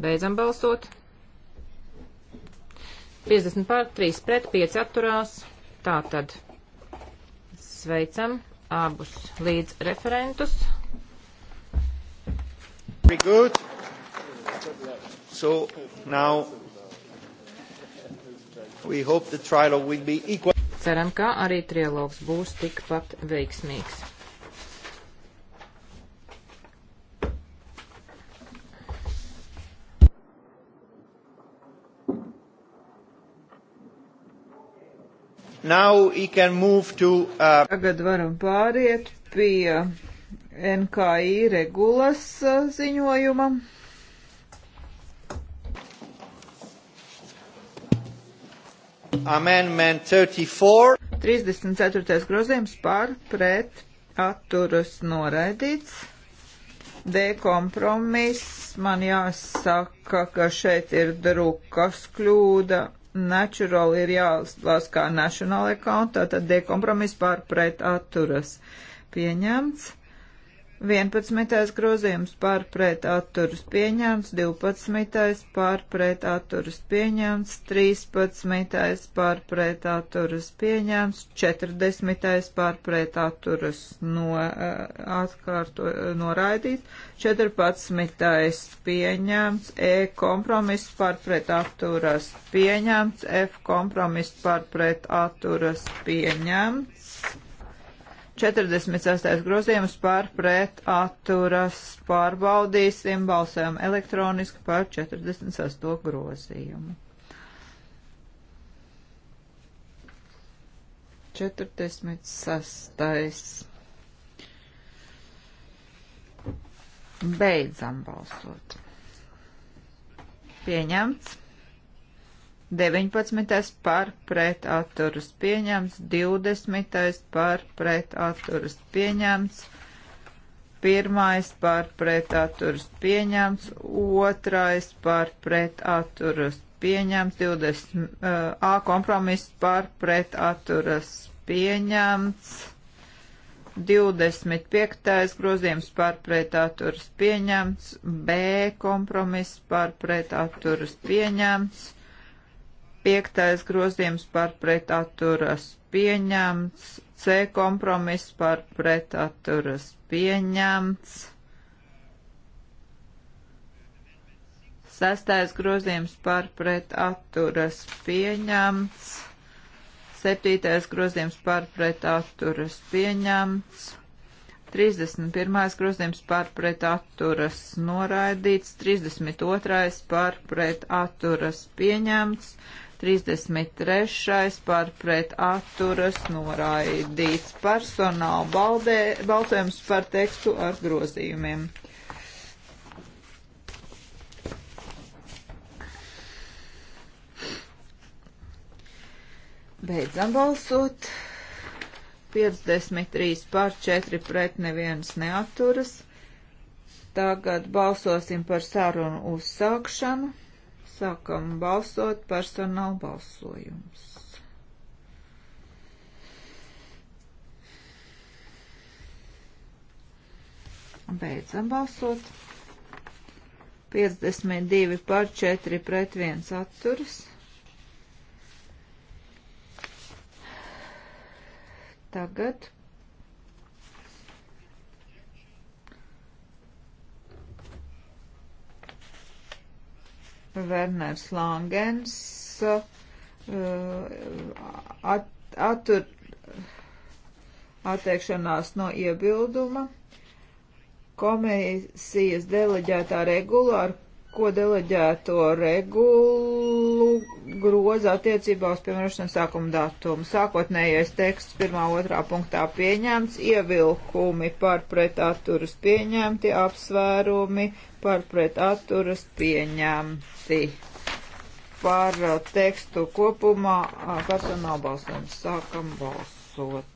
Beidzam balsot. 50 pār 3 pret 5 atturās. Tātad sveicam abus līdz referentus. Very good. So now we hope the trial will be equal. Ceram, ka arī trialogs būs tikpat veiksmīgs. Now we can move to... Uh... Tagad varam pāriet pie NKI regulas uh, ziņojuma. Amendment 34. 34. grozījums par pret atturas noraidīts. D kompromiss, man jāsaka, ka šeit ir drukas kļūda natural ir jāuzlās kā national account, tātad D kompromiss pār pret atturas pieņemts. 11. grozījums par pret atturas pieņēmts, 12. par pret atturas pieņēmts, 13. par pret atturas pieņēmts, 40. par pret atturas no, eh, atkārto, eh, noraidīts, 14. pieņēmts, E kompromiss par pret atturas pieņēmts, F kompromiss par pret atturas pieņēmts. 46. grozījums par pret atturas pārbaudīsim, balsējam elektroniski par 46. grozījumu. 46. Beidzam balsot. Pieņemts. 19. par pret atturas pieņemts, 20. par pret atturas pieņemts, 1. par pret atturas pieņemts, 2. par pret atturas pieņemts, 20. Uh, A kompromiss par pret atturas pieņemts. 25. grozījums pārpretāturas pieņemts, B kompromiss pārpretāturas pieņemts, piektais grozījums par pretaturas pieņemts, C kompromiss par pretaturas pieņemts, sestais grozījums par pretaturas pieņemts, septītais grozījums par pretaturas pieņemts. 31. grozījums pārpret atturas noraidīts, 32. pārpret atturas pieņemts, 33. par pret atturas noraidīts personāla baldē, balsojums par tekstu ar grozījumiem. Beidzam balsot. 53 par 4 pret neviens neaturas. Tagad balsosim par sarunu uzsākšanu. Sākam balsot personāla balsojums. Beidzam balsot. 52 par 4 pret 1 atturas. Tagad Werners Langens uh, at, attur atteikšanās no iebilduma komisijas deleģētā regula, ar ko deleģēto regulu groza attiecībā uz piemērošanas sākuma datumu. Sākotnējais teksts pirmā otrā punktā pieņemts, ievilkumi par pretatturas pieņemti, apsvērumi par pretatturas pieņemti. Par tekstu kopumā personāla balsojums sākam balsot.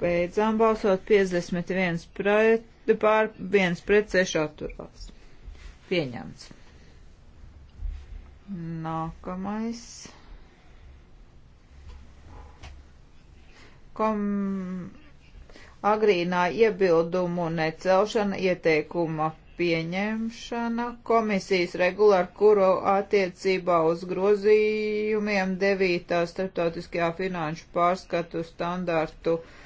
Beidzām balsot 51 pret, pār 1 pret 6 atturās. Pieņemts. Nākamais. Kom... Agrīnā iebildumu necelšana ieteikuma pieņemšana komisijas regulāru, kuru attiecībā uz grozījumiem 9. starptautiskajā finanšu pārskatu standartu uh,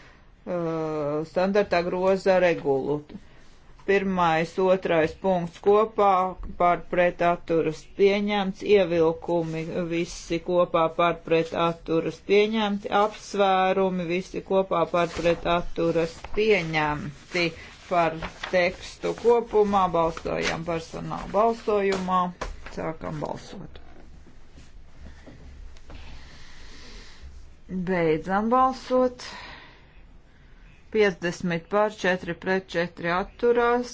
Uh, standartā groza regulu. Pirmais, otrais punkts kopā par pretaturas pieņemts, ievilkumi visi kopā par pretaturas pieņemti, apsvērumi visi kopā par pretaturas pieņemti par tekstu kopumā, balsojam personāla balsojumā, sākam balsot. Beidzam balsot. 50 pār 4 pret 4 atturās.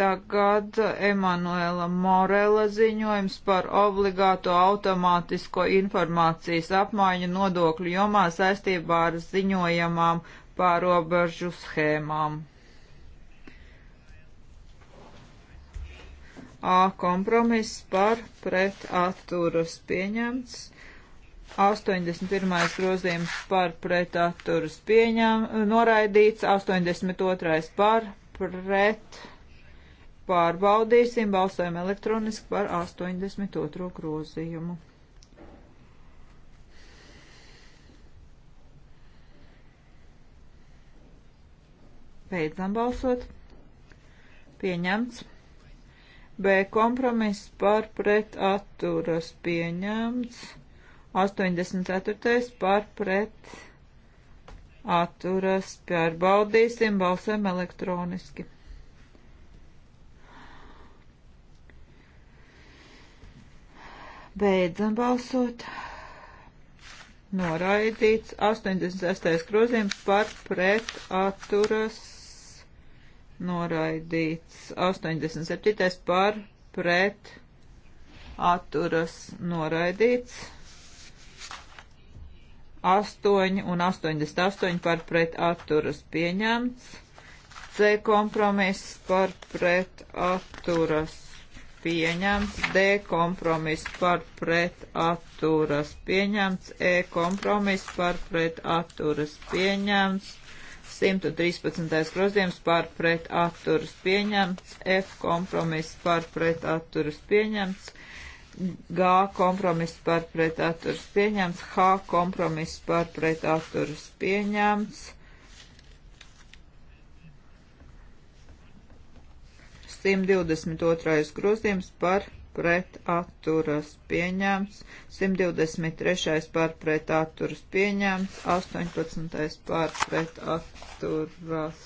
Tagad Emanuela Morela ziņojums par obligāto automātisko informācijas apmaiņu nodokļu jomā saistībā ar ziņojamām pārobežu schēmām. A kompromiss par pret atturas pieņemts. 81. grozījums par pret atturas pieņem, noraidīts, 82. par pret pārbaudīsim, balsojam elektroniski par 82. grozījumu. Beidzam balsot. Pieņemts. B kompromiss par pret atturas pieņemts. 84. par pret atturas pārbaudīsim, balsēm elektroniski. Beidzam balsot. Noraidīts 86. grozījums par pret atturas. Noraidīts 87. par pret atturas. Noraidīts 8 un 88 par pret atturas pieņemts. C kompromiss par pret atturas pieņemts. D kompromiss par pret atturas pieņemts. E kompromiss par pret atturas pieņemts. 113. grozījums par pret atturas pieņemts. F kompromiss par pret atturas pieņemts. G kompromiss par pretaturas pieņemts, H kompromiss par pretaturas pieņemts. 122. grozījums par pretaturas pieņemts, 123. par pretaturas pieņemts, 18. par pretaturas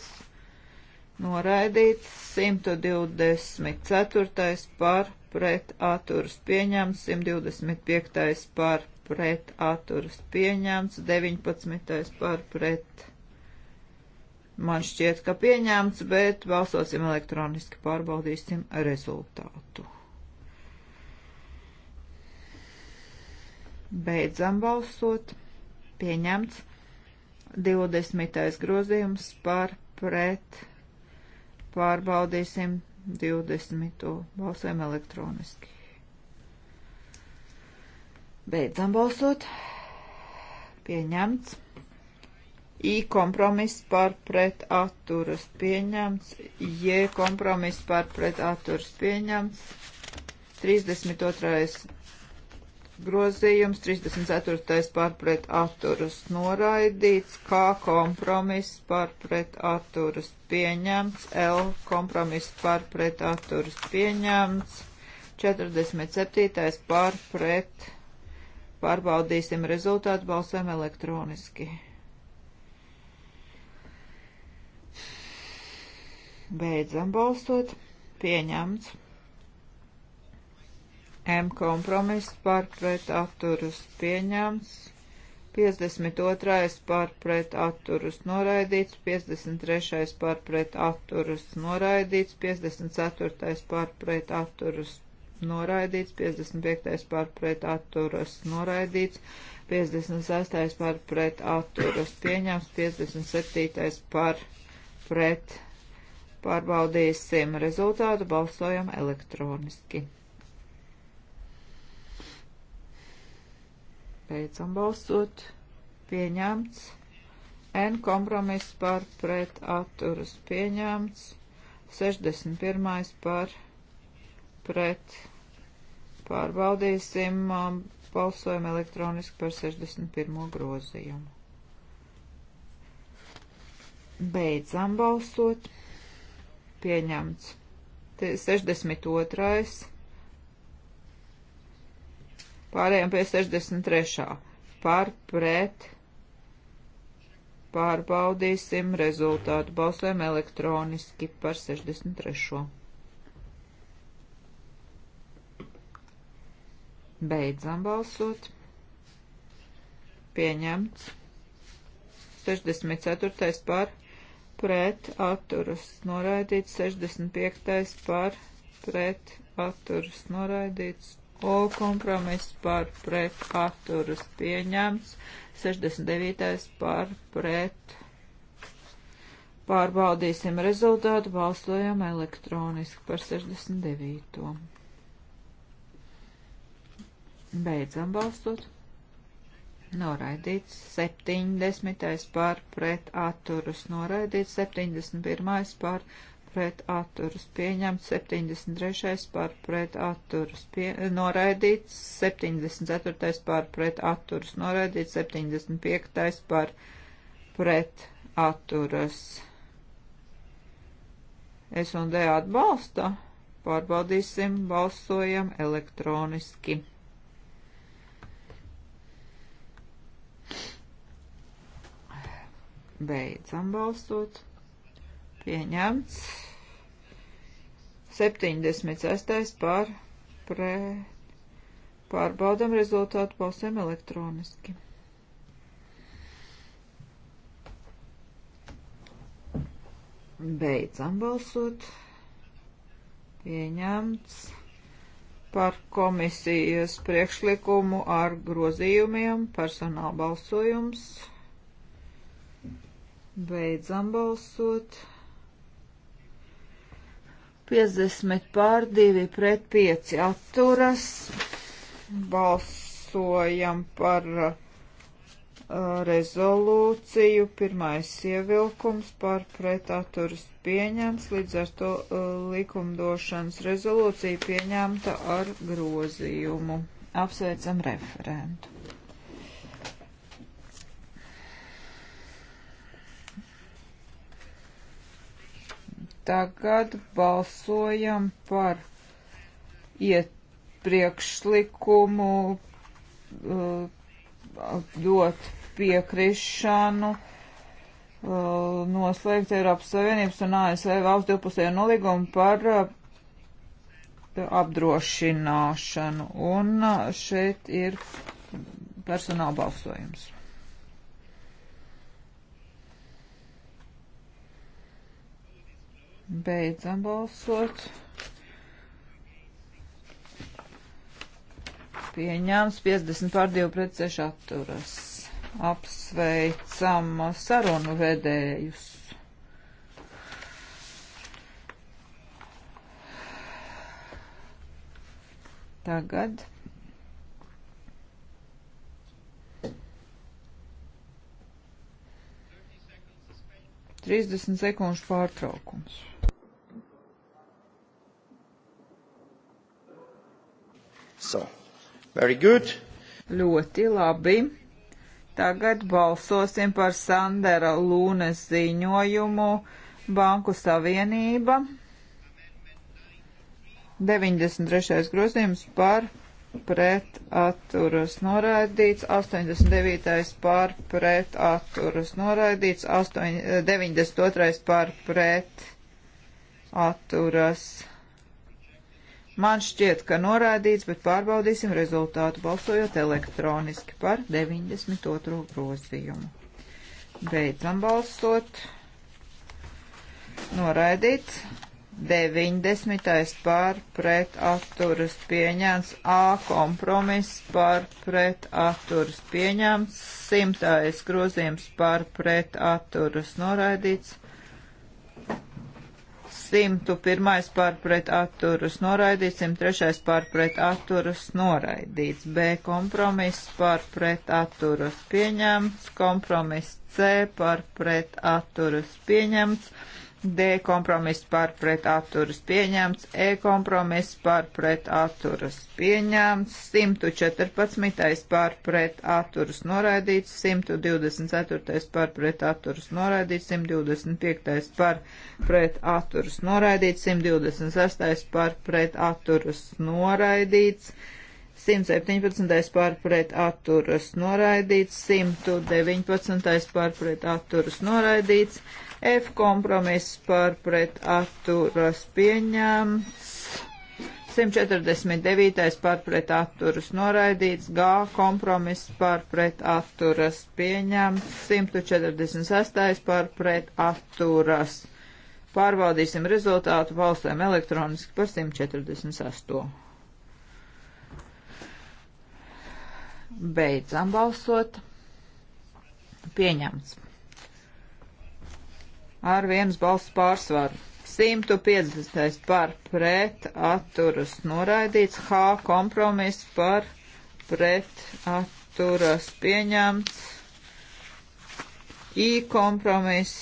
noraidīts, 124. par pret atturas pieņemts, 125. par pret atturas pieņemts, 19. par pret. Man šķiet, ka pieņemts, bet balsosim elektroniski, pārbaudīsim rezultātu. Beidzam balsot. Pieņemts 20. grozījums par pret. Pārbaudīsim 20. Balsojam elektroniski. Beidzam balsot. Pieņemts. I kompromiss par pret atturas pieņemts. J kompromiss par pret atturas pieņemts. 32 grozījums, 34. pārpret atturas noraidīts, K kompromiss pārpret atturas pieņemts, L kompromiss pārpret atturas pieņemts, 47. pārpret pārbaudīsim rezultātu balsēm elektroniski. Beidzam balsot. Pieņemts. M kompromiss par pret atturus pieņemts, 52. par pret atturus noraidīts, 53. par pret atturus noraidīts, 54. par pret atturus noraidīts, 55. par pret atturus noraidīts, 56. par pret atturus pieņemts, 57. par pret pārbaudīsim rezultātu, balsojam elektroniski. Beidzam balsot. Pieņemts. N kompromiss par pret atturas pieņemts. 61. par pret pārbaudīsim. Um, balsojam elektroniski par 61. grozījumu. Beidzam balsot. Pieņemts. 62. Pārējām pie 63. Par pret. Pārbaudīsim rezultātu. Balsojam elektroniski par 63. Beidzam balsot. Pieņemts. 64. par pret atturas noraidīts. 65. par pret atturas noraidīts. O kompromiss par pret atturas pieņemts, 69. par pret. Pārbaudīsim rezultātu, balsojam elektroniski par 69. Beidzam balsot. Noraidīts 70. par pret atturus, noraidīts 71. par pret pret atturas pieņemts, 73. par pret atturas pie, noraidīts, 74. par pret atturas noraidīts, 75. par pret atturas. Es un D atbalsta. Pārbaudīsim, balsojam elektroniski. Beidzam balsot pieņemts. 76. par pret. Pārbaudam rezultātu balsēm elektroniski. Beidzam balsot. Pieņemts par komisijas priekšlikumu ar grozījumiem personāla balsojums. Beidzam balsot. 50 pār 2 pret 5 atturas. Balsojam par uh, rezolūciju. Pirmais ievilkums par pretaturas pieņemts, līdz ar to uh, likumdošanas rezolūcija pieņemta ar grozījumu. Apsveicam referentu. Tagad balsojam par iet priekšlikumu eh, dot piekrišanu eh, noslēgt Eiropas Savienības un ASV valsts divpusējo nolīgumu par eh, apdrošināšanu. Un šeit ir personāla balsojums. Beidzam balsot. Pieņēms 50 pār 2 pret 6 atturas. Apsveicam sarunu vedējus. Tagad. Trīsdesmit sekundžu pārtraukums. So, very good. Ļoti labi. Tagad balsosim par Sandera Lūnes ziņojumu Banku Savienība. 93. grozījums par pret atturas noraidīts, 89. par pret atturas noraidīts, 8, 92. par pret atturas noraidīts Man šķiet, ka noraidīts, bet pārbaudīsim rezultātu balsojot elektroniski par 92. grozījumu. Beidzam balsot. Noraidīts. 90. par pret atturas pieņēmts, A kompromiss par pret atturas pieņēmts, 100. grozījums par pret atturas noraidīts, 101. pārpret atturus noraidīts, 103. pārpret atturus noraidīts, B kompromiss pārpret atturus pieņemts, kompromiss C pārpret atturus pieņemts. D kompromiss par pret atturas pieņemts, E kompromiss par pret atturas pieņemts, 114. par pret atturas noraidīts, 124. par pret atturas noraidīts, 125. par pret atturas noraidīts, 126. par pret atturas noraidīts. 117. pārpret atturas noraidīts, 119. pārpret atturas noraidīts, F kompromiss par pret atturas pieņemts. 149. par pret atturas noraidīts, G kompromiss par pret atturas pieņemts, 146. par pret atturas. Pārbaudīsim rezultātu valstēm elektroniski par 148. Beidzam balsot. Pieņemts ar vienas balsts pārsvaru. 150. par pret atturas noraidīts, H kompromiss par pret atturas pieņemts, I kompromiss.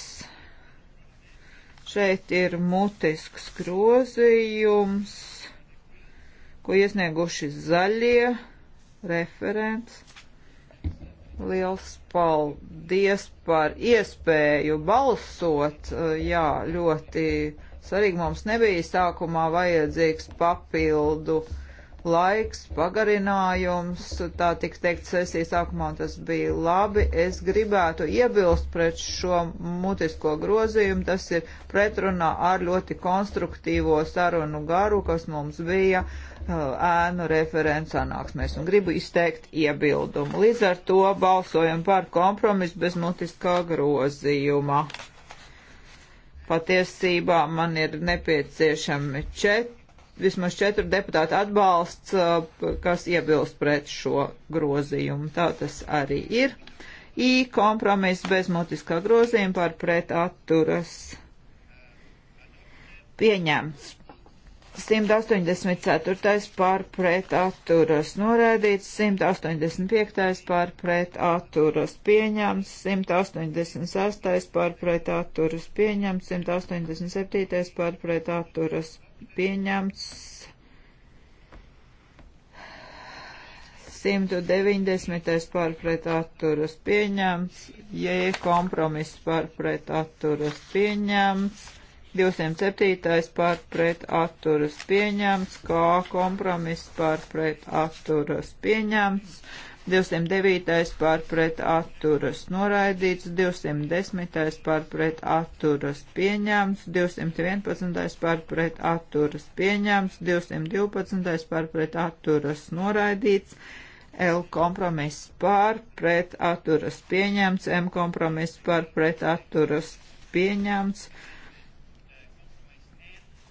Šeit ir mutisks grozījums, ko iesnieguši zaļie referents. Liels paldies par iespēju balsot. Jā, ļoti svarīgi mums nebija sākumā vajadzīgs papildu laiks, pagarinājums, tā tika teikt sesijas sākumā, tas bija labi. Es gribētu iebilst pret šo mutisko grozījumu, tas ir pretrunā ar ļoti konstruktīvo sarunu garu, kas mums bija ēnu referents sanāksmēs un gribu izteikt iebildumu. Līdz ar to balsojam par kompromisu bez mutiskā grozījuma. Patiesībā man ir nepieciešami čet, vismaz četru deputātu atbalsts, kas iebilst pret šo grozījumu. Tā tas arī ir. I kompromiss bez mutiskā grozījuma par pret atturas pieņemts. 184. pār pret atturas noraidīts, 185. pār pret atturas pieņemts, 186. pār pret atturas pieņemts, 187. pār pret atturas pieņemts, 190. pārpret atturas pieņemts, J kompromiss pārpret atturas pieņemts, 207. par pret atturas pieņemts, kā kompromiss par pret atturas pieņemts, 209. par pret atturas noraidīts, 210. par pret atturas pieņemts, 211. par pret atturas pieņemts, 212. par pret atturas noraidīts, L kompromiss par pret atturas pieņemts, M kompromiss par pret atturas pieņemts, pieņemts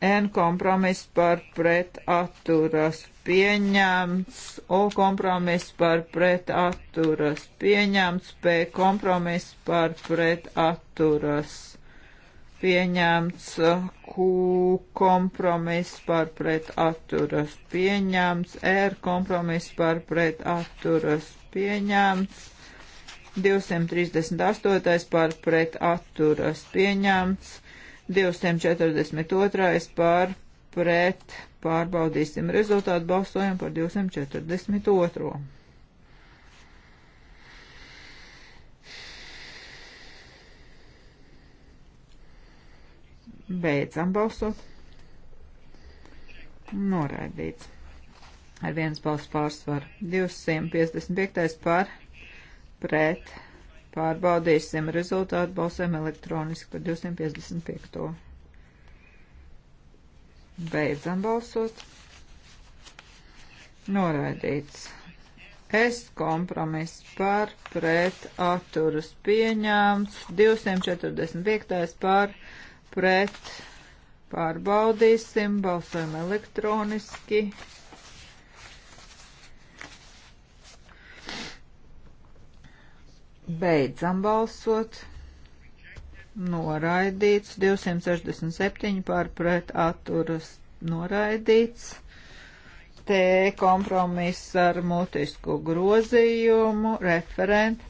N kompromiss par pret atturas pieņemts, O kompromiss par pret atturas pieņemts, P kompromiss par pret atturas pieņemts, Q kompromiss par pret atturas pieņemts, R kompromiss par pret atturas pieņemts, 238 par pret atturas pieņemts, 242. par pret pārbaudīsim rezultātu balsojumu par 242. Beidzam balsot. Noraidīts. Ar vienas balss pārsvaru. 255. par pret Pārbaudīsim rezultātu, balsēm elektroniski par 255. Beidzam balsot. Noraidīts. Es kompromiss par pret atturus pieņēmts. 245. par pret pārbaudīsim. Balsojam elektroniski. Beidzam balsot. Noraidīts. 267 par pret atturas noraidīts. T kompromiss ar mutisku grozījumu referent.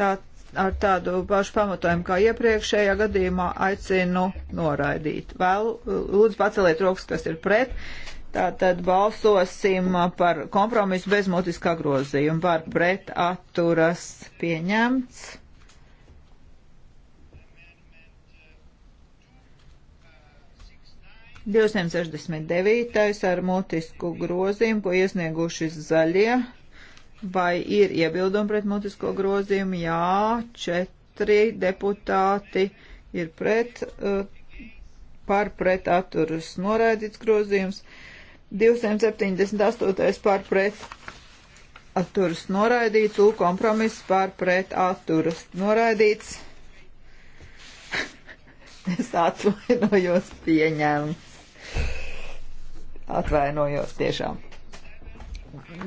Tā, ar tādu pašu pamatojumu kā iepriekšējā gadījumā aicinu noraidīt. Vēl lūdzu paceliet rokas, kas ir pret. Tātad balsosim par kompromisu bez mutiskā grozījuma. Par pret atturas pieņemts. Divsimt sešdesmit devītais ar mutisku grozījumu, ko iesnieguši zaļie. Vai ir iebildumi pret mutisko grozījumu? Jā, četri deputāti ir pret, uh, par pret atturas noraidīts grozījums. Uh, 278 par pret atturas noraidīts, U kompromiss par pret atturas noraidīts. [LAUGHS] es atvainojos pieņēmums. Atvainojos tiešām.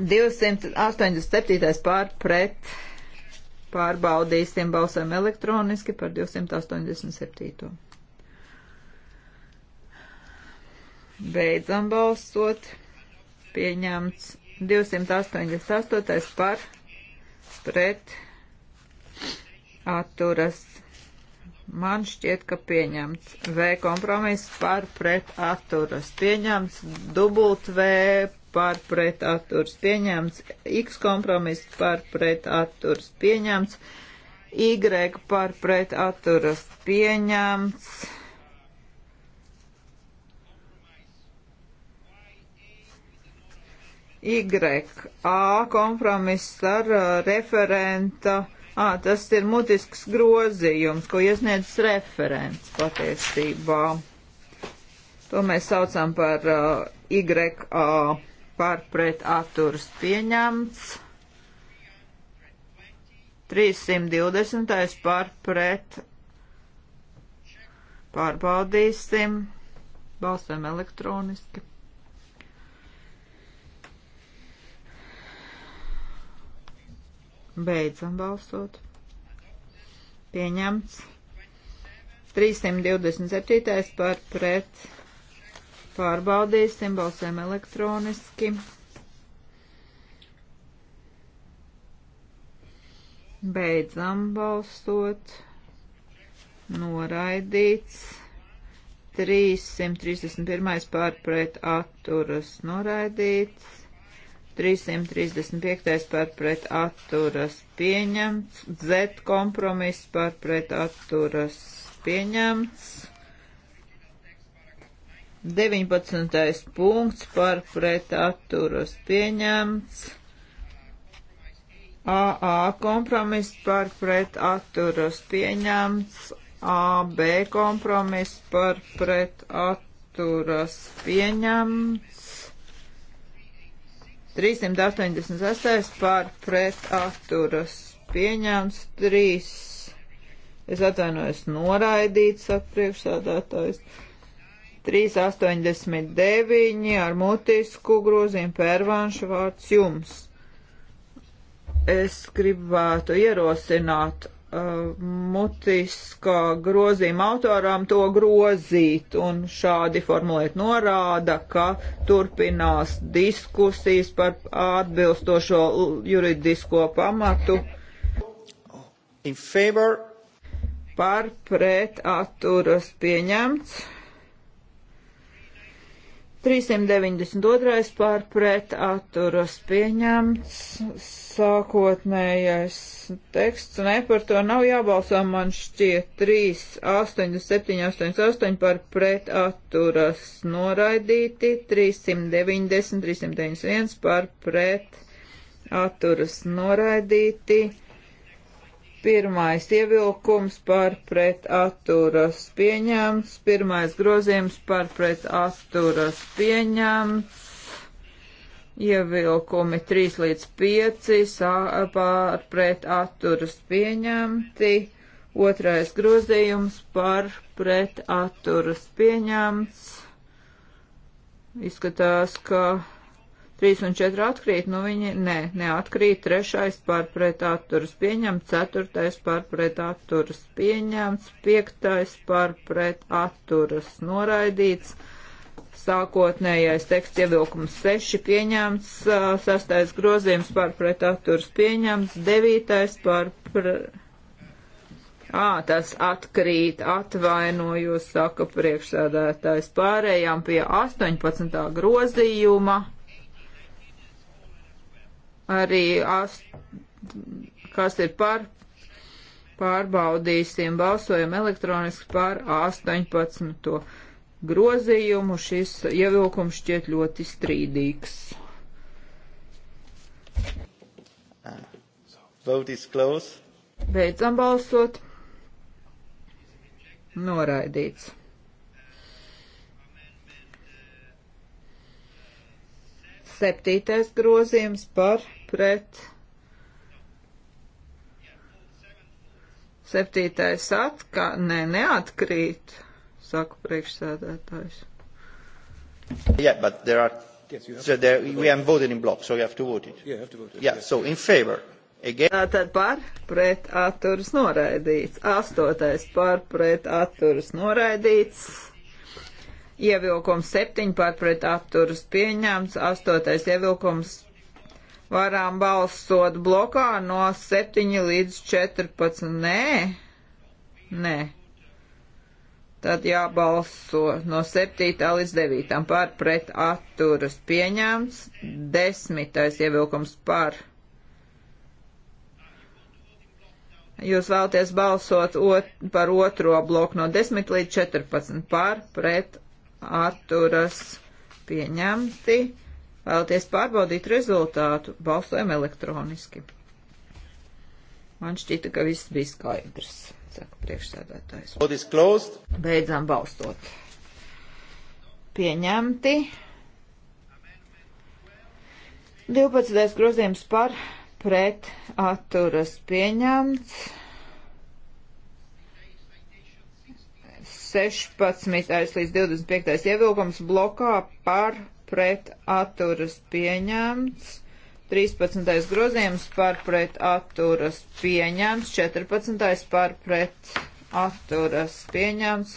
287 pār pret pārbaudīsim balsēm elektroniski par 287. Beidzam balsot. Pieņemts 288. par pret atturas. Man šķiet, ka pieņemts V kompromiss par pret atturas. Pieņemts dubult V par pret atturas. Pieņemts X kompromiss par pret atturas. Pieņemts Y par pret atturas. Pieņemts YA kompromiss ar uh, referenta. À, tas ir mutisks grozījums, ko iesniedz referents patiesībā. To mēs saucam par uh, YA pārpret atturs pieņemts. 320. pārpret pārbaudīsim. Balsam elektroniski. Beidzam balsot. Pieņemts. 327. par pret. Pārbaudīsim, balsēm elektroniski. Beidzam balsot. Noraidīts. 331. pārpret atturas noraidīts. 335 par pret atturas pieņemts, Z kompromiss par pret atturas pieņemts, 19. punkts par pret atturas pieņemts, AA kompromiss par pret atturas pieņemts, AB kompromiss par pret atturas pieņemts, 386 par pret atturas pieņēmts 3. Es atvainojos noraidīt, saka priekšsādātājs. 389 ar mutisku grozījumu pērvanšu vārds jums. Es gribētu ierosināt Uh, mutiskā grozījuma autoram to grozīt un šādi formulēt norāda, ka turpinās diskusijas par atbilstošo juridisko pamatu par pret atturas pieņemts. 392. pār pret atturas pieņemts, sākotnējais teksts, ne par to nav jābalso, man šķiet 3, 8, 7, 8, 8 par pret atturas noraidīti, 390, 391 par pret atturas noraidīti. Pirmais ievilkums par pretaturas pieņemts, pirmais grozījums par pretaturas pieņemts, ievilkumi 3 līdz 5 sā, par pretaturas pieņemti, otrais grozījums par pretaturas pieņemts. Izskatās, ka 3 un 4 atkrīt, nu viņi nē, ne, neatkrīt, 3 pārpret atturas pieņemts, 4 pārpret atturas pieņemts, 5 pārpret atturas noraidīts, sākotnējais teksts ievilkums 6 pieņemts, 6 grozījums pārpret atturas pieņemts, 9 pārpret. Ā, tas atkrīt, atvainojos, saka priekšsēdētājs. Pārējām pie 18. grozījuma arī, ast, kas ir par, pārbaudīsim, balsojam elektroniski par 18. grozījumu. Šis ievilkums šķiet ļoti strīdīgs. Vote is closed. Beidzam balsot. Noraidīts. Septītais grozījums par pret. Septītais atkā, nē, ne, neatkrīt, saka priekšsēdētājs. Yeah, but there are, yes, so there, we have voted in block, so you have to vote it. Yeah, you have to vote it. Yeah, yeah. so in favor. Again. Tātad par pret atturas noraidīts. Astotais par pret atturas noraidīts ievilkums 7 pār pret atturas pieņemts, 8. ievilkums varam balsot blokā no 7 līdz 14. Nē, nē. Tad jābalso no 7. līdz 9. par pret atturas pieņēms, 10. ievilkums par. Jūs vēlaties balsot ot par otro bloku no 10 līdz 14 par pret atturas pieņemti. Vēlaties pārbaudīt rezultātu, balsojam elektroniski. Man šķita, ka viss bija skaidrs, saka priekšsēdētājs. Beidzām balstot. Pieņemti. 12. grozījums par pret atturas pieņemts. 16. līdz 25. ievilkums blokā par pret atturas pieņemts, 13. grozījums par pret atturas pieņemts, 14. par pret atturas pieņemts.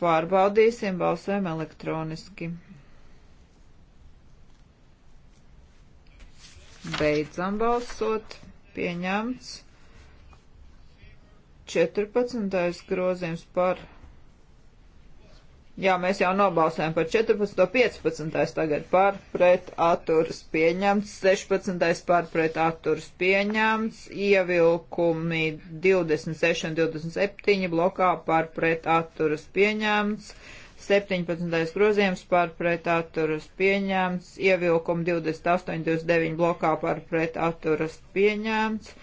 Pārbaudīsim, balsojam elektroniski. Beidzam balsot. Pieņemts. 14. grozījums par Jā, mēs jau nobalsojam par 14, 15 tagad par pret atturas pieņemts, 16 par pret atturas pieņemts, ievilkumi 26 un 27 blokā par pret atturas pieņemts, 17 grozījums par pret atturas pieņemts, ievilkumi 28, 29 blokā par pret atturas pieņemts.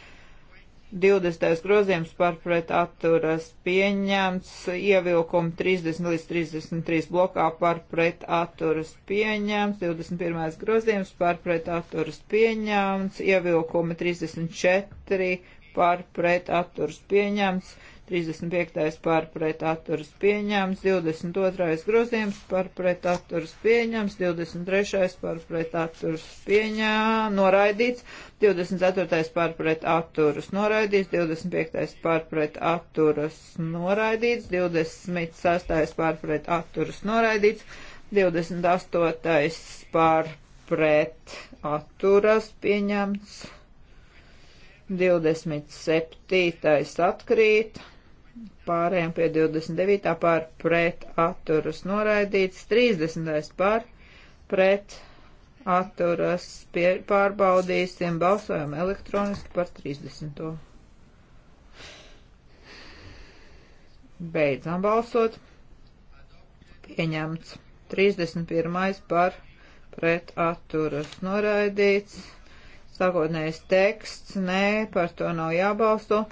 20. grozījums par pret atturas pieņemts, ievilkumu 30 līdz 33 blokā par pret atturas pieņemts, 21. grozījums par pret atturas pieņemts, ievilkumi 34 par pret atturas pieņemts, 35. par pretaturas pieņēmums, 22. grozījums par pretaturas pieņēmums, 23. par pretaturas pieņēmums, noraidīts, 24. par pretaturas noraidīts, 25. par pretaturas noraidīts, 26. par pretaturas noraidīts, 28. par pretaturas pieņēmums, 27. atkrīt pārējām pie 29. par pret atturas noraidīts, 30. par pret atturas pie, pārbaudīsim, balsojam elektroniski par 30. Beidzam balsot. Pieņemts. 31. par pret atturas noraidīts. Sākotnējais teksts, nē, par to nav jābalsto.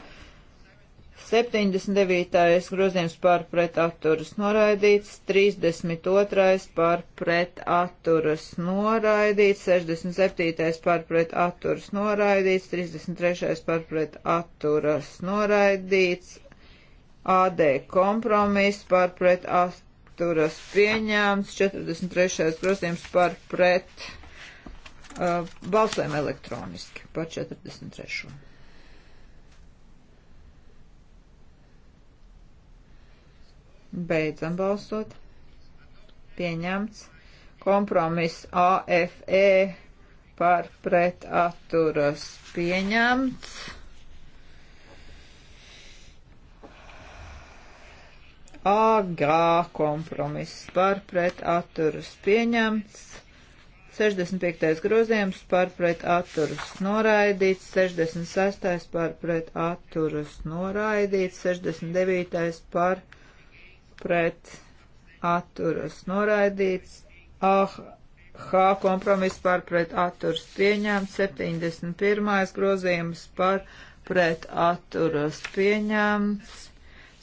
79. grozījums par pretaturas noraidīts, 32. par pretaturas noraidīts, 67. par pretaturas noraidīts, 33. par pretaturas noraidīts, AD kompromiss par pretaturas pieņēmts, 43. grozījums par pret uh, balsēm elektroniski par 43. Beidzam balsot. Pieņemts. Kompromiss AFE par pretaturas pieņemts. AG kompromiss par pretaturas pieņemts. 65. grozījums par pretaturas noraidīts, 66. par pretaturas noraidīts, 69. par pretaturas pret atturas noraidīts, ah, H kompromiss par pret atturas pieņēmts, 71. grozījums par pret atturas pieņēmts,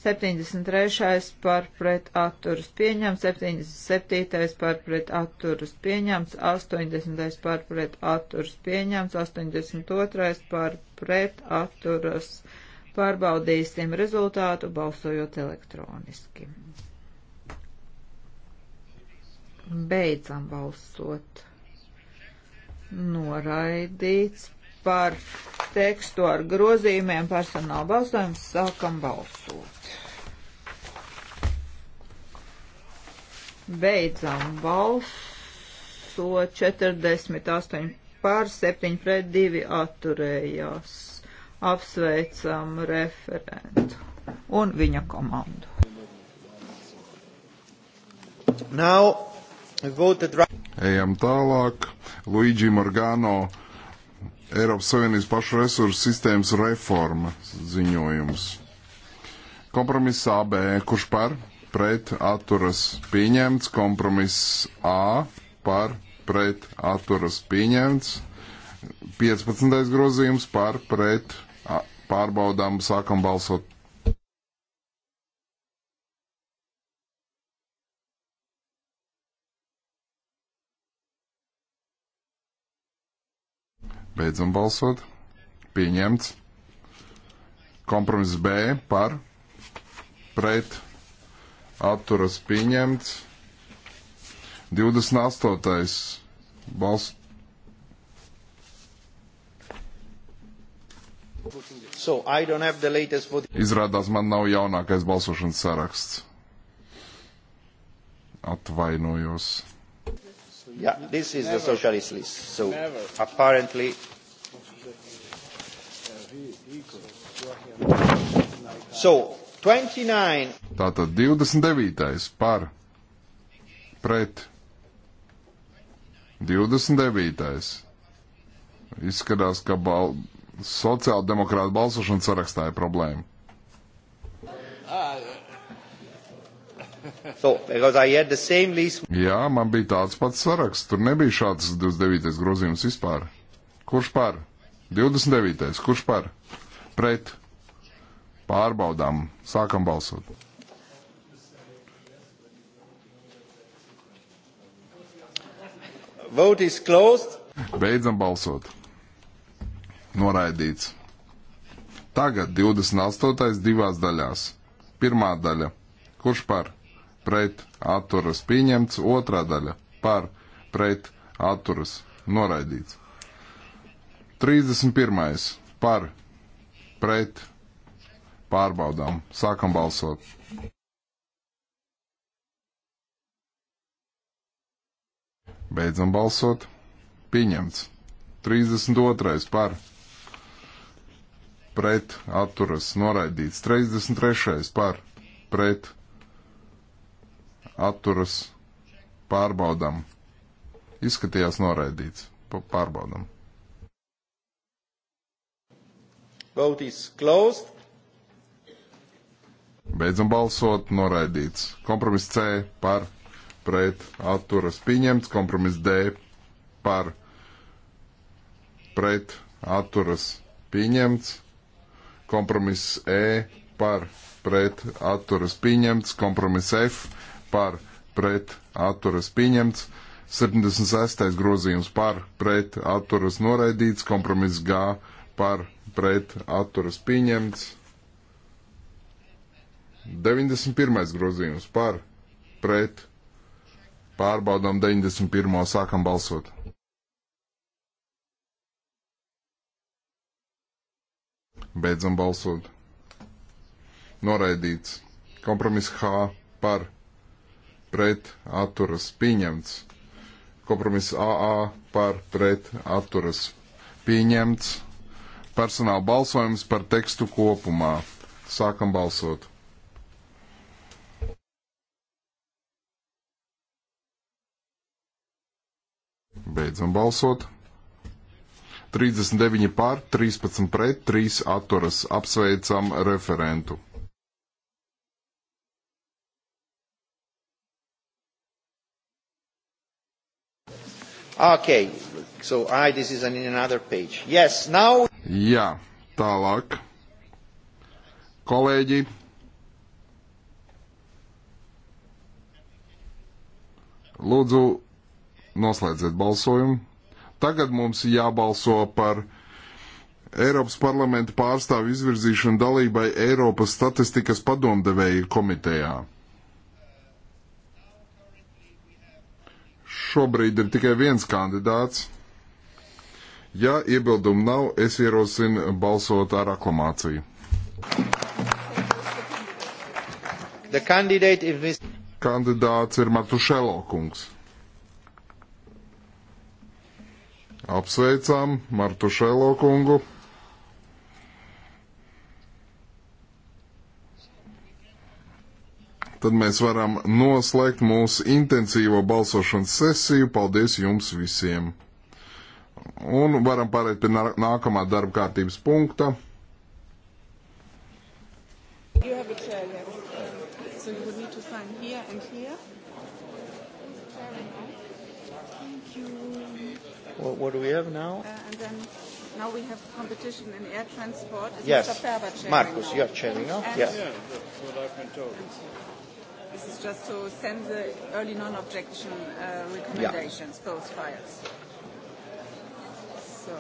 73. par pret atturas pieņemts, 77. par pret atturas pieņemts, 80. par pret atturas pieņemts, 82. par pret atturas Pārbaudīsim rezultātu balsojot elektroniski. Beidzam balsot. Noraidīts par tekstu ar grozījumiem personāla balsojums sākam balsot. Beidzam balsot 48 pār 7 pret 2 atturējās. Apsveicam referentu un viņa komandu. Now, voted... Ejam tālāk. Luigi Morgano, Eiropas Savienības pašu resursu sistēmas reforma ziņojums. Kompromiss AB, kurš par? pret atturas pieņemts, kompromiss A par pret atturas pieņemts, 15. grozījums par pret Pārbaudām, sākam balsot. Beidzam balsot. Pieņemts. Kompromiss B par pret atturas pieņemts. 28. balss So, Izrādās, man nav jaunākais balsošanas saraksts. Atvainojos. Yeah, this is Never. the socialist list. So Never. apparently. So 29. Tātad 29. par pret 29. Izskatās, ka bal sociāldemokrāta balsošanas sarakstā ir problēma. [LAUGHS] So, Jā, man bija tāds pats saraksts. Tur nebija šāds 29. grozījums vispār. Kurš par? 29. Kurš par? Pret. Pārbaudām. Sākam balsot. Vote is closed. Beidzam balsot noraidīts. Tagad 28. divās daļās. Pirmā daļa. Kurš par? Pret atturas pieņemts. Otrā daļa. Par? Pret atturas noraidīts. 31. Par? Pret? Pārbaudām. Sākam balsot. Beidzam balsot. Pieņemts. 32. par pret atturas noraidīts. 33. par pret atturas pārbaudam. Izskatījās noraidīts. Pārbaudam. Vote is closed. Beidzam balsot, noraidīts. Kompromiss C par pret atturas pieņemts, kompromiss D par pret atturas pieņemts, kompromiss E par pret atturas pieņemts, kompromiss F par pret atturas pieņemts, 76. grozījums par pret atturas noraidīts, kompromiss G par pret atturas pieņemts, 91. grozījums par pret pārbaudām 91. sākam balsot. Beidzam balsot. Noraidīts. Kompromiss H par pret atturas pieņemts. Kompromiss AA par pret atturas pieņemts. Personāla balsojums par tekstu kopumā. Sākam balsot. Beidzam balsot. 39 pār, 13 pret, 3 atturas. Apsveicam referentu. Okay, so I, this is an, in another page. Yes, now... Jā, tālāk. Kolēģi, lūdzu, noslēdziet balsojumu. Tagad mums jābalso par Eiropas parlamenta pārstāvu izvirzīšanu dalībai Eiropas statistikas padomdevēju komitejā. Šobrīd ir tikai viens kandidāts. Ja iebildumu nav, es ierosinu balsot ar aklamāciju. Kandidāts ir Martušelo kungs. Apsveicām Martu Šēlo kungu. Tad mēs varam noslēgt mūsu intensīvo balsošanas sesiju. Paldies jums visiem! Un varam pārēt pie nākamā darba kārtības punkta. You have a chair. What, what do we have now? Uh, and then now we have competition in air transport. Is yes. Mr. Ferber chairing Marcus, now? you are chairing now? And yeah. yeah, that's what I've been told. This is just to send the early non-objection uh, recommendations, yeah. those files. So.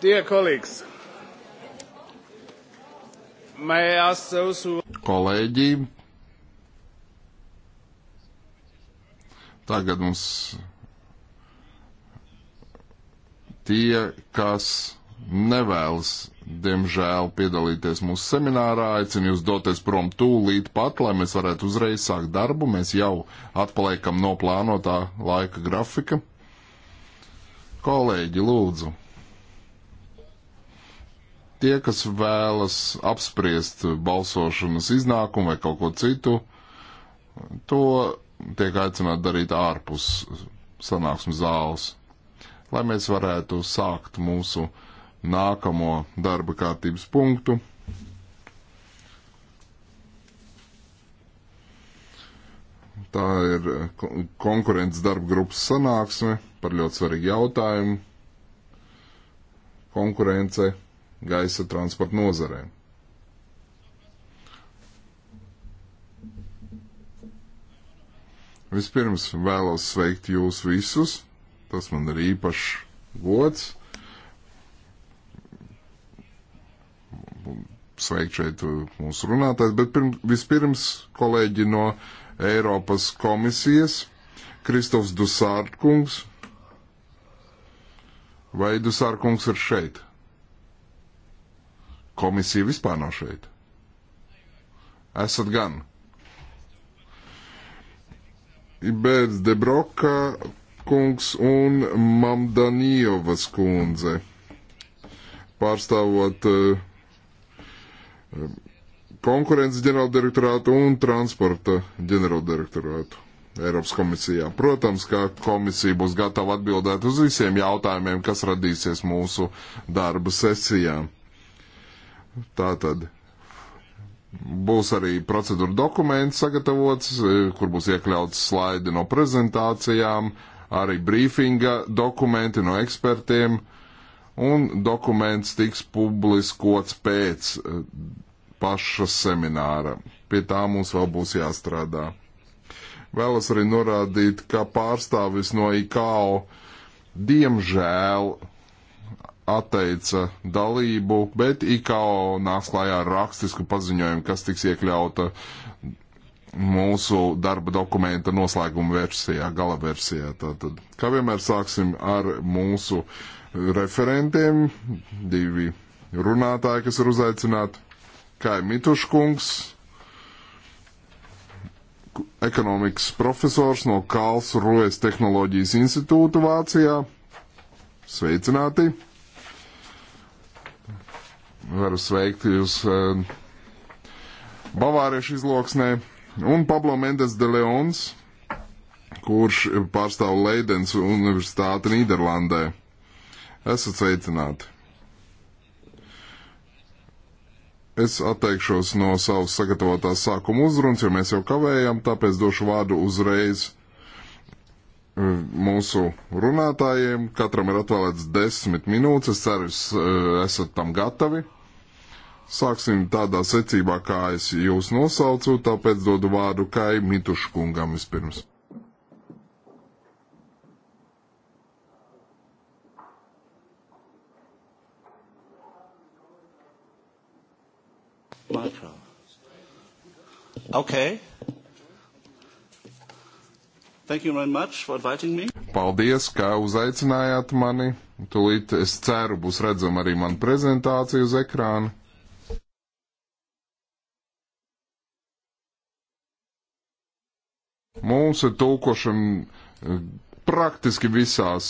Dear colleagues, may I ask those who... Kolēģi, tagad mums tie, kas nevēlas, diemžēl, piedalīties mūsu seminārā, aicinu jūs doties prom tūlīt pat, lai mēs varētu uzreiz sākt darbu. Mēs jau atpaliekam no plānotā laika grafika. Kolēģi, lūdzu! Tie, kas vēlas apspriest balsošanas iznākumu vai kaut ko citu, to tiek aicināti darīt ārpus sanāksmes zāles, lai mēs varētu sākt mūsu nākamo darba kārtības punktu. Tā ir konkurences darba grupas sanāksme par ļoti svarīgu jautājumu. Konkurence gaisa transporta nozarē. Vispirms vēlos sveikt jūs visus. Tas man ir īpašs gods. Sveikt šeit mūsu runātājs, bet pirms, vispirms kolēģi no Eiropas komisijas, Kristofs Dusārkungs. Vai Dusārkungs ir šeit? komisija vispār nav šeit. Esat gan. Bez Debroka kungs un Mamdanijovas kundze pārstāvot uh, konkurences ģenerāldirektorātu un transporta ģenerāldirektorātu Eiropas komisijā. Protams, ka komisija būs gatava atbildēt uz visiem jautājumiem, kas radīsies mūsu darba sesijām. Tā tad būs arī procedūra dokuments sagatavots, e, kur būs iekļauts slaidi no prezentācijām, arī brīfinga dokumenti no ekspertiem, un dokuments tiks publiskots pēc e, paša semināra. Pie tā mums vēl būs jāstrādā. Vēlos arī norādīt, ka pārstāvis no IKO diemžēl atteica dalību, bet IKO nāks klajā ar rakstisku paziņojumu, kas tiks iekļauta mūsu darba dokumenta noslēguma versijā, gala versijā. Tātad, kā vienmēr sāksim ar mūsu referentiem, divi runātāji, kas ir uzaicināti. Kā ir Mituškungs, ekonomikas profesors no Kāls Rojas Tehnoloģijas institūta Vācijā. Sveicināti! Varu sveikt jūs eh, Bavāriešu izloksnē. Un Pablo Mendes de Leons, kurš pārstāv Leidens Universitāti Nīderlandē. Esat sveicināti! Es atteikšos no savas sagatavotās sākuma uzrunas, jo mēs jau kavējam, tāpēc došu vārdu uzreiz eh, mūsu runātājiem. Katram ir atvēlēts desmit minūtes, ceru, jūs eh, esat tam gatavi. Sāksim tādā secībā, kā es jūs nosaucu, tāpēc dodu vārdu Kai Mituškungam vispirms. Micro. Okay. Thank you very much for inviting me. Paldies, ka uzaicinājāt mani. Tūlīt es ceru, būs redzama arī mana prezentācija uz ekrāna. Mums ir tulkošana eh, praktiski visās,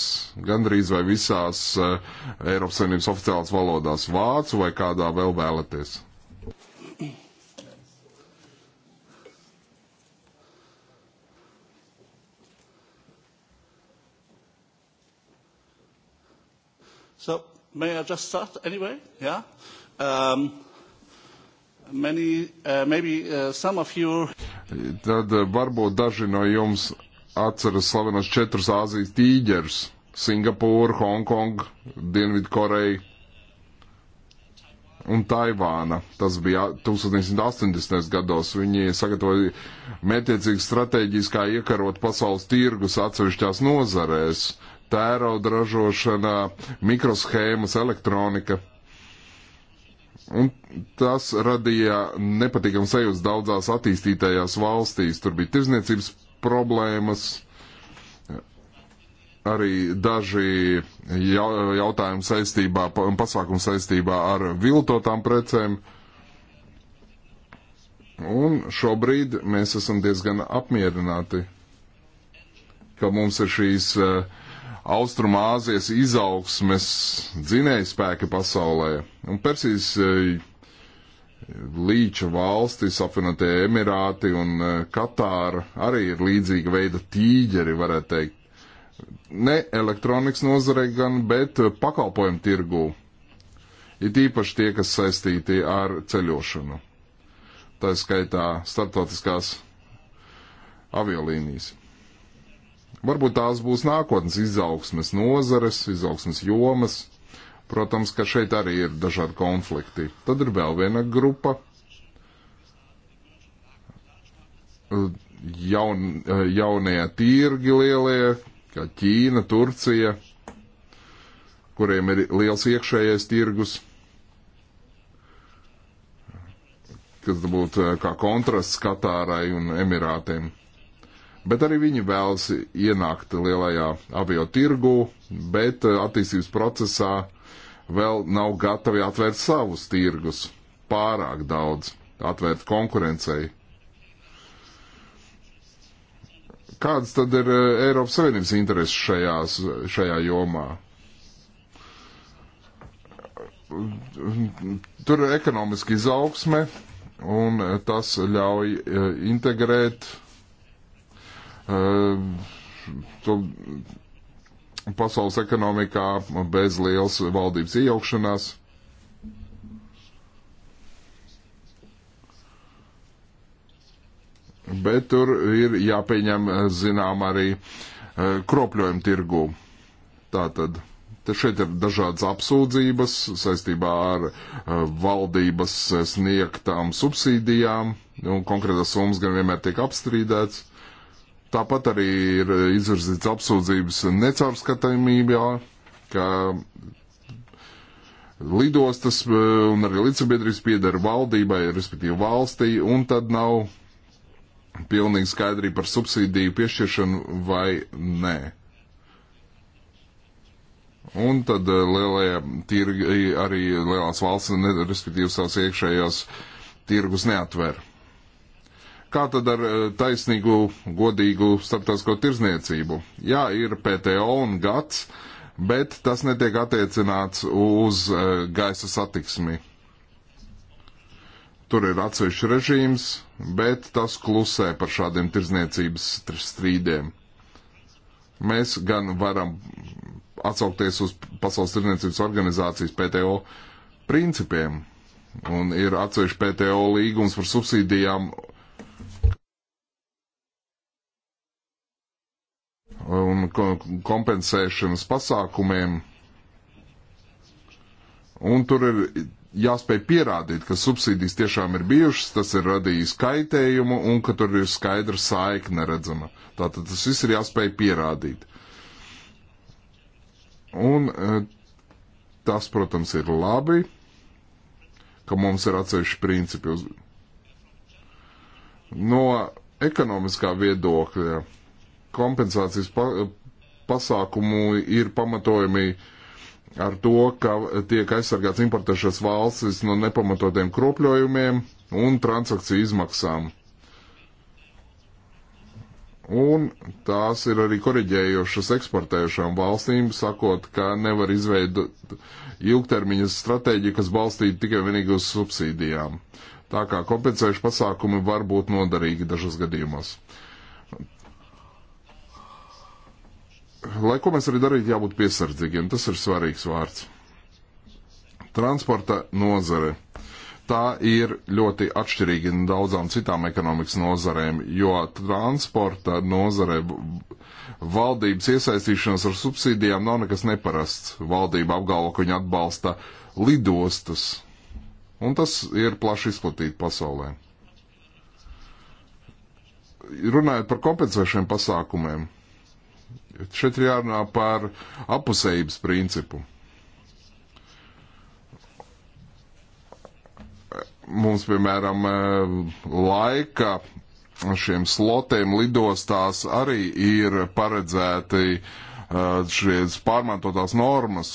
gandrīz vai visās eh, Eiropas Savienības oficiālās valodās, vācu vai kādā vēl vēlaties. So, may I just start anyway? Yeah? Um, many, uh, maybe, uh, some of you... Tad uh, varbūt daži no jums atceras slavenos četrus Āzijas tīģerus - Singapūru, Hongkongu, Dienvidu Koreju un Taivāna. Tas bija 1980. gados. Viņi sagatavoja mētiecīgas stratēģijas, kā iekarot pasaules tirgus atsevišķās nozarēs - tērauda ražošana, mikroshēmas, elektronika. Un tas radīja nepatīkamu sajūtu daudzās attīstītajās valstīs. Tur bija tirzniecības problēmas, arī daži jautājumi saistībā un pasākumi saistībā ar viltotām precēm. Un šobrīd mēs esam diezgan apmierināti, ka mums ir šīs uh, Austrumāzijas izaugsmes dzinējspēki pasaulē. Un Persijas eh, līča valstis, apvienotie Emirāti un eh, Katāra arī ir līdzīga veida tīģeri, varētu teikt. Ne elektronikas nozarei gan, bet eh, pakalpojumu tirgū. It īpaši tie, kas saistīti ar ceļošanu. Tā skaitā starptautiskās aviolīnijas. Varbūt tās būs nākotnes izaugsmes nozares, izaugsmes jomas. Protams, ka šeit arī ir dažādi konflikti. Tad ir vēl viena grupa jaun, jaunie tirgi lielie, kā Ķīna, Turcija, kuriem ir liels iekšējais tirgus, kas būtu kā kontrasts Katārai un Emirātiem. Bet arī viņi vēlas ienākt lielajā avio tirgu, bet eh, attīstības procesā vēl nav gatavi atvērt savus tirgus pārāk daudz, atvērt konkurencei. Kādas tad ir eh, Eiropas Savienības intereses šajās, šajā jomā? Tur ir ekonomiski izaugsme, un eh, tas ļauj integrēt Ehm, to pasaules ekonomikā bez liels valdības iejaukšanās. Bet tur ir jāpieņem, zinām, arī e, kropļojumu tirgū. Tātad te šeit ir dažādas apsūdzības saistībā ar e, valdības sniegtām subsīdijām, un konkrētas summas gan vienmēr tiek apstrīdēts. Tāpat arī ir izvirzīts apsūdzības necaurskatāmībā, ka lidostas e, un arī līdzsabiedrības piedara valdībai, respektīvi valstī, un tad nav pilnīgi skaidrība par subsīdiju piešķiršanu vai nē. Un tad e, lielie tirgi, arī lielās valsts, respektīvi savas iekšējās tirgus neatver. Kā tad ar eh, taisnīgu, godīgu starptautisko tirzniecību? Jā, ir PTO un GATS, bet tas netiek attiecināts uz eh, gaisa satiksmi. Tur ir atsevišķi režīms, bet tas klusē par šādiem tirzniecības strīdiem. Mēs gan varam atsaukties uz Pasaules tirzniecības organizācijas PTO principiem, un ir atsevišķi PTO līgums par subsīdijām un kompensēšanas pasākumiem. Un tur ir jāspēj pierādīt, ka subsīdijas tiešām ir bijušas, tas ir radījis kaitējumu un ka tur ir skaidra saikne redzama. Tātad tas viss ir jāspēj pierādīt. Un eh, tas, protams, ir labi, ka mums ir atsevišķi principi. Uz... No ekonomiskā viedokļa. Ja kompensācijas pa pasākumu ir pamatojami ar to, ka tiek aizsargāts importēšas valstis no nepamatotiem kropļojumiem un transakciju izmaksām. Un tās ir arī koriģējošas eksportējušām valstīm, sakot, ka nevar izveidot ilgtermiņa stratēģiju, kas balstītu tikai vienīgi uz subsīdijām. Tā kā kompensējuši pasākumi var būt noderīgi dažos gadījumos. Uh, lai ko mēs arī darītu, jābūt piesardzīgiem. Tas ir svarīgs vārds. Transporta nozare. Tā ir ļoti atšķirīga no daudzām citām ekonomikas nozarēm, jo transporta nozare valdības iesaistīšanās ar subsīdijām nav nekas neparasts. Valdība apgalvo, ka viņa atbalsta lidostas, un tas ir plaši izplatīti pasaulē. Runājot par kompensēšiem pasākumiem, Šeit ir jārunā par apusējības principu. Mums, piemēram, laika šiem slotiem lidostās arī ir paredzēti šīs pārmantotās normas,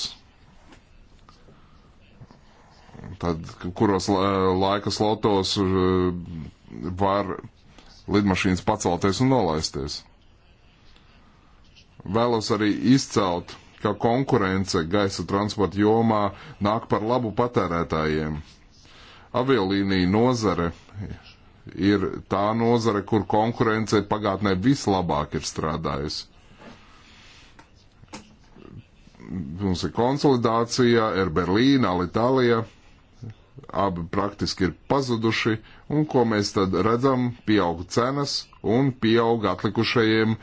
tad, kuros laika slotos var lidmašīnas pacelties un nolaisties. Vēlos arī izcelt, ka konkurence gaisa transporta jomā nāk par labu patērētājiem. Aviolīnija nozare ir tā nozare, kur konkurence pagātnē vislabāk ir strādājusi mums ir konsolidācija, ir Berlīna, Alitalija, abi praktiski ir pazuduši, un ko mēs tad redzam, pieaug cenas un pieaug atlikušajiem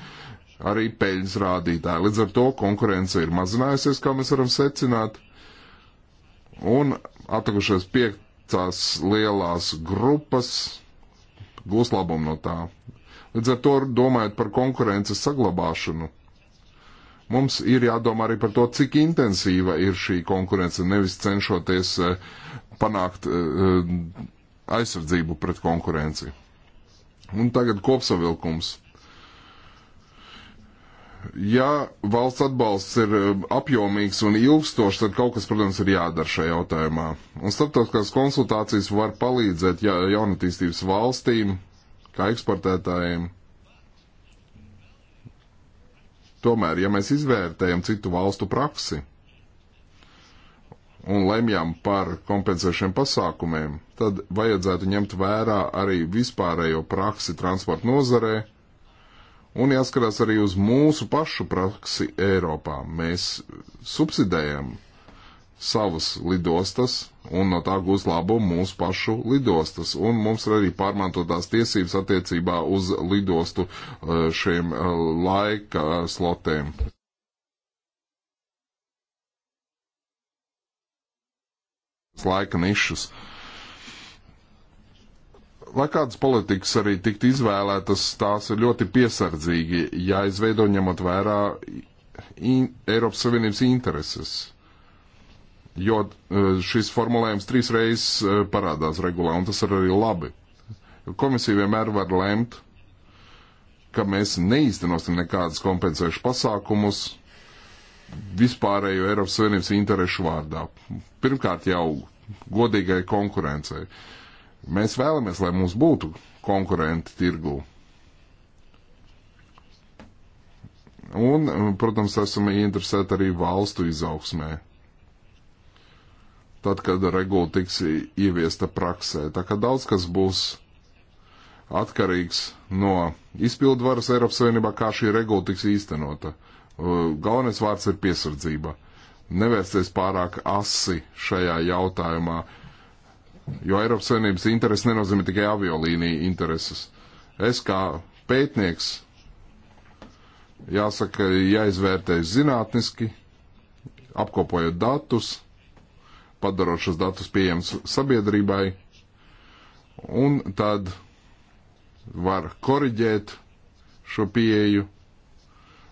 arī peļņas rādītāji. Līdz ar to konkurence ir mazinājusies, kā mēs varam secināt. Un atlikušās piektās lielās grupas gūs labumu no tā. Līdz ar to domājot par konkurences saglabāšanu, mums ir jādomā arī par to, cik intensīva ir šī konkurence, nevis cenšoties eh, panākt eh, aizsardzību pret konkurenci. Un tagad kopsavilkums ja valsts atbalsts ir eh, apjomīgs un ilgstošs, tad kaut kas, protams, ir jādara šajā jautājumā. Un starptautiskās konsultācijas var palīdzēt ja, jaunatīstības valstīm, kā eksportētājiem. Tomēr, ja mēs izvērtējam citu valstu praksi un lemjam par kompensēšiem pasākumiem, tad vajadzētu ņemt vērā arī vispārējo praksi transporta nozarē, Un jāskatās arī uz mūsu pašu praksi Eiropā. Mēs subsidējam savas lidostas un no tā gūs labumu mūsu pašu lidostas. Un mums ir arī pārmantotās tiesības attiecībā uz lidostu e, šiem e, laika slotēm. Laika nišas. Uh, lai kādas politikas arī tiktu izvēlētas, tās ir ļoti piesardzīgi jāizveido ņemot vērā in, Eiropas Savienības intereses. Jo e, šis formulējums trīs reizes e, parādās regulā, un tas ir arī labi. Komisija vienmēr var lemt, ka mēs neīstenosim nekādas kompensējušas pasākumus vispārējo Eiropas Savienības interešu vārdā. Pirmkārt jau godīgai konkurencei. Uh, Mēs vēlamies, lai mums būtu konkurenti tirgū. Un, protams, esam interesēti arī valstu izaugsmē. Tad, kad regula tiks ieviesta praksē. Tā kā daudz kas būs atkarīgs no izpildu varas Eiropas Savienībā, kā šī regula tiks īstenota. Galvenais vārds ir piesardzība. Nevērsties pārāk asi šajā jautājumā, jo Eiropas Savienības interesi nenozīmē tikai aviolīniju intereses. Es kā pētnieks, jāsaka, jāizvērtējas zinātniski, apkopojot datus, padarot šos datus pieejams sabiedrībai, un tad var koriģēt šo pieeju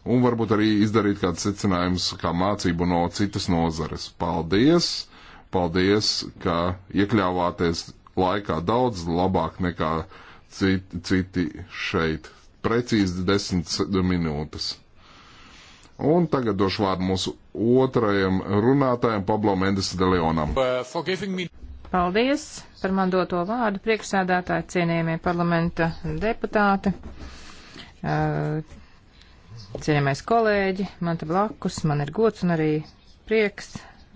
un varbūt arī izdarīt kādu secinājumus kā mācību no citas nozares. Paldies! Paldies, ka iekļāvāties laikā daudz labāk nekā citi, citi šeit. Precīzi desmit minūtes. Un tagad došu vārdu mūsu otrajam runātājam, Pablo Mendes de Leonam. Uh, Paldies par man doto vārdu, priekšsēdētāji, cienījamie parlamenta deputāti, uh, cienījamais kolēģi, man te blakus, man ir gods un arī prieks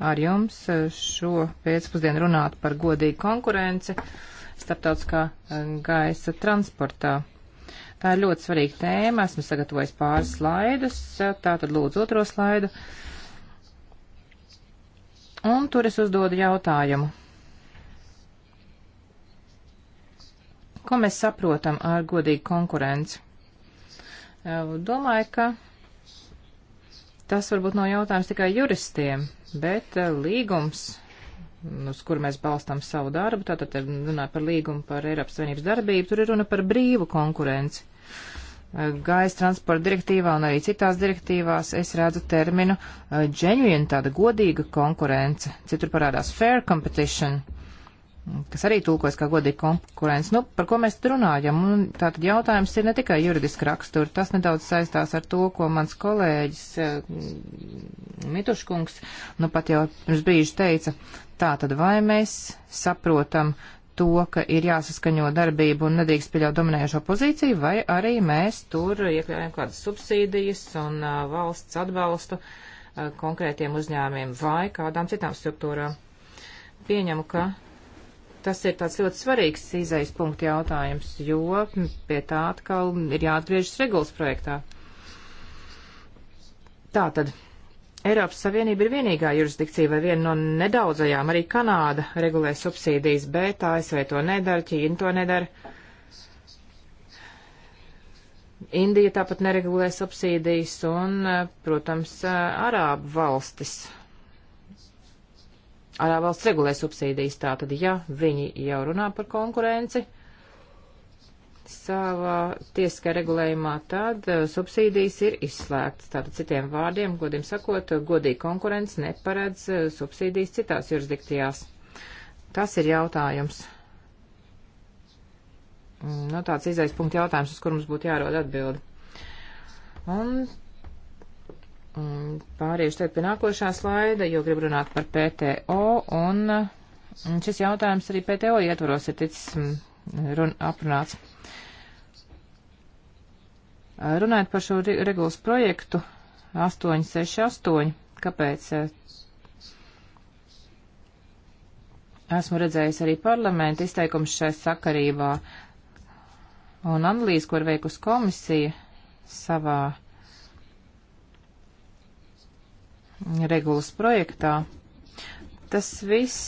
ar jums eh, šo pēcpusdienu runāt par godīgu konkurenci starptautiskā eh, gaisa transportā. Tā ir ļoti svarīga tēma. Esmu sagatavojis pāris slaidus. Tātad lūdzu otro slaidu. Un tur es uzdodu jautājumu. Ko mēs saprotam ar godīgu konkurenci? Eh, domāju, ka tas varbūt nav no jautājums tikai juristiem, bet eh, līgums, uz kur mēs balstām savu darbu, tātad runā par līgumu par Eiropas Savienības darbību, tur ir runa par brīvu konkurenci. Eh, gaisa transporta direktīvā un arī citās direktīvās es redzu terminu eh, genuine, tāda godīga konkurence. Citur parādās fair competition kas arī tulkojas kā godīgi konkurence. Nu, par ko mēs runājam? Un tātad jautājums ir ne tikai juridiski rakstur, tas nedaudz saistās ar to, ko mans kolēģis uh, Mituškungs nu pat jau pirms brīža teica. Tātad vai mēs saprotam to, ka ir jāsaskaņo darbību un nedrīkst pieļaut dominējošo pozīciju, vai arī mēs tur iekļaujam kādas subsīdijas un uh, valsts atbalstu uh, konkrētiem uzņēmiem vai kādām citām struktūrām. Pieņemu, ka uh, Tas ir tāds ļoti svarīgs izaisa punkta jautājums, jo pie tā atkal ir jāatgriežas regulas projektā. Tātad. Eiropas Savienība ir vienīgā jurisdikcija vai viena no nedaudzajām, arī Kanāda regulē subsīdijas, bet ASV to nedara, Ķīna to nedara. Indija tāpat neregulē subsīdijas un, protams, Arābu valstis Arā valsts regulē subsīdijas, tātad, ja viņi jau runā par konkurenci savā tiesiskā regulējumā, tad uh, subsīdijas ir izslēgtas. Tātad, citiem vārdiem, godīgi sakot, godīgi konkurence neparedz uh, subsīdijas citās jurisdikcijās. Tas ir jautājums. Mm, nu, tāds izaispunkta jautājums, uz kur mums būtu jārod atbildi. Un pāriešu tagad pie nākošā slaida, jo gribu runāt par PTO, un šis jautājums arī PTO ietvaros ir ticis run, aprunāts. Runājot par šo regulas projektu 868, kāpēc eh, esmu redzējis arī parlamenta izteikums šai sakarībā un analīzi, ko ir veikusi komisija savā regulas projektā. Tas viss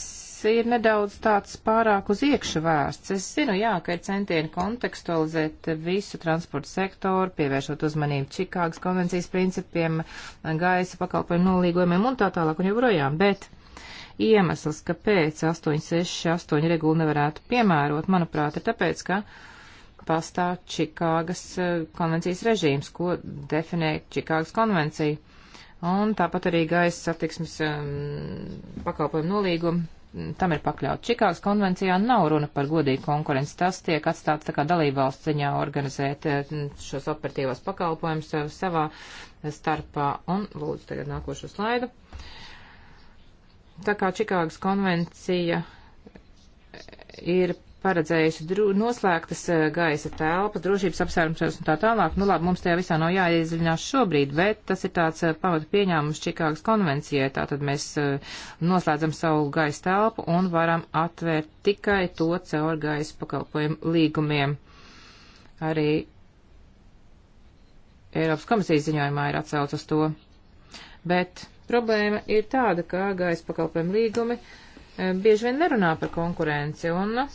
ir nedaudz tāds pārāk uz iekšu vērsts. Es zinu, jā, ka ir centieni kontekstualizēt visu transportu sektoru, pievēršot uzmanību Čikāgas konvencijas principiem, gaisa pakalpojumu nolīgojumiem un tā tālāk un joprojām, bet iemesls, kāpēc 868 regulu nevarētu piemērot, manuprāt, ir tāpēc, ka pastāv Čikāgas eh, konvencijas režīms, ko definē Čikāgas konvencija un tāpat arī gaisa satiksmes um, pakalpojumu nolīgumu. Mm, tam ir pakļauts Čikāgas konvencijā, nav runa par godīgu konkurenci. Tas tiek atstāts tā kā dalībvalsts ziņā organizēt eh, mm, šos operatīvos pakalpojumus eh, savā starpā. Un lūdzu tagad nākošo slaidu. Tā kā Čikāgas konvencija eh, ir paredzējusi dru, noslēgtas eh, gaisa telpas, drošības apsvērums un tā tālāk. Nu labi, mums tajā visā nav jāiedziļinās šobrīd, bet tas ir tāds eh, pamata pieņēmums Čikāgas konvencijai. Tātad mēs eh, noslēdzam savu gaisa telpu un varam atvērt tikai to caur gaisa pakalpojumu līgumiem. Arī Eiropas komisijas ziņojumā ir atsauc uz to. Bet problēma ir tāda, ka gaisa pakalpojumu līgumi bieži vien nerunā par konkurenci, un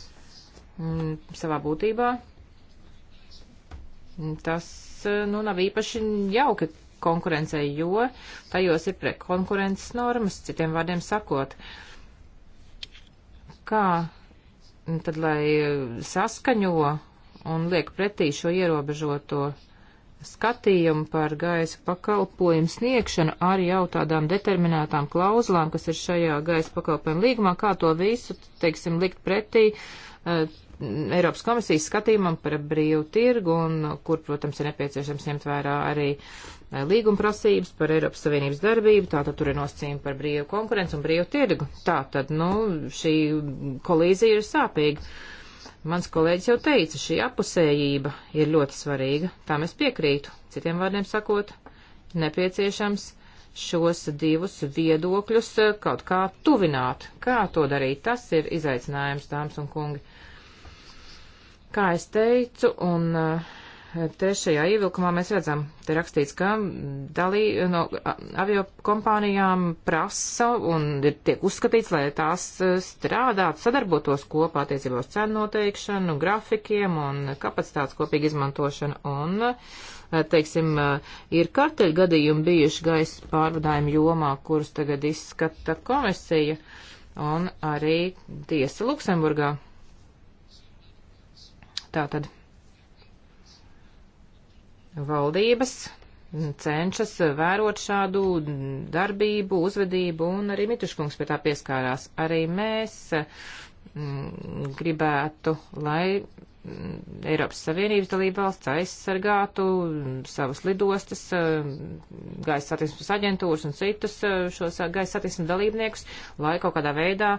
Mm, savā būtībā mm, tas eh, nu, nav īpaši jauki konkurencei, jo tajos ir prekonkurences normas, citiem vārdiem sakot. Kā mm, tad, lai eh, saskaņo un liek pretī šo ierobežoto skatījumu par gaisa pakalpojumu sniegšanu ar jau tādām determinētām klauzulām, kas ir šajā gaisa pakalpojumu līgumā, kā to visu, teiksim, likt pretī eh, Eiropas komisijas skatījumam par brīvu tirgu un kur, protams, ir nepieciešams ņemt vērā arī eh, līguma prasības par Eiropas Savienības darbību, tātad tur ir nosacījumi par brīvu konkurenci un brīvu tirgu. Tātad, nu, šī kolīzija ir sāpīga. Mans kolēģis jau teica, šī apusējība ir ļoti svarīga, tam es piekrītu. Citiem vārdiem sakot, nepieciešams šos divus viedokļus eh, kaut kā tuvināt. Kā to darīt, tas ir izaicinājums, dāmas un kungi. Kā es teicu, un eh, trešajā ievilkumā mēs redzam, te rakstīts, ka dalī, no avio kompānijām prasa un ir tiek uzskatīts, lai tās eh, strādātu, sadarbotos kopā attiecībā uz cenu noteikšanu, grafikiem un kapacitātes kopīgu izmantošanu un, eh, teiksim, ir karteļgadījumi bijuši gaisa pārvadājumu jomā, kurus tagad izskata komisija un arī tiesa Luksemburgā. Tātad valdības cenšas vērot šādu darbību, uzvedību, un arī Mituškungs pie tā pieskārās. Arī mēs mm, gribētu, lai Eiropas Savienības dalība valsts aizsargātu savas lidostas, eh, gaisa satiksmes aģentūras un citus eh, šos eh, gaisa satiksmes dalībniekus, lai kaut kādā veidā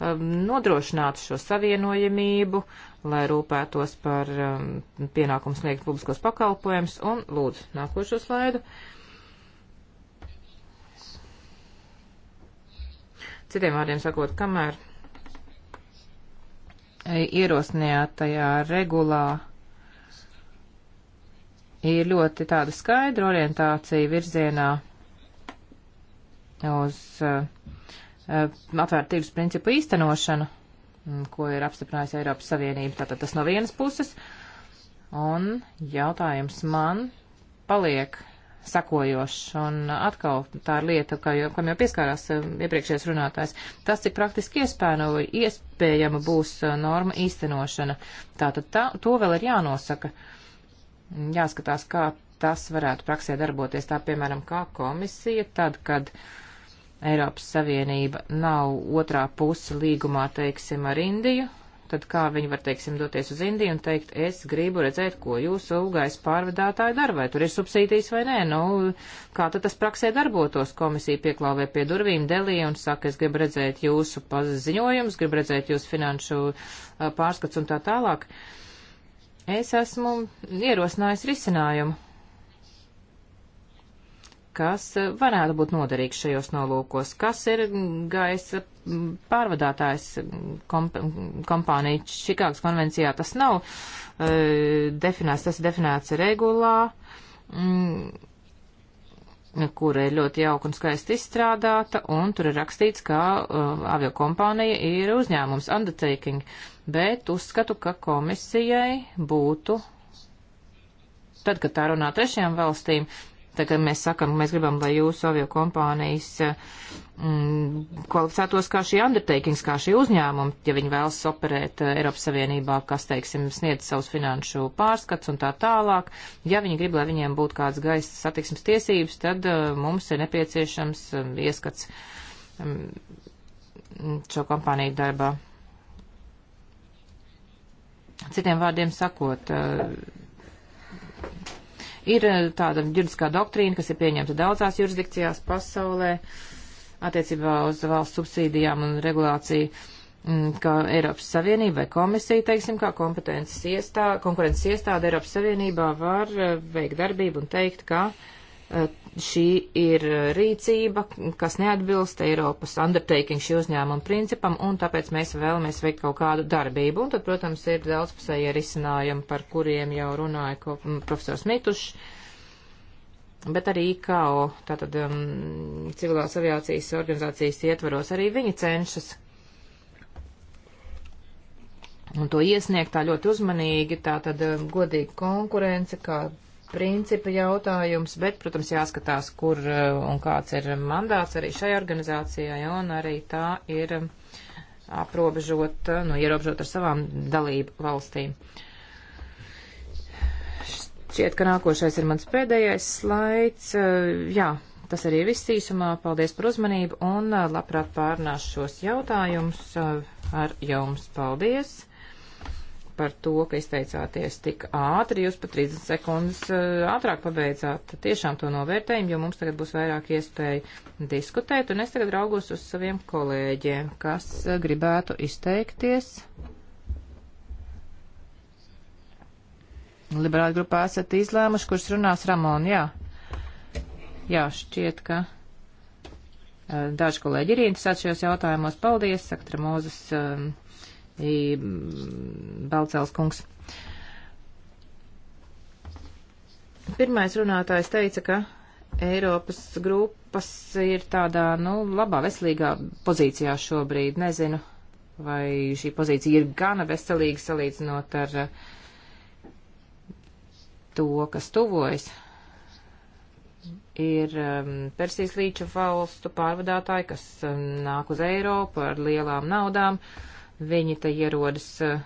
nodrošinātu šo savienojamību, lai rūpētos par pienākumu sniegt publiskos pakalpojumus. Un lūdzu, nākošo slaidu. Citiem vārdiem sakot, kamēr ierosinātajā regulā ir ļoti tāda skaidra orientācija virzienā uz uh, eh, eh, atvērtu tirgus principu īstenošanu, mm, ko ir apstiprinājusi Eiropas Savienība. Tātad tas no vienas puses. Un jautājums man paliek, sakojošs, un atkal tā ir lieta, kā jau, kam jau pieskārās eh, iepriekšējais runātājs. Tas, cik praktiski iespējama, iespējama būs eh, norma īstenošana, tātad tā, to vēl ir jānosaka. Jāskatās, kā tas varētu praksē darboties, tā piemēram, kā komisija, tad, kad Eiropas Savienība nav otrā puse līgumā, teiksim, ar Indiju, tad kā viņi var, teiksim, doties uz Indiju un teikt, es gribu redzēt, ko jūsu gaisa pārvadātāji dara, vai tur ir subsīdijas vai nē. Nu, kā tad tas praksē darbotos? Komisija pieklāvē pie durvīm Delī un saka, es gribu redzēt jūsu paziņojumus, gribu redzēt jūsu finanšu pārskats un tā tālāk. Es esmu ierosinājis risinājumu kas eh, varētu būt noderīgs šajos nolūkos. Kas ir gaisa mm, pārvadātājs mm, komp mm, kompānija Čikāgas konvencijā? Tas nav uh, definēts, tas ir definēts regulā, mm, kura ir ļoti jauka un skaisti izstrādāta, un tur ir rakstīts, ka uh, eh, avio kompānija ir uzņēmums undertaking, bet uzskatu, ka komisijai būtu tad, kad tā runā trešajām valstīm, Tagad mēs sakam, mēs gribam, lai jūsu avio kompānijas mm, kvalificētos kā šī undertakings, kā šī uzņēmuma, ja viņi vēlas operēt eh, Eiropas Savienībā, kas, teiksim, sniedz savus finanšu pārskats un tā tālāk. Ja viņi grib, lai viņiem būtu kāds gaisa satiksmes tiesības, tad uh, mums ir nepieciešams um, ieskats um, šo kompāniju darbā. Citiem vārdiem sakot, uh, Ir eh, tāda juridiskā doktrīna, kas ir pieņemta daudzās jurisdikcijās pasaulē attiecībā uz valsts subsīdijām un regulāciju, mm, ka Eiropas Savienība vai komisija, teiksim, kā kompetences iestāde, konkurences iestāde Eiropas Savienībā var eh, veikt darbību un teikt, ka uh, Šī ir rīcība, kas neatbilst Eiropas undertaking šī uzņēmuma principam, un tāpēc mēs vēlamies veikt kaut kādu darbību. Un tad, protams, ir daudzpusējie risinājumi, par kuriem jau runāja ko, profesors Mitušs, bet arī IKO, tātad um, civilās aviācijas organizācijas ietvaros, arī viņi cenšas un to iesniegt tā ļoti uzmanīgi, tā tad um, godīga konkurence, kā principa jautājums, bet, protams, jāskatās, kur eh, un kāds ir mandāts arī šai organizācijai, un arī tā ir eh, aprobežot, nu, ierobežot ar savām dalību valstīm. Šķiet, ka nākošais ir mans pēdējais slaids. Eh, jā, tas arī viss īsumā. Paldies par uzmanību un labprāt pārnāšu šos jautājumus ar jums. Paldies! par to, ka izteicāties tik ātri, jūs pat 30 sekundes eh, ātrāk pabeidzāt. Tiešām to novērtējam, jo mums tagad būs vairāk iespēju diskutēt, un es tagad raugos uz saviem kolēģiem, kas eh, gribētu izteikties. Liberāla grupā esat izlēmuši, kurš runās Ramon, jā. Jā, šķiet, ka eh, daži kolēģi ir interesēti šajos jautājumos. Paldies, saka Tramozes. Um, Balcēls kungs. Pirmais runātājs teica, ka Eiropas grupas ir tādā, nu, labā veselīgā pozīcijā šobrīd. Nezinu, vai šī pozīcija ir gana veselīga salīdzinot ar uh, to, kas tuvojas. Ir um, Persijas līča valstu pārvadātāji, kas um, nāk uz Eiropu ar lielām naudām. Uh, Viņi te ierodas, eh,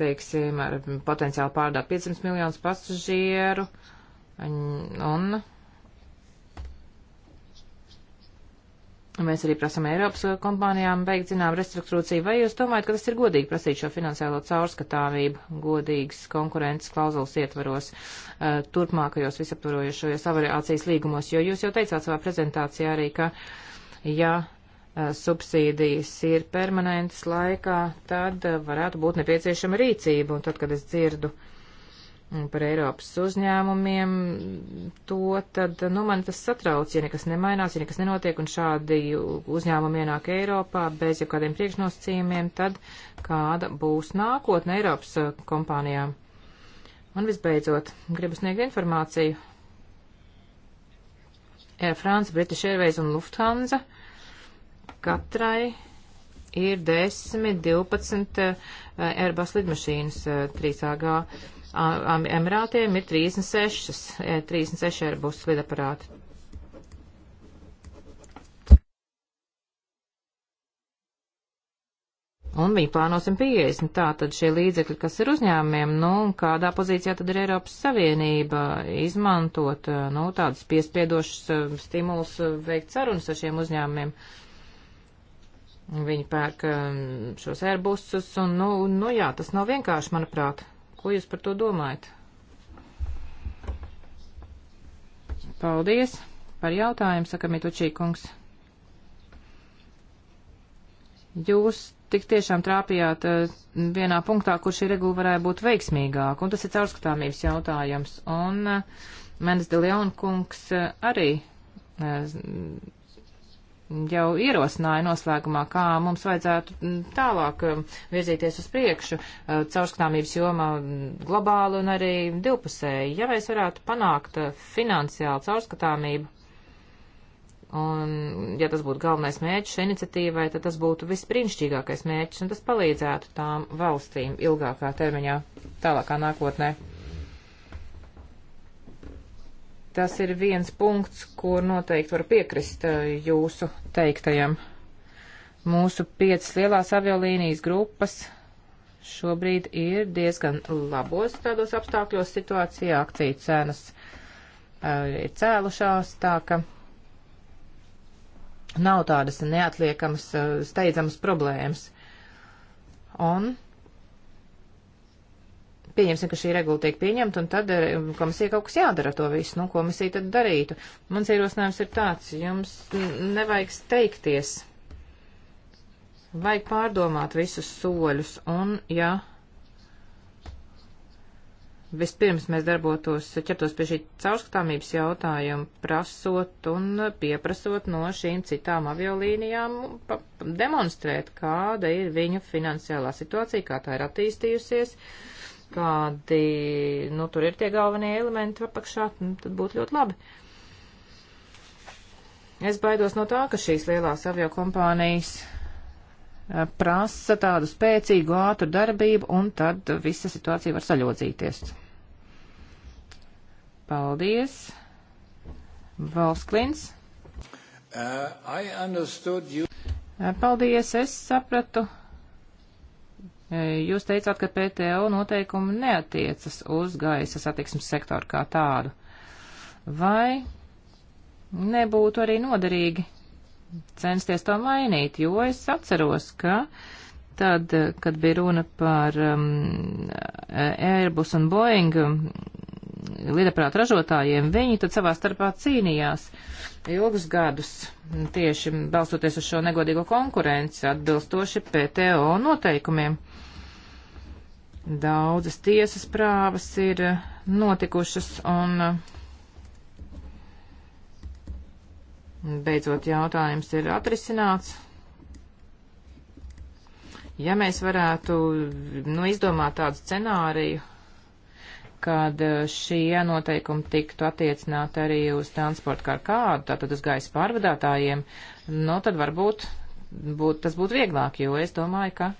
teiksim, ar potenciāli pārdāt 500 miljonus pasažieru un Mēs arī prasām Eiropas eh, kompānijām beigt zinām restruktūrāciju. Vai jūs domājat, ka tas ir godīgi prasīt šo finansiālo caurskatāvību godīgas konkurences klauzulas ietvaros uh, turpmākajos visaptvarojošajos avariācijas līgumos? Jo jūs jau teicāt savā prezentācijā arī, ka ja Eh, subsīdijas ir permanentas laikā, tad eh, varētu būt nepieciešama rīcība. Un tad, kad es dzirdu mm, par Eiropas uzņēmumiem, to tad, nu, man tas satrauc, ja nekas nemainās, ja nekas nenotiek, un šādi uzņēmumi ienāk Eiropā bez jau kādiem priekšnosacījumiem, tad kāda būs nākotne Eiropas eh, kompānijām? Un visbeidzot, gribu sniegt informāciju. Air France, British Airways un Lufthansa Katrai ir 10, 12 eh, Airbus lidmašīnas 3AG. Eh, Emirātiem ir 36, 36 eh, Airbus lidaparāti. Un viņi plāno 150. Tā tad šie līdzekļi, kas ir uzņēmumiem, nu, kādā pozīcijā tad ir Eiropas Savienība izmantot, nu, tādus piespiedošus stimulus veikt sarunas ar šiem uzņēmumiem. Uh, Viņi pērk um, šos airbusus, un, nu, nu jā, tas nav vienkārši, manuprāt. Ko jūs par to domājat? Paldies par jautājumu, saka Mitučī kungs. Jūs tik tiešām trāpījāt uh, vienā punktā, kur šī regula varēja būt veiksmīgāka, un tas ir caurskatāmības jautājums. Un uh, Menes de Leon kungs uh, arī jau ierosināja noslēgumā, kā mums vajadzētu mm, tālāk mm, virzīties uz priekšu mm, caurskatāmības jomā globāli un arī divpusēji. Ja mēs varētu panākt finansiālu caurskatāmību, un ja tas būtu galvenais mērķis šai iniciatīvai, tad tas būtu visbrīnišķīgākais mērķis, un tas palīdzētu tām valstīm ilgākā termiņā, tālākā nākotnē tas ir viens punkts, kur noteikti var piekrist eh, jūsu teiktajam. Mūsu piecas lielās aviolīnijas grupas šobrīd ir diezgan labos tādos apstākļos situācijā. Akciju cenas uh, ir cēlušās, tā ka nav tādas neatliekamas, uh, steidzamas problēmas. Un pieņemsim, ka šī regula tiek pieņemta, un tad eh, komisija kaut kas jādara to visu. Nu, komisija tad darītu. Mans ierosinājums ir tāds, jums nevajag steigties. Vajag pārdomāt visus soļus, un, ja vispirms mēs darbotos, ķertos pie šī caurskatāmības jautājuma, prasot un pieprasot no šīm citām aviolīnijām demonstrēt, kāda ir viņu finansiālā situācija, kā tā ir attīstījusies. Uh, kādi, nu, tur ir tie galvenie elementi apakšā, nu, tad būtu ļoti labi. Es baidos no tā, ka šīs lielās avio kompānijas eh, prasa tādu spēcīgu ātru darbību, un tad visa situācija var saļodzīties. Paldies. Valsklins. Uh, eh, Paldies, es sapratu, E, jūs teicāt, ka PTO noteikumi neatiecas uz gaisa satiksmes sektoru kā tādu. Vai nebūtu arī noderīgi censties to mainīt, jo es atceros, ka tad, kad bija runa par um, Airbus un Boeing um, lidaprāta ražotājiem, viņi tad savā starpā cīnījās ilgus gadus tieši balstoties uz šo negodīgo konkurenci atbilstoši PTO noteikumiem. Uh, Daudzas tiesas prāvas ir eh, notikušas un eh, beidzot jautājums ir atrisināts. Ja mēs varētu nu, izdomāt tādu scenāriju, kad eh, šie noteikumi tiktu attiecināti arī uz transportu kā kādu, tātad uz gaisa pārvadātājiem, nu, tad varbūt būt, tas būtu vieglāk, jo es domāju, ka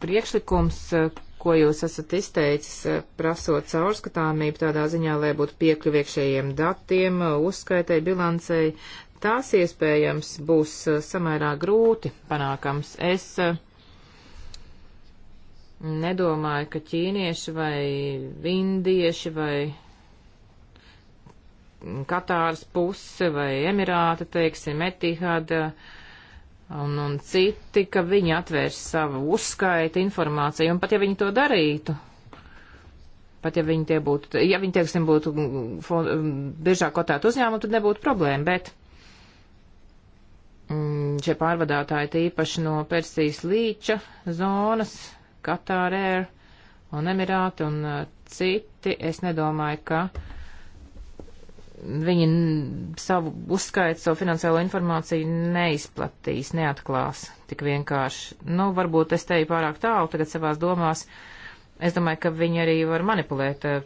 priekšlikums, eh, ko jūs esat izteicis, eh, prasot caurskatāmību tādā ziņā, lai būtu piekļuvi iekšējiem datiem, eh, uzskaitai, bilancei, tās iespējams būs samērā grūti panākams. Es nedomāju, ka ķīnieši vai indieši vai Katāras puse vai Emirāta, teiksim, Etihada, uh, un, un citi, ka viņi atvērs savu uzskaitu informāciju, un pat ja viņi to darītu, pat ja viņi tie būtu, ja viņi, teiksim, būtu mm, mm, biežāk kotēt uzņēmumu, tad nebūtu problēma, bet mm, šie pārvadātāji tīpaši no Persijas līča zonas, Qatar Air un Emirāti un uh, citi, es nedomāju, ka viņi savu uzskaitu, savu finansiālo informāciju neizplatīs, neatklās tik vienkārši. Nu, varbūt es teju pārāk tālu tagad savās domās. Es domāju, ka viņi arī var manipulēt eh,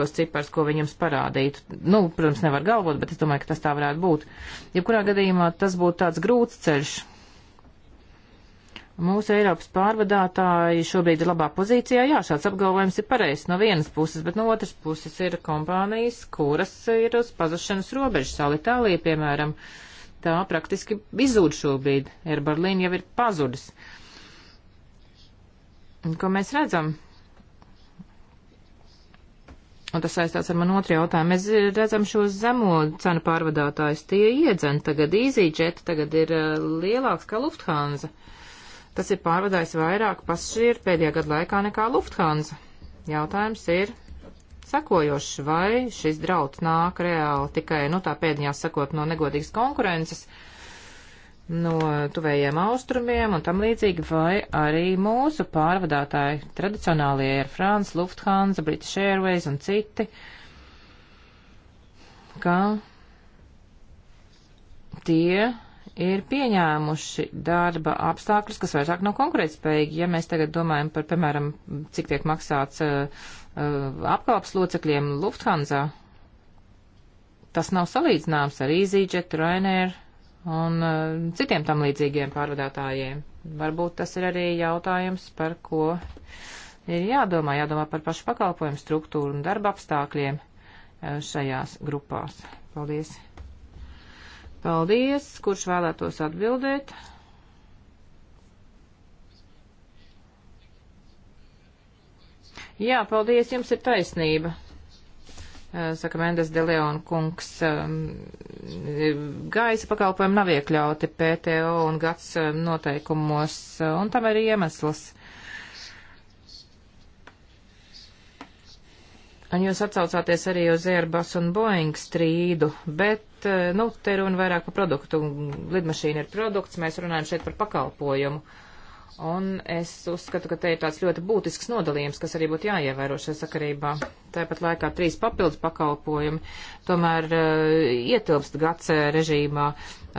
tos cipars, ko viņiem parādītu. Nu, protams, nevar galvot, bet es domāju, ka tas tā varētu būt. Jebkurā gadījumā tas būtu tāds grūts ceļš, Mūsu Eiropas pārvadātāji šobrīd ir labā pozīcijā. Jā, šāds apgalvojums ir pareizs no vienas puses, bet no otras puses ir kompānijas, kuras ir uz pazušanas robežas. Sāla Itālija, piemēram, tā praktiski izzūd šobrīd. Air Berlin jau ir pazudis. Un, ko mēs redzam? Un tas saistās ar manu otru jautājumu. Mēs redzam šo zemo cenu pārvadātājus. Tie iedzen tagad EasyJet, tagad ir eh, lielāks kā Lufthansa. Uh, Tas ir pārvadājis vairāk pasažieru pēdējā gada laikā nekā Lufthansa. Jautājums ir sekojošs, vai šis drauds nāk reāli tikai, nu tā pēdiņā sakot, no negodīgas konkurences, no tuvējiem austrumiem un tam līdzīgi, vai arī mūsu pārvadātāji, tradicionālie Air France, Lufthansa, British Airways un citi, ka tie ir pieņēmuši darba apstākļus, kas vairāk nav konkurētspējīgi. Ja mēs tagad domājam par, piemēram, cik tiek maksāts uh, uh apkalpas locekļiem Lufthansa, tas nav salīdzināms ar EasyJet, Ryanair un uh, citiem tam līdzīgiem pārvadātājiem. Varbūt tas ir arī jautājums, par ko ir jādomā, jādomā par pašu pakalpojumu struktūru un darba apstākļiem uh, šajās grupās. Paldies! Paldies. Kurš vēlētos atbildēt? Jā, paldies, jums ir taisnība. Saka Mendes de Leon kungs, gaisa pakalpojumi nav iekļauti PTO un GATS noteikumos, un tam ir iemesls. Un jūs atcaucāties arī uz Airbus un Boeing strīdu, bet nu, te runa vairāk par produktu. Lidmašīna ir produkts, mēs runājam šeit par pakalpojumu. Un es uzskatu, ka te ir tāds ļoti būtisks nodalījums, kas arī būtu jāievēro šajā sakarībā. Tāpat laikā trīs papildus pakalpojumi tomēr uh, ietilpst GATS režīmā uh,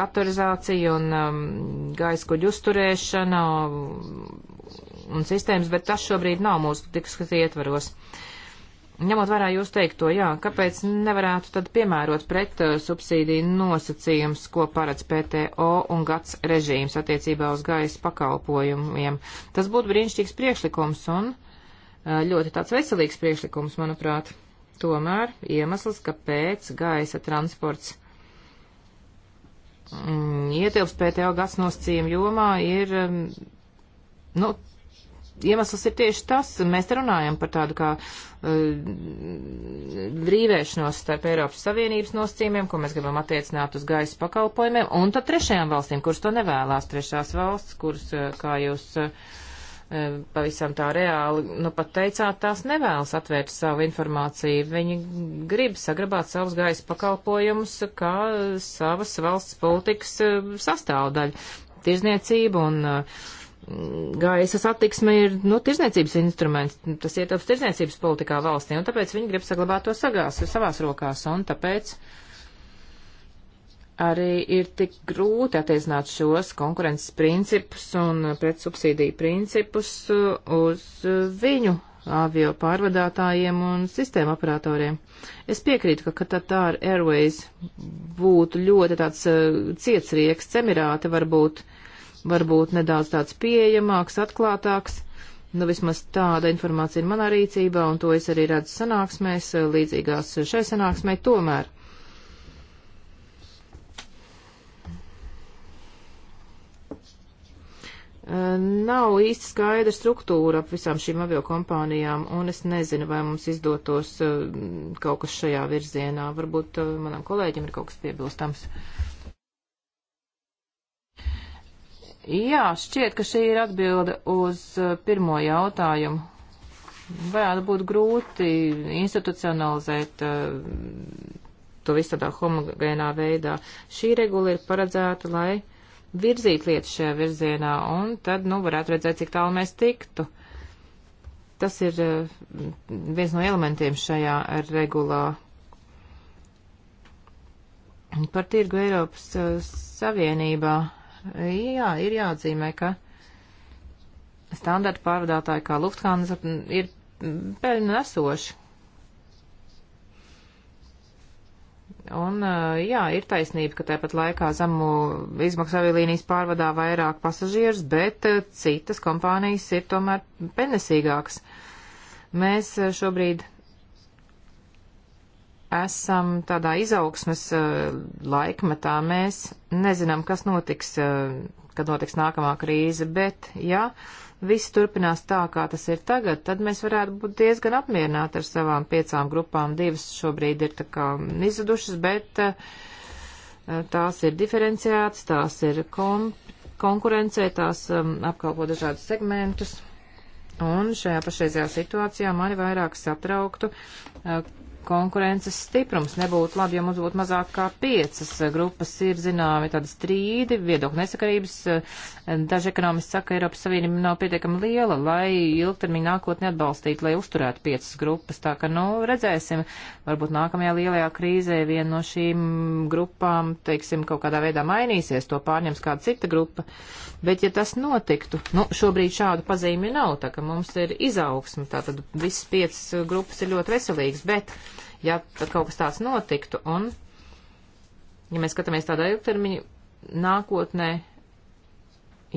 datorizācija un um, gaiskuģu uzturēšana um, un sistēmas, bet tas šobrīd nav mūsu diskusiju ietvaros. Uh, Ņemot vērā jūs teikto, jā, kāpēc nevarētu tad piemērot pret uh, subsīdiju nosacījums, ko paredz PTO un GATS režīms attiecībā uz gaisa pakalpojumiem? Tas būtu brīnišķīgs priekšlikums un uh, ļoti tāds veselīgs priekšlikums, manuprāt. Tomēr iemesls, kāpēc gaisa transports mm, ietilps PTO GATS nosacījuma jomā, ir, um, nu, iemesls ir tieši tas, mēs te runājam par tādu kā eh, brīvēšanos uh, starp Eiropas Savienības nosacījumiem, ko mēs gribam attiecināt uz gaisa pakalpojumiem, un tad trešajām valstīm, kuras to nevēlās, trešās valsts, kuras, eh, kā jūs uh, pavisam tā reāli, nu pat teicāt, tās nevēlas atvērt savu informāciju. Viņi grib sagrabāt savus gaisa pakalpojumus kā savas valsts politikas sastāvdaļu. Tirzniecība un uh, gaisa satiksme ir nu, tirzniecības instruments, tas ietilpst tirzniecības politikā valstī, un tāpēc viņi grib saglabāt to sagās, savās rokās, un tāpēc arī ir tik grūti attiecināt šos konkurences principus un pretsubsīdiju principus uz viņu avio pārvadātājiem un sistēma operatoriem. Es piekrītu, ka Qatar Airways būtu ļoti tāds uh, cietsrieks, cemirāte varbūt uh, varbūt nedaudz tāds pieejamāks, atklātāks. Nu, vismaz tāda informācija ir manā rīcībā, un to es arī redzu sanāksmēs, eh, līdzīgās šai sanāksmē tomēr. Eh, nav īsti skaidra struktūra ap visām šīm aviokompānijām, un es nezinu, vai mums izdotos eh, kaut kas šajā virzienā. Varbūt manam kolēģim ir kaut kas piebilstams. Uh, Jā, šķiet, ka šī ir atbilde uz uh, pirmo jautājumu. Varētu būt grūti institucionalizēt uh, to visu tādā homogēnā veidā. Šī regula ir paredzēta, lai virzītu lietas šajā virzienā, un tad, nu, varētu redzēt, cik tālu mēs tiktu. Tas ir uh, viens no elementiem šajā regulā. Par tirgu Eiropas Savienībā jā, ir jāatzīmē, ka standarta pārvadātāji kā Lufthansa ir peļņu nesoši. Un, jā, ir taisnība, ka tāpat laikā zemu izmaksu aviolīnijas pārvadā vairāk pasažierus, bet citas kompānijas ir tomēr penesīgākas. Mēs šobrīd esam tādā izaugsmes eh, laikmetā. Mēs nezinām, kas notiks, eh, kad notiks nākamā krīze, bet ja viss turpinās tā, kā tas ir tagad, tad mēs varētu būt diezgan apmierināti ar savām piecām grupām. Divas šobrīd ir tā kā izzudušas, bet eh, tās ir diferenciētas, tās ir kom konkurencē, tās um, apkalpo dažādus segmentus. Un šajā pašreizajā situācijā mani vairāk satrauktu, konkurences stiprums nebūtu labi, ja mums būtu mazāk kā piecas grupas. Ir zināmi tādi strīdi, viedokļu nesakarības. Daži ekonomisti saka, ka Eiropas Savienība nav pietiekami liela, lai ilgtermiņa nākotni atbalstītu, lai uzturētu piecas grupas. Tā ka, nu, redzēsim, varbūt nākamajā lielajā krīzē viena no šīm grupām, teiksim, kaut kādā veidā mainīsies, to pārņems kāda cita grupa. Bet, ja tas notiktu, nu, šobrīd šādu pazīmi nav, tā ka mums ir izaugsme, tātad visas piecas grupas ir ļoti veselīgas, bet ja kaut kas tāds notiktu. Un, ja mēs skatāmies tādā ilgtermiņa nākotnē,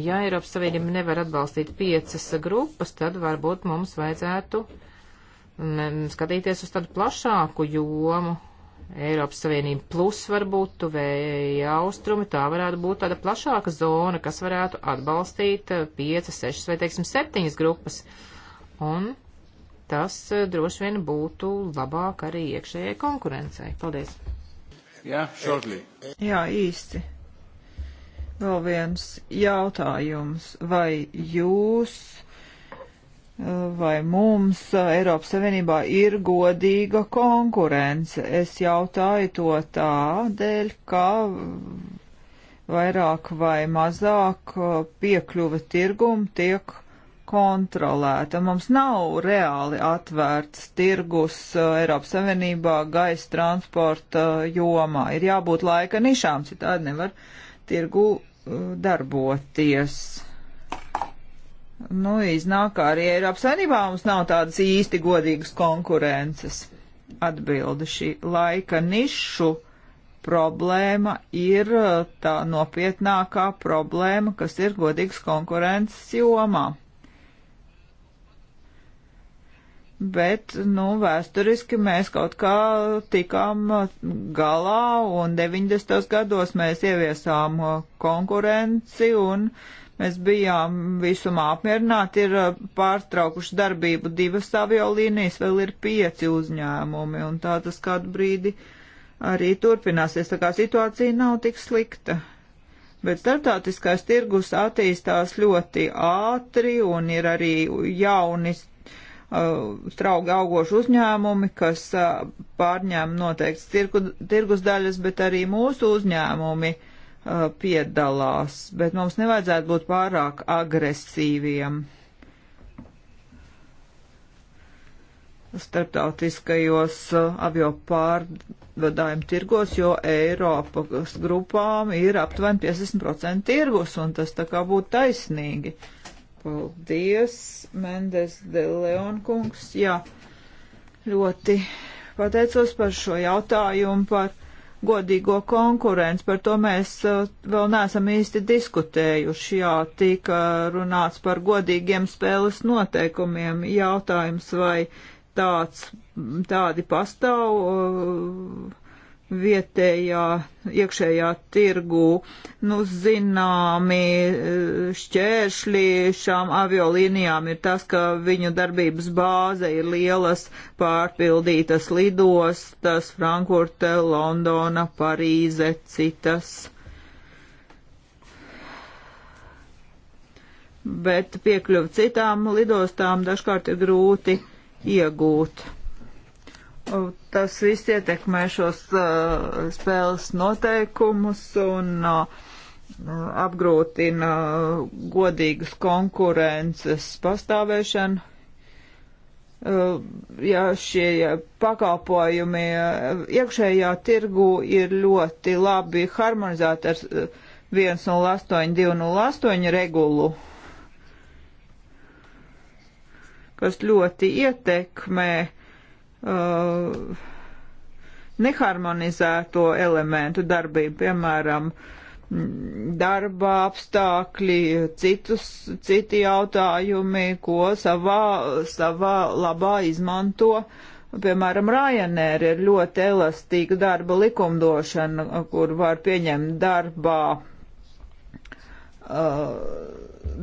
ja Eiropas Savienība nevar atbalstīt piecas grupas, tad varbūt mums vajadzētu mm, skatīties uz tādu plašāku jomu. Eiropas Savienība plus varbūt tuvēja austrumi, tā varētu būt tāda plašāka zona, kas varētu atbalstīt piecas, sešas vai, teiksim, septiņas grupas. Un tas eh, droši vien būtu labāk arī iekšējai konkurencei. Paldies! Jā, šortlī. Jā, īsti. Vēl viens jautājums. Vai jūs eh, vai mums eh, Eiropas Savienībā ir godīga konkurence? Es jautāju to tādēļ, ka vairāk vai mazāk piekļuva tirgum tiek kontrolēta. Mums nav reāli atvērts tirgus uh, Eiropas Savienībā gaisa transporta uh, jomā. Ir jābūt laika nišām, citādi nevar tirgu uh, darboties. Nu, iznāk arī Eiropas Savienībā mums nav tādas īsti godīgas konkurences. Atbilde šī laika nišu problēma ir tā nopietnākā problēma, kas ir godīgs konkurences jomā. bet, nu, vēsturiski mēs kaut kā tikām galā, un 90. gados mēs ieviesām uh, konkurenci, un mēs bijām visumā apmierināti, ir uh, pārtraukuši darbību divas aviolīnijas, vēl ir pieci uzņēmumi, un tā tas kādu brīdi arī turpināsies, tā kā situācija nav tik slikta. Bet starptautiskais tirgus attīstās ļoti ātri un ir arī jaunis Uh, straugi augoši uzņēmumi, kas uh, pārņēma noteikts tirgu, tirgus daļas, bet arī mūsu uzņēmumi uh, piedalās. Bet mums nevajadzētu būt pārāk agresīviem starptautiskajos avio pārvadājumu tirgos, jo Eiropas grupām ir aptuveni 50% tirgus, un tas tā kā būtu taisnīgi. Uh, Paldies, Mendes de Leonkungs. Jā, ļoti pateicos par šo jautājumu, par godīgo konkurenci. Par to mēs uh, vēl neesam īsti diskutējuši. Jā, tika runāts par godīgiem spēles noteikumiem. Jautājums, vai tāds, tādi pastāv uh, vietējā iekšējā tirgū, nu, zināmi e, šķēršļi šām aviolīnijām ir tas, ka viņu darbības bāze ir lielas pārpildītas lidostas - Frankfurte, Londona, Parīze, citas. Bet piekļuvi citām lidostām dažkārt ir grūti iegūt. Tas viss ietekmē šos uh, spēles noteikumus un uh, apgrūtina godīgas konkurences pastāvēšanu. Ja šie pakalpojumi iekšējā tirgu ir ļoti labi harmonizēti ar 108, 208 regulu, kas ļoti ietekmē uh, uh, neharmonizēto elementu darbību, piemēram, darba apstākļi, citus, citi jautājumi, ko savā, savā labā izmanto. Piemēram, Ryanair ir ļoti elastīga darba likumdošana, kur var pieņemt darbā Uh,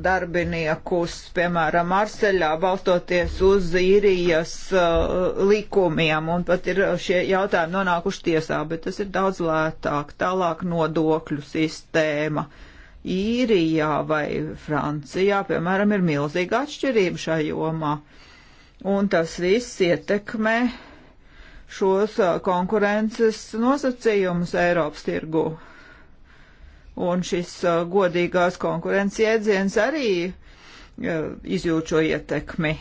darbiniekus, piemēram, Marseļā, balstoties uz īrijas uh, likumiem, un pat ir šie jautājumi nonākuši tiesā, bet tas ir daudz lētāk. Tālāk nodokļu sistēma. Īrijā vai Francijā, piemēram, ir milzīga atšķirība šajā jomā, un tas viss ietekmē šos uh, konkurences nosacījumus Eiropas tirgu. Un šis uh, godīgās konkurences jēdziens arī uh, izjūt šo ietekmi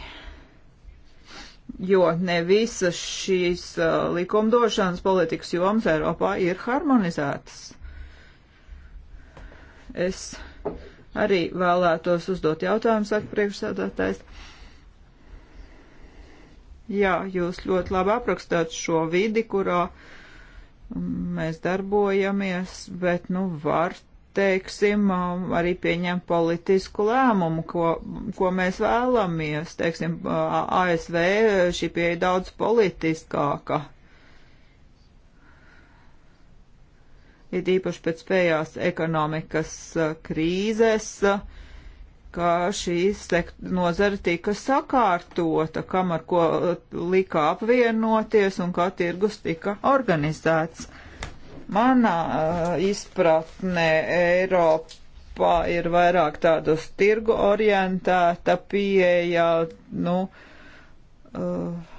jo ne visas šīs uh, likumdošanas politikas jomas Eiropā ir harmonizētas. Es arī vēlētos uzdot jautājumu, saka priekšsēdētājs. Jā, jūs ļoti labi aprakstāt šo vidi, kurā uh, mēs darbojamies, bet, nu, var, teiksim, um, arī pieņemt politisku lēmumu, ko, ko mēs vēlamies. Teiksim, uh, ASV šī pieeja daudz politiskāka. Ir īpaši pēc spējās ekonomikas uh, krīzes. Uh, ka šī nozara tika sakārtota, kam ar ko uh, lika apvienoties un kā tirgus tika organizēts. Manā uh, izpratnē Eiropā ir vairāk tāda uz tirgu orientēta pieeja, nu, uh,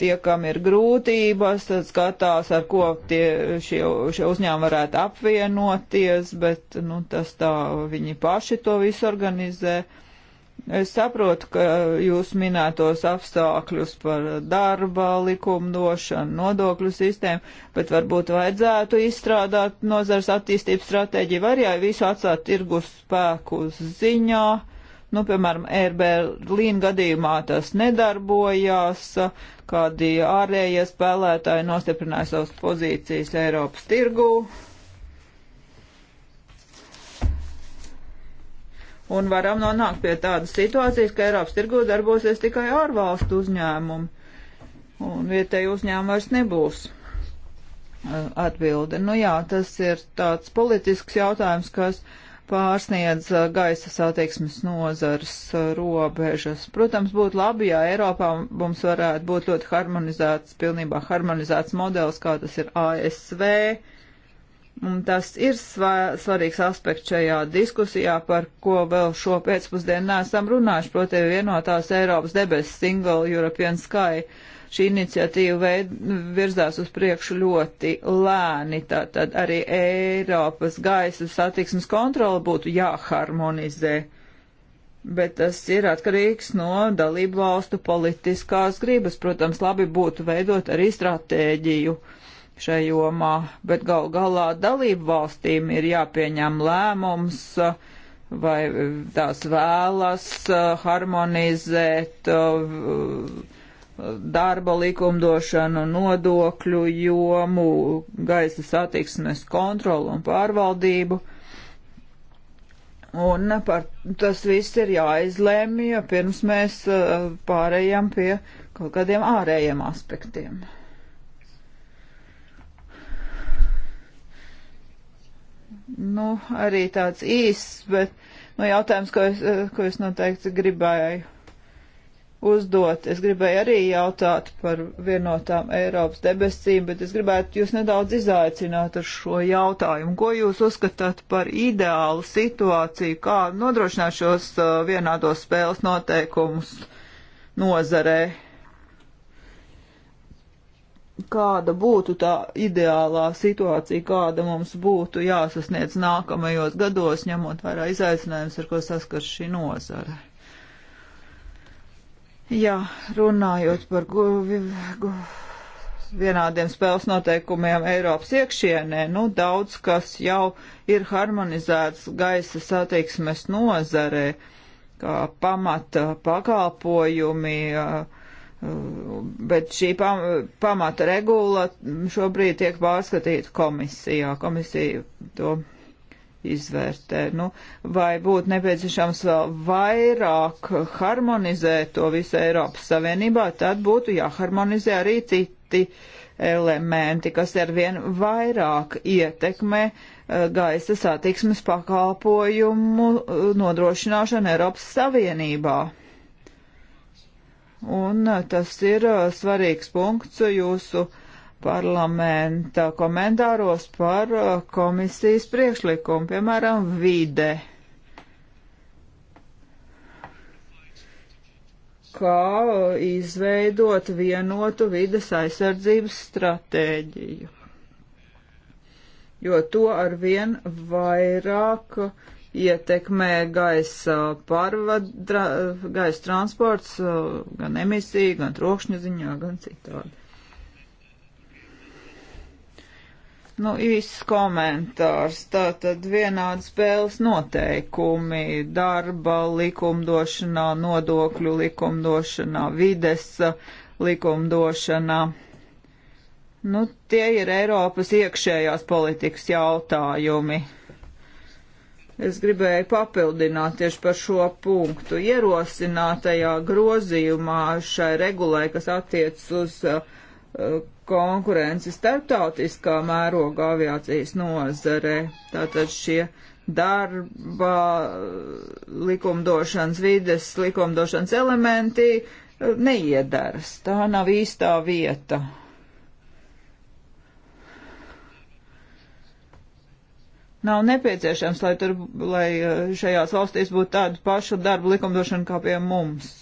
tie, kam ir grūtības, tad skatās, ar ko tie, šie, šie uzņēmumi varētu apvienoties, bet nu, tas tā viņi paši to visu organizē. Es saprotu, ka jūs minētos apstākļus par darba likumdošanu, nodokļu sistēmu, bet varbūt vajadzētu izstrādāt nozars attīstības stratēģiju, var jau visu atstāt tirgus spēku ziņā Nu, piemēram, Erberlīna gadījumā tas nedarbojās, kādi ārējie spēlētāji nostiprināja savas pozīcijas Eiropas tirgū. Un varam nonākt pie tādas situācijas, ka Eiropas tirgū darbosies tikai ārvalstu uzņēmumi, un vietēji uzņēmumi vairs nebūs uh, atbilde. Nu jā, tas ir tāds politisks jautājums, kas pārsniedz uh, gaisa satiksmes nozares uh, robežas. Protams, būtu labi, ja Eiropā mums varētu būt ļoti harmonizēts, pilnībā harmonizēts modelis, kā tas ir ASV. Un tas ir svarīgs aspekts šajā diskusijā, par ko vēl šo pēcpusdienu neesam runājuši, proti vienotās Eiropas debesis Single European Sky. Uh, šī iniciatīva veid, virzās uz priekšu ļoti lēni. Tātad arī Eiropas gaisa satiksmes kontrola būtu jāharmonizē. Bet tas ir atkarīgs no dalību valstu politiskās gribas. Protams, labi būtu veidot arī stratēģiju šajā jomā, bet gal galā dalību valstīm ir jāpieņem lēmums, vai tās vēlas eh, harmonizēt eh, darba likumdošanu, nodokļu jomu, gaisa satiksmes kontrolu un pārvaldību. Un par tas viss ir jāizlēmj, ja pirms mēs uh, pārējām pie kaut kādiem ārējiem aspektiem. Nu, arī tāds īsts, bet nu, jautājums, ko es, uh, ko es noteikti gribēju uzdot. Es gribēju arī jautāt par vienotām Eiropas debesīm, bet es gribētu jūs nedaudz izaicināt ar šo jautājumu. Ko jūs uzskatāt par ideālu situāciju, kā nodrošināt šos uh, vienādos spēles noteikumus nozarē? Kāda būtu tā ideālā situācija, kāda mums būtu jāsasniedz nākamajos gados, ņemot vērā izaicinājumus, ar ko saskars šī nozara? Jā, runājot par vienādiem spēles noteikumiem Eiropas iekšienē, nu daudz kas jau ir harmonizēts gaisa satiksmes nozarē, kā pamata pakalpojumi, bet šī pamata regula šobrīd tiek pārskatīta komisijā. Komisija to izvērtē. Nu, vai būtu nepieciešams vēl vairāk harmonizēt to visu Eiropas Savienībā, tad būtu jāharmonizē arī citi elementi, kas ar vien vairāk ietekmē eh, gaisa satiksmes pakalpojumu eh, nodrošināšanu Eiropas Savienībā. Un eh, tas ir svarīgs punkts jūsu uh, parlamenta komentāros par uh, komisijas priekšlikumu, piemēram, vide. Kā uh, izveidot vienotu vides aizsardzības stratēģiju. Jo to arvien vairāk ietekmē gaisa pārvadra, gaisa transports, uh, gan emisija, gan trokšņa ziņā, gan citādi. Nu, īsts komentārs. Tātad vienādi spēles noteikumi darba likumdošanā, nodokļu likumdošanā, vides uh, likumdošanā. Nu, tie ir Eiropas iekšējās politikas jautājumi. Es gribēju papildināt tieši par šo punktu. Ierosinātajā grozījumā šai regulai, kas attiec uz uh, konkurenci starptautiskā mēroga aviācijas nozare. Tātad šie darba eh, likumdošanas, vides likumdošanas elementi eh, neiedaras. Tā nav īstā vieta. Nav nepieciešams, lai, tur, lai eh, šajās valstīs būtu tāda paša darba likumdošana kā pie mums.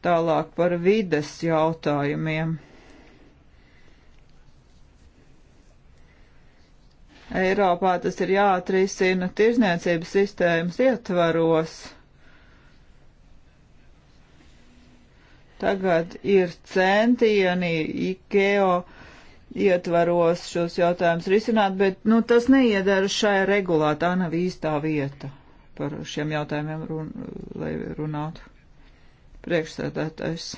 Tālāk par vides jautājumiem. Eiropā tas ir jāatrisina tirzniecības sistēmas ietvaros. Tagad ir centieni IKEO ietvaros šos jautājumus risināt, bet nu, tas neiedara šai regulā, tā nav īstā vieta par šiem jautājumiem run, lai runātu priekšsēdētājs.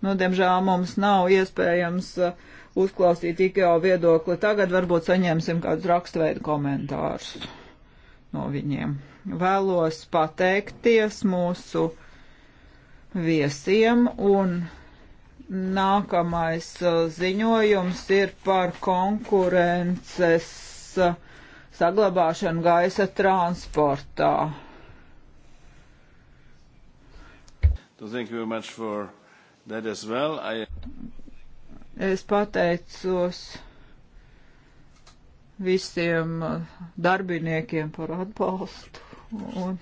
Nu, diemžēl mums nav iespējams uh, uzklausīt IKO viedokli. Tagad varbūt saņemsim kādus rakstveidu komentārus no viņiem. Vēlos pateikties mūsu viesiem un nākamais uh, ziņojums ir par konkurences uh, saglabāšanu gaisa transportā. So thank you very much for that as well. I... Es pateicos visiem uh, darbiniekiem par atbalstu un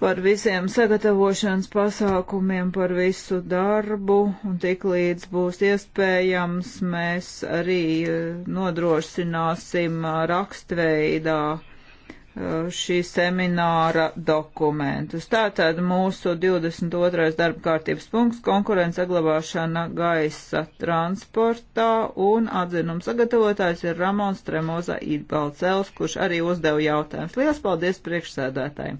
par visiem sagatavošanas pasākumiem, par visu darbu, un tik līdz būs iespējams, mēs arī uh, nodrošināsim uh, rakstveidā Uh, šī semināra dokumentus. Tātad mūsu 22. darba kārtības punkts - konkurence saglabāšana gaisa transportā un atzinums sagatavotājs ir Ramons Tremoza Idbalcels, kurš arī uzdeva jautājumus. Lielas paldies priekšsēdētājiem!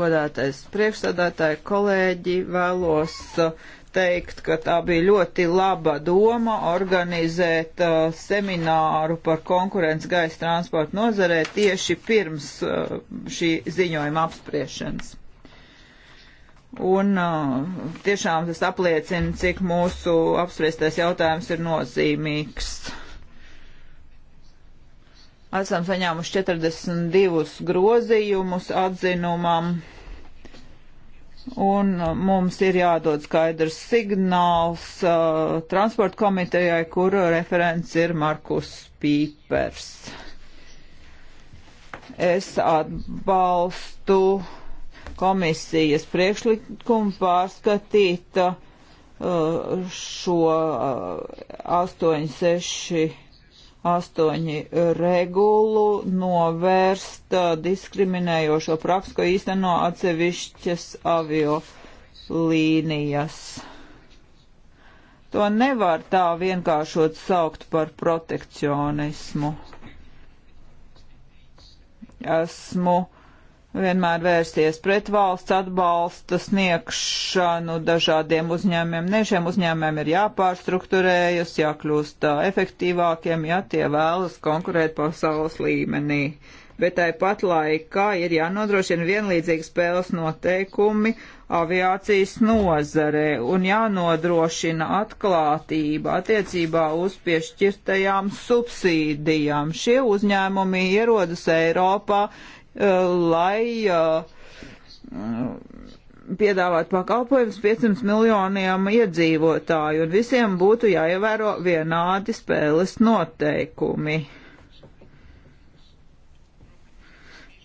Godātais priekšsēdētāji, kolēģi, vēlos uh, teikt, ka tā bija ļoti laba doma organizēt uh, semināru par konkurences gaisa transporta nozarē tieši pirms uh, šī ziņojuma apspriešanas. Un uh, tiešām tas apliecina, cik mūsu apspriestais jautājums ir nozīmīgs. Esam saņēmuši 42 grozījumus atzinumam. Un uh, mums ir jādod skaidrs signāls uh, transporta komitejai, kur referents ir Markus Pīpers. Es atbalstu komisijas priekšlikumu pārskatīt uh, šo uh, 86 astoņi regulu novērst uh, diskriminējošo praksu, ko īsteno atsevišķas avio līnijas. To nevar tā vienkāršot saukt par protekcionismu. Esmu uh, vienmēr vērsties pret valsts atbalsta sniegšanu dažādiem uzņēmumiem. Ne šiem uzņēmumiem ir jāpārstruktūrējas, jākļūst efektīvākiem, ja tie vēlas konkurēt pasaules līmenī. Bet tāpat laikā ir jānodrošina vienlīdzīgi spēles noteikumi aviācijas nozarē un jānodrošina atklātība attiecībā uz piešķirtajām subsīdijām. Šie uzņēmumi ierodas Eiropā, lai piedāvāt pakalpojumus 500 miljoniem iedzīvotāju, un visiem būtu jāievēro vienādi spēles noteikumi.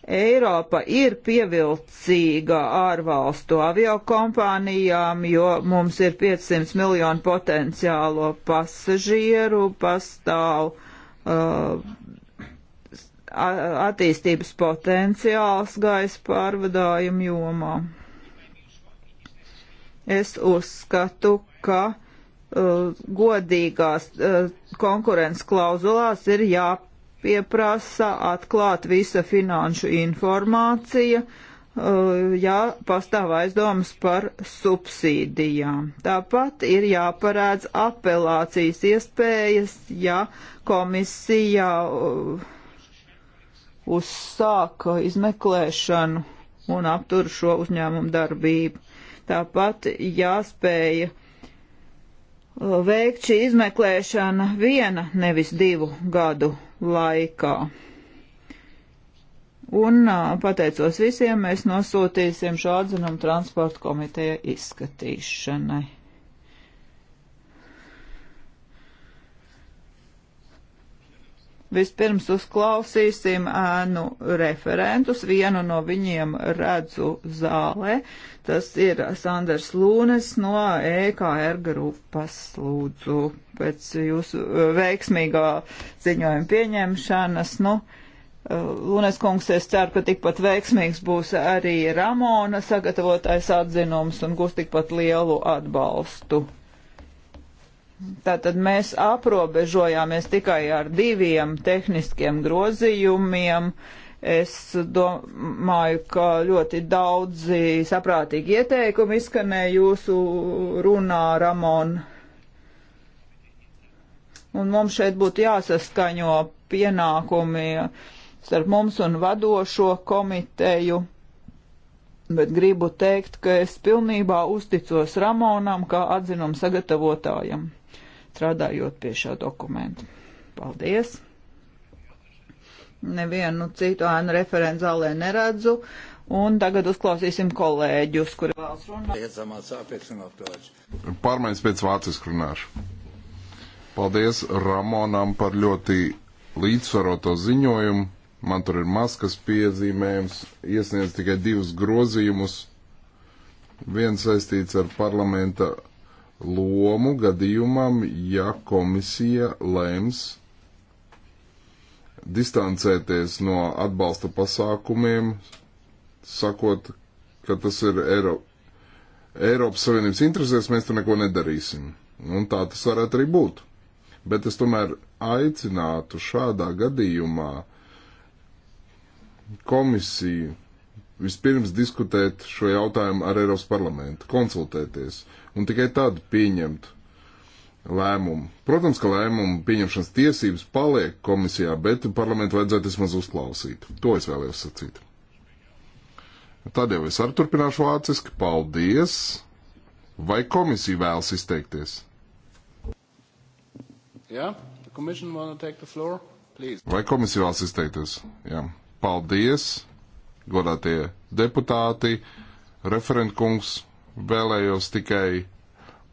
Eiropa ir pievilcīga ārvalstu aviokompānijām, jo mums ir 500 miljonu potenciālo pasažieru, pastāv uh, attīstības potenciāls gaisa pārvadājuma jomā. Es uzskatu, ka uh, godīgās uh, konkurences klauzulās ir jāpieprasa atklāt visa finanšu informācija, uh, ja pastāv aizdomas par subsīdijām. Tāpat ir jāparēdz apelācijas iespējas, ja komisija uh, uzsāka izmeklēšanu un aptur šo uzņēmumu darbību. Tāpat jāspēja uh, veikt šī izmeklēšana viena, nevis divu gadu laikā. Un uh, pateicos visiem, mēs nosūtīsim šo atzinumu transporta komiteja izskatīšanai. Vispirms uzklausīsim ēnu referentus. Vienu no viņiem redzu zālē. Tas ir Sanders Lūnes no EKR grupas. Lūdzu, pēc jūsu eh, veiksmīgā ziņojuma pieņemšanas. Nu, eh, Lunes kungs, es ceru, ka tikpat veiksmīgs būs arī Ramona sagatavotais atzinums un gūs tikpat lielu atbalstu. Tātad mēs aprobežojāmies tikai ar diviem tehniskiem grozījumiem. Es domāju, ka ļoti daudzi saprātīgi ieteikumi izskanēja jūsu runā, Ramon. Un mums šeit būtu jāsaskaņo pienākumi starp mums un vadošo komiteju bet gribu teikt, ka es pilnībā uzticos Ramonam kā atzinumu sagatavotājam strādājot pie šā dokumenta. Paldies! Nevienu citu ēnu referents zālē neredzu. Un tagad uzklausīsim kolēģus, kuri vēlas runāt. Pārmaiņas pēc vācisku runāšu. Paldies Ramonam par ļoti līdzsvaroto ziņojumu. Man tur ir maskas piezīmējums, iesniedz tikai divus grozījumus. Viens saistīts ar parlamenta lomu gadījumam, ja komisija lems distancēties no atbalsta pasākumiem, sakot, ka tas ir Eiro, Eiropas Savienības interesēs, mēs tur neko nedarīsim. Un tā tas varētu arī būt. Bet es tomēr aicinātu šādā gadījumā komisiju vispirms diskutēt šo jautājumu ar Eiropas parlamentu, konsultēties. Uh, un tikai tad pieņemt lēmumu. Protams, ka lēmumu pieņemšanas tiesības paliek komisijā, bet parlamentu vajadzētu vismaz uzklausīt. To es vēlējos sacīt. Tad jau es arī turpināšu vāciski. Paldies! Vai komisija vēlas izteikties? Yeah, floor, Vai komisija vēlas izteikties? Jā. Paldies, godātie deputāti, referentkungs Vēlējos tikai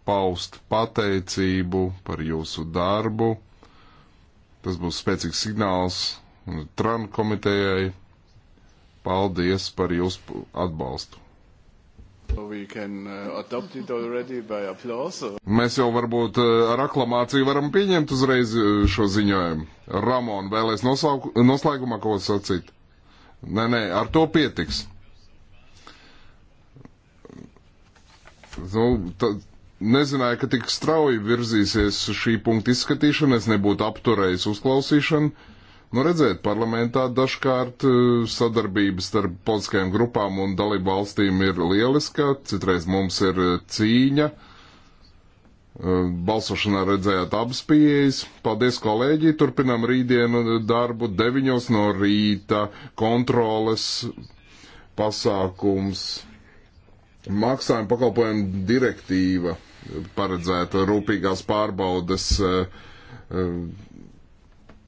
paust pateicību par jūsu darbu. Tas būs spēcīgs signāls TRAN komitejai. Paldies par jūsu atbalstu. So uh, applause, or... Mēs jau varbūt uh, ar aklamāciju varam pieņemt uzreiz uh, šo ziņojumu. Ramon, vēlēs noslēgumā ko sacīt? Nē, nē, ar to pietiks. Nu, nezināju, ka tik strauji virzīsies šī punkta izskatīšana, es nebūtu apturējis uzklausīšanu. Nu, redzēt, parlamentā dažkārt eh, sadarbības starp politiskajām grupām un dalību valstīm ir lieliska, citreiz mums ir eh, cīņa. Eh, balsošanā redzējāt abas pieejas. Paldies, kolēģi! Turpinām rītdienu darbu 9 no rīta kontroles pasākums maksājuma pakalpojumu direktīva paredzēta rūpīgās pārbaudes eh, eh,